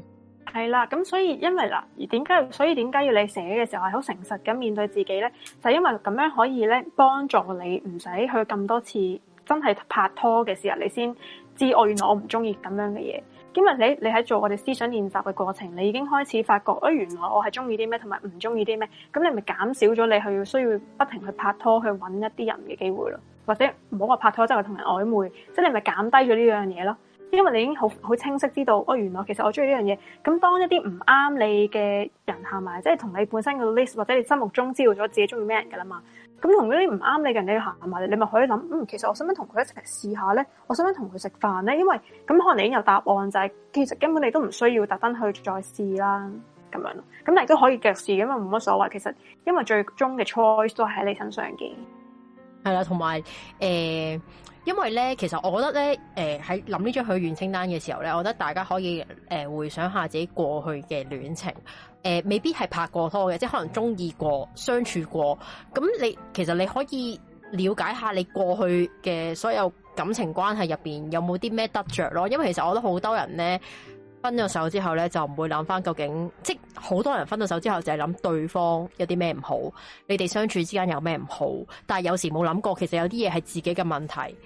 Speaker 2: 係啦，咁所以因為嗱，而點解所以點解要你寫嘅時候係好誠實咁面對自己咧？就是、因為咁樣可以咧幫助你唔使去咁多次真係拍拖嘅時候，你先。知、哦、我原來我唔中意咁樣嘅嘢，因為你你喺做我哋思想練習嘅過程，你已經開始發覺誒、哎，原來我係中意啲咩，同埋唔中意啲咩，咁你咪減少咗你去需要不停去拍拖去揾一啲人嘅機會咯，或者唔好話拍拖，即係同人曖昧，即係你咪減低咗呢樣嘢咯。因為你已經好好清晰知道，哦，原來其實我中意呢樣嘢。咁當一啲唔啱你嘅人行埋，即係同你本身嘅 list 或者你心目中知道咗自己中意咩人嘅啦嘛。咁同嗰啲唔啱你嘅人你行埋，你咪可以諗，嗯，其實我想唔想同佢一齊試一下咧，我想唔想同佢食飯咧。因為咁可能你已經有答案就係、是，其實根本你都唔需要特登去再試啦，咁樣。咁你都可以嘅試，因為冇乜所謂。其實因為最終嘅 choice 都喺你身上嘅。
Speaker 1: 係啦，同埋誒。欸因為咧，其實我覺得咧，誒喺諗呢張許願清單嘅時候咧，我覺得大家可以誒、呃、回想下自己過去嘅戀情，誒、呃、未必係拍過拖嘅，即係可能中意過、相處過，咁你其實你可以了解下你過去嘅所有感情關係入邊有冇啲咩得着咯，因為其實我覺得好多人咧。分咗手之後咧，就唔會諗翻究竟，即係好多人分咗手之後就係諗對方有啲咩唔好，你哋相處之間有咩唔好，但係有時冇諗過，其實有啲嘢係自己嘅問題。誒、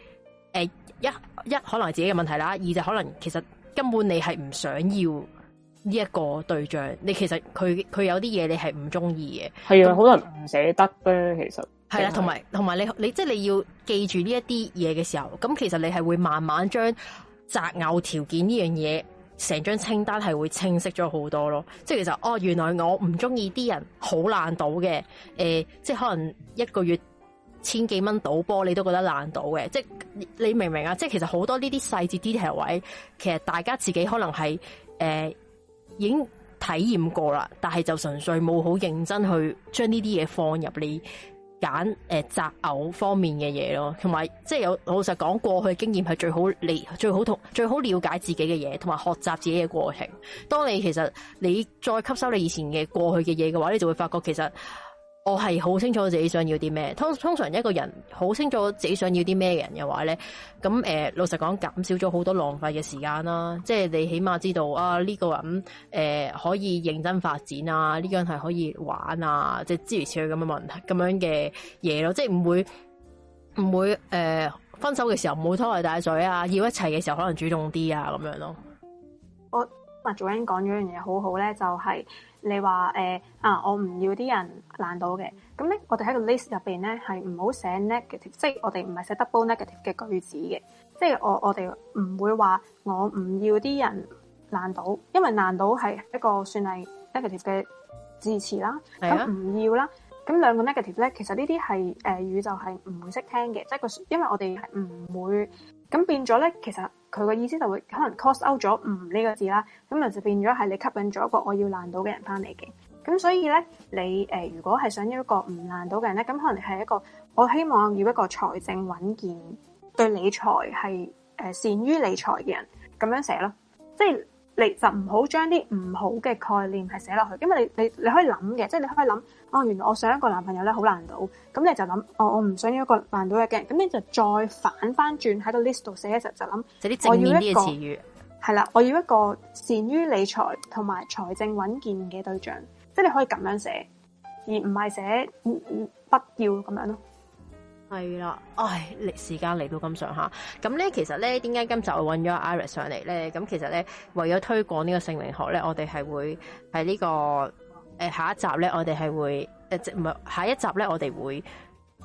Speaker 1: 欸，一一可能係自己嘅問題啦，二就可能其實根本你係唔想要呢一個對象，你其實佢佢有啲嘢你係唔中意嘅，係啊，好多人唔捨得咧。其實係啦，同埋同埋你你即係、就是、你要記住呢一啲嘢嘅時候，咁其實你係會慢慢將擇偶條件呢樣嘢。成張清單係會清晰咗好多咯，即係其實哦，原來我唔中意啲人好爛賭嘅，呃，即係可能一個月千幾蚊賭波，你都覺得爛賭嘅，即係你明唔明啊？即係其實好多呢啲細節 detail 位，其實大家自己可能係、呃、已經體驗過啦，但係就純粹冇好認真去將呢啲嘢放入你。揀誒擇偶方面嘅嘢咯，同埋即係有老實講過去經驗係最好你最好同最好了解自己嘅嘢，同埋學習自己嘅過程。當你其實你再吸收你以前嘅過去嘅嘢嘅話，你就會發覺其實。我係好清楚自己想要啲咩，通通常一個人好清楚自己想要啲咩嘅人嘅話咧，咁誒、呃、老實講減少咗好多浪費嘅時間啦，即係你起碼知道啊呢、這個人誒、呃、可以認真發展啊，呢、這個人係可以玩啊，即係諸如此類咁嘅問題咁樣嘅嘢咯，即係唔會唔會誒、呃、分手嘅時候唔會拖泥帶水啊，要一齊嘅時候可能主動啲啊咁樣咯，
Speaker 2: 我。阿 Joan 講咗一樣嘢好好咧，就係你話誒啊，我唔要啲人懶惰嘅。咁咧，我哋喺個 list 入邊咧，係唔好寫 negative，即係我哋唔係寫 double negative 嘅句子嘅。即係我我哋唔會話我唔要啲人懶惰，因為懶惰係一個算係 negative 嘅字詞啦。咁唔要啦，咁兩個 negative 咧，其實呢啲係誒宇宙係唔會識聽嘅，即係個因為我哋係唔會咁變咗咧，其實。佢個意思就會可能 cost out 咗唔呢個字啦，咁就變咗係你吸引咗一個我要爛到嘅人翻嚟嘅。咁所以咧，你誒、呃、如果係想要一個唔爛到嘅人咧，咁可能係一個我希望要一個財政穩健、對理財係誒善於理財嘅人咁樣寫咯。即係你就唔好將啲唔好嘅概念係寫落去，因為你你你可以諗嘅，即係你可以諗。哦，原來我想一個男朋友咧，好難到，咁你就諗，哦，我我唔想要一個難到嘅嘅，咁你就再反翻轉喺個 list 度寫嘅時候，就諗，就是，我要一個係啦，我要一個善於理財同埋財政穩健嘅對象，即係你可以咁樣寫，而唔係寫不要咁樣咯。係啦，
Speaker 1: 唉，時間嚟到咁上下，
Speaker 2: 咁咧其實咧，點解今集
Speaker 1: 我揾咗 Iris 上嚟咧？咁其實咧，為咗推廣呢個姓名學咧，我哋係會喺呢個。誒，下一集咧，我哋係會誒，即唔係下一集咧，我哋會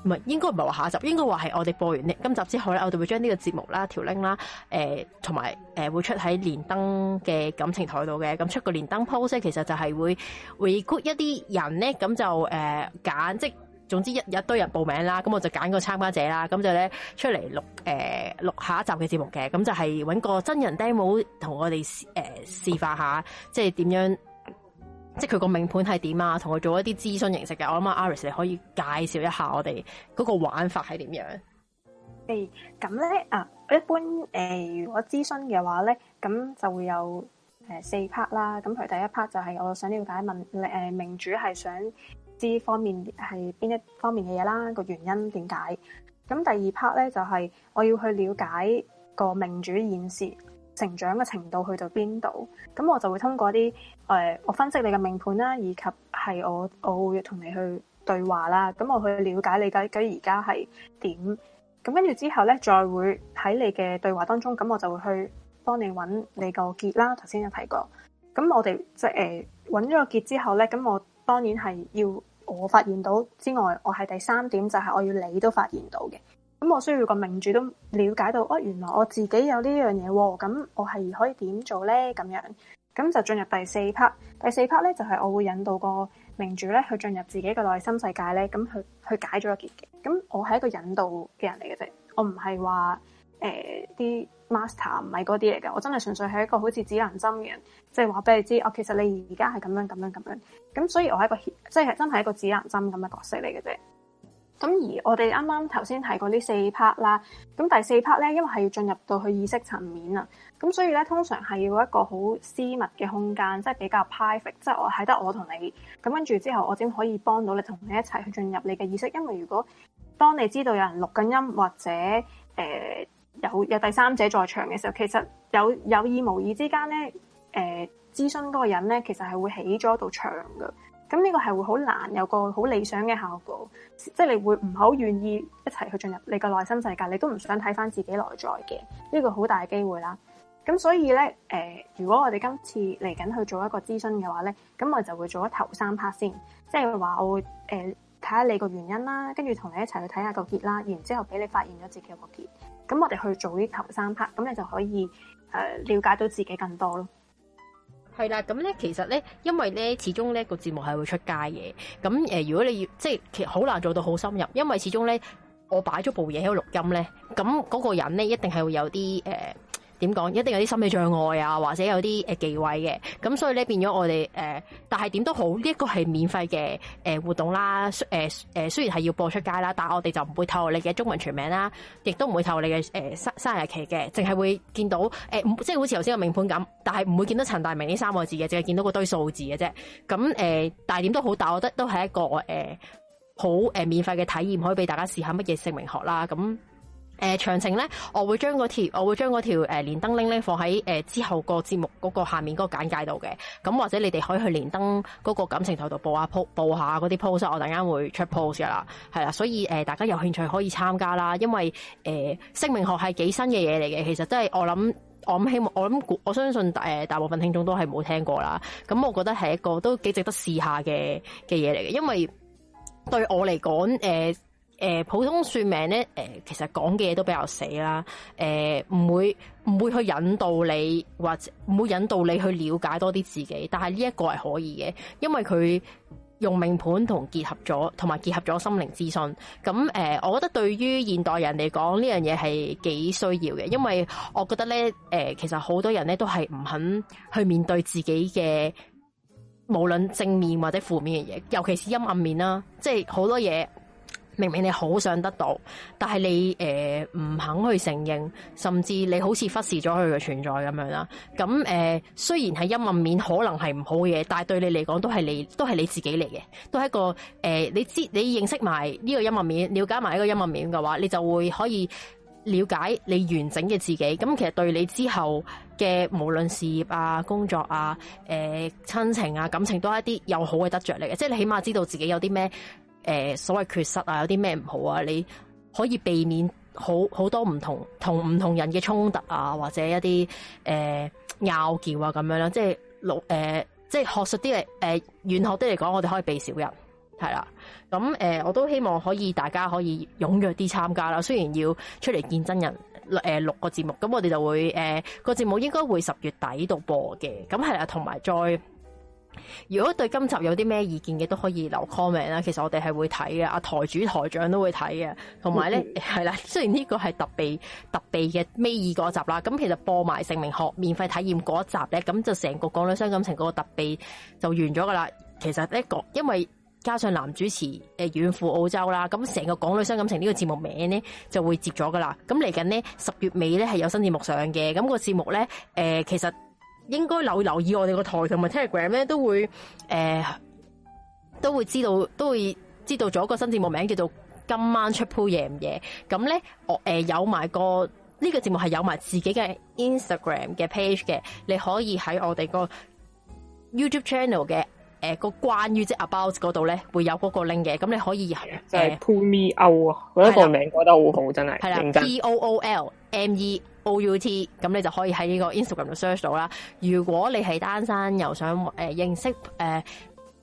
Speaker 1: 唔係應該唔係話下一集，應該話係我哋播完呢今集之後咧，我哋會將呢個節目啦、條 link 啦，誒、呃，同埋誒會出喺連登嘅感情台度嘅，咁出個連登 post 呢，其實就係會回覆一啲人咧，咁就誒揀、呃，即係總之一一堆人報名啦，咁我就揀個參加者啦，咁就咧出嚟錄誒錄下一集嘅節目嘅，咁就係搵個真人 demo 同我哋誒、呃、示範下，即係點樣。即係佢個命盤係點啊？同佢做一啲諮詢形式嘅，我諗阿 Iris 你可以介紹一下我哋嗰個玩法係點樣？
Speaker 2: 誒、okay，咁咧啊，一般誒、呃，如果諮詢嘅話咧，咁就會有誒、呃、四 part 啦。咁佢第一 part 就係我想了解問誒命主係想知道方面係邊一方面嘅嘢啦，個原因點解？咁第二 part 咧就係、是、我要去了解個命主現時。成長嘅程度去到邊度，咁我就會通過啲誒、呃，我分析你嘅命盤啦，以及係我我會同你去對話啦，咁我去了解你究竟而家係點，咁跟住之後咧，再會喺你嘅對話當中，咁我就會去幫你揾你個結啦。頭先有提過，咁我哋即係誒揾咗個結之後咧，咁我當然係要我發現到之外，我係第三點就係、是、我要你都發現到嘅。咁我需要個名主都了解到，哦，原來我自己有呢樣嘢，咁我係可以點做咧？咁樣，咁就進入第四 part。第四 part 咧就係、是、我會引導個名主咧去進入自己嘅內心世界咧，咁去去解咗個結嘅。咁我係一個引導嘅人嚟嘅啫，我唔係話誒啲 master 唔係嗰啲嚟嘅，我真係純粹係一個好似指南針嘅人，即係話俾你知，我、哦、其實你而家係咁樣咁樣咁樣，咁所以我係一個即係、就是、真係一個指南針咁嘅角色嚟嘅啫。咁而我哋啱啱頭先提過呢四 part 啦，咁第四 part 咧，因為係要進入到去意識層面啊，咁所以咧通常係要一個好私密嘅空間，即係比較 private，即係我係得我同你，咁跟住之後我點可以幫到你同你一齊去進入你嘅意識？因為如果當你知道有人錄緊音或者誒、呃、有有第三者在場嘅時候，其實有有意無意之間咧，誒諮詢嗰個人咧，其實係會起咗一道牆㗎。咁呢個係會好難有個好理想嘅效果，即係你會唔好願意一齊去進入你個內心世界，你都唔想睇翻自己內在嘅，呢個好大機會啦。咁所以呢，誒、呃，如果我哋今次嚟緊去做一個諮詢嘅話呢，咁我就會做一頭三 part 先，即係話我會誒睇下你個原因啦，跟住同你一齊去睇下個結啦，然之後俾你發現咗自己有個結。咁我哋去做呢頭三 part，咁你就可以誒、呃、了解到自己更多咯。係啦，咁咧，其實咧，因為咧，
Speaker 1: 始終咧個節目係會出街嘅，咁誒、呃，如果你要即係，其實好難做到好深入，因為始終咧，我擺咗部嘢喺度錄音咧，咁嗰個人咧一定係會有啲誒。呃點講，一定有啲心理障礙啊，或者有啲誒忌諱嘅，咁所以咧變咗我哋誒、呃，但係點都好，呢一個係免費嘅誒活動啦，誒誒、呃呃、雖然係要播出街啦，但係我哋就唔會透露你嘅中文全名啦，亦都唔會透露你嘅誒生生日期嘅，淨係會見到誒、呃，即係好似頭先個命盤咁，但係唔會見到陳大明呢三個字嘅，淨係見到嗰堆數字嘅啫。咁誒、呃，但係點都好，但我覺得都係一個誒好誒免費嘅體驗，可以俾大家試下乜嘢姓名學啦。咁。誒、呃、詳情咧，我會將個條我會將嗰條誒、呃、連登鈴咧放喺誒、呃、之後個節目嗰個下面嗰個簡介度嘅。咁或者你哋可以去連登嗰個感情台度報一下鋪，報下嗰啲 p o s t 我突然間會出 p o s t 噶啦，係啦。所以誒、呃，大家有興趣可以參加啦。因為誒，姓、呃、名學係幾新嘅嘢嚟嘅，其實真係我諗，我諗希望，我諗我相信誒大、呃、大部分聽眾都係冇聽過啦。咁我覺得係一個都幾值得試下嘅嘅嘢嚟嘅，因為對我嚟講誒。呃呃、普通算命咧，其實講嘅嘢都比較死啦，唔、呃、會唔會去引導你或者唔會引導你去了解多啲自己，但係呢一個係可以嘅，因為佢用命盤同結合咗，同埋結合咗心靈資訊。咁、呃、我覺得對於現代人嚟講，呢樣嘢係幾需要嘅，因為我覺得咧、呃，其實好多人咧都係唔肯去面對自己嘅無論正面或者負面嘅嘢，尤其是陰暗面啦、啊，即係好多嘢。明明你好想得到，但係你誒唔、呃、肯去承認，甚至你好似忽視咗佢嘅存在咁樣啦。咁誒、呃，雖然係陰暗面，可能係唔好嘅嘢，但係對你嚟講，都係你都係你自己嚟嘅，都係一個誒、呃，你知你認識埋呢個陰暗面，了解埋呢個陰暗面嘅話，你就會可以了解你完整嘅自己。咁其實對你之後嘅無論事業啊、工作啊、誒、呃、親情啊、感情，都係一啲有好嘅得着嚟嘅，即係你起碼知道自己有啲咩。誒、呃，所謂缺失啊，有啲咩唔好啊？你可以避免好好多唔同同唔同人嘅衝突啊，或者一啲誒拗撬啊咁樣啦。即係六誒，即係學術啲嚟誒，玄、呃、學啲嚟講，我哋可以避小人係啦。咁誒、呃，我都希望可以大家可以踴躍啲參加啦。雖然要出嚟見真人誒錄個節目，咁我哋就會誒、呃，那個節目應該會十月底度播嘅。咁係啦，同埋再。如果對今集有啲咩意見嘅，都可以留 comment 啦。其實我哋係會睇嘅，阿台主台長都會睇嘅。同埋咧，係 啦，雖然呢個係特備特備嘅尾二嗰集啦，咁其實播埋姓名學免費體驗嗰一集咧，咁就成個港女傷感情嗰個特備就完咗噶啦。其實咧，講因為加上男主持誒、呃、遠赴澳洲啦，咁成個港女傷感情呢個節目名咧就會接咗噶啦。咁嚟緊呢，十月尾咧係有新節目上嘅，咁，那個節目咧誒、呃、其實。應該留意留意我哋個台同埋 Telegram 咧，都會誒、呃，都會知道，都會知道咗一個新節目名叫做「今晚出 pool 夜唔夜」。咁咧，我誒、呃、有埋個呢、這個節目係有埋自己嘅 Instagram 嘅 page 嘅，你可以喺我哋個 YouTube Channel 嘅誒個關於即 About 嗰度咧會有嗰個 link 嘅。咁你可以誒、呃就是、
Speaker 4: Pool Me Out 啊，我覺得個名覺得好好，真係係啦，P O
Speaker 1: O L M E。O.U.T. 咁你就可以喺呢個 Instagram 度 search 到啦。如果你係單身又想誒、呃、認識誒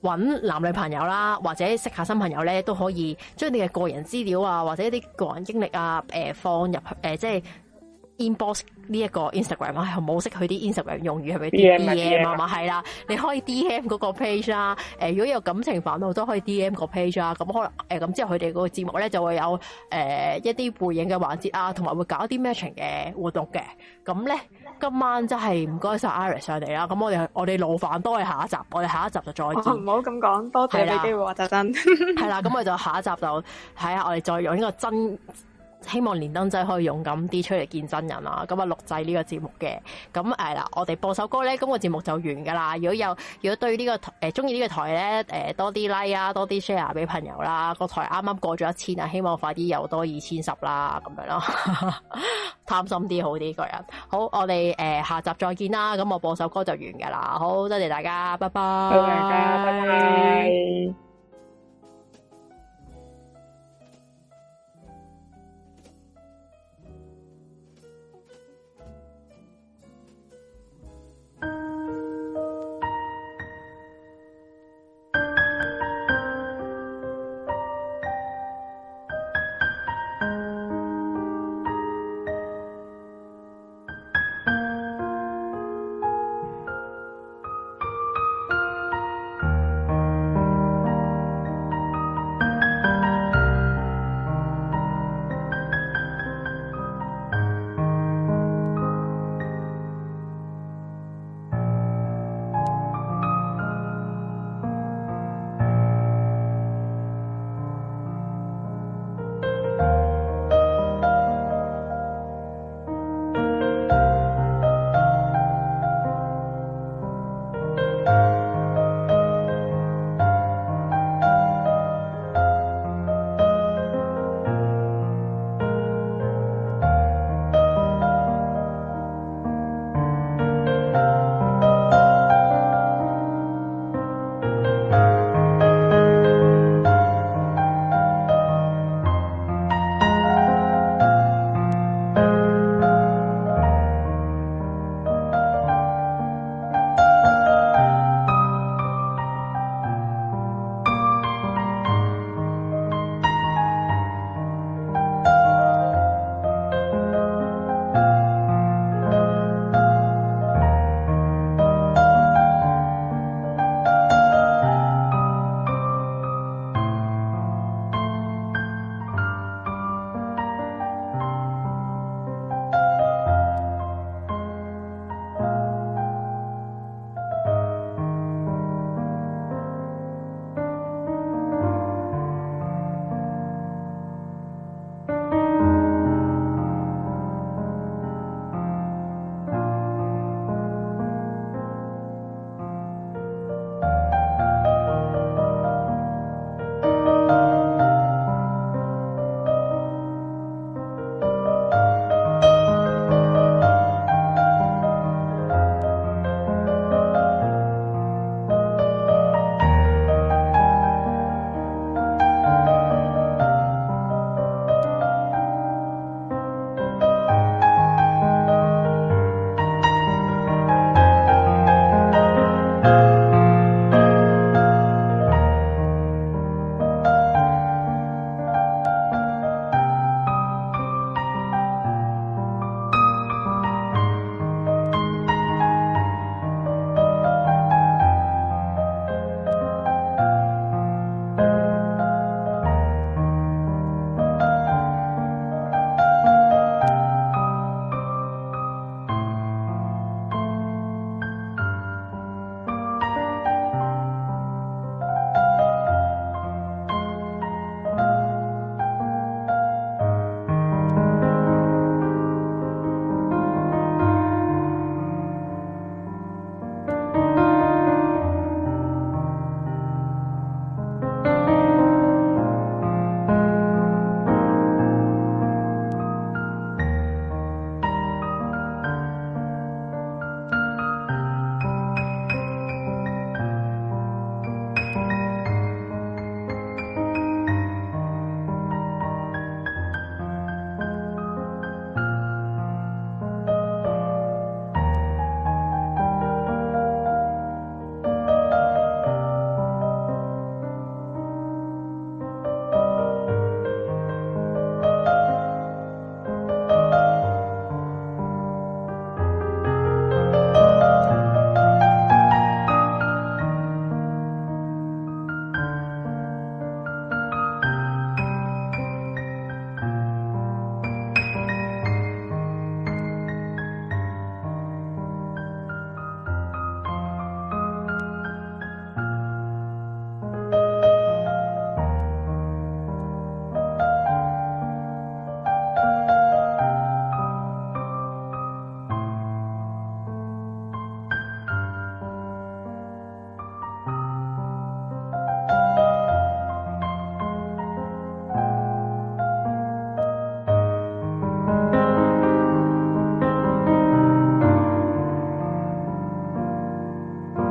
Speaker 1: 揾、呃、男女朋友啦，或者識下新朋友咧，都可以將你嘅個人資料啊，或者一啲個人經歷啊、誒、呃、放入去誒、呃、即係。Inbox 呢一個 Instagram 啊，冇識佢啲 Instagram 用語係咪？D M 啊嘛係啦，你可以 D M 嗰個 page 啦。誒、呃，如果有感情煩惱，我都可以 D M 個 page 啦。咁可能誒，咁、呃、之後佢哋嗰個節目咧就會有誒、呃、一啲背影嘅環節啊，同埋會搞啲 matching 嘅活動嘅。咁咧今晚真係唔該晒 Iris 上嚟啦。咁我哋我哋勞煩多你下一集，我哋下一集就再見。唔
Speaker 2: 好咁講，多謝俾機會我，真
Speaker 1: 係啦。咁我哋就， 就下一集就睇下我哋再用呢個真。希望連登仔可以勇敢啲出嚟見真人啦，啊！咁啊錄製呢個節目嘅咁誒啦，我哋播首歌咧，咁、個節目就完噶啦。如果有如果對呢、個誒中意呢個台咧，誒多啲 like 啊，多啲 share 俾朋友啦。個台啱啱過咗一千啊，希望快啲又多二千十啦，咁樣咯。貪 心啲好啲個人。好，我哋誒、呃、下集再見啦。咁我播首歌就完噶啦。好，多謝大家，拜拜。拜拜。拜拜。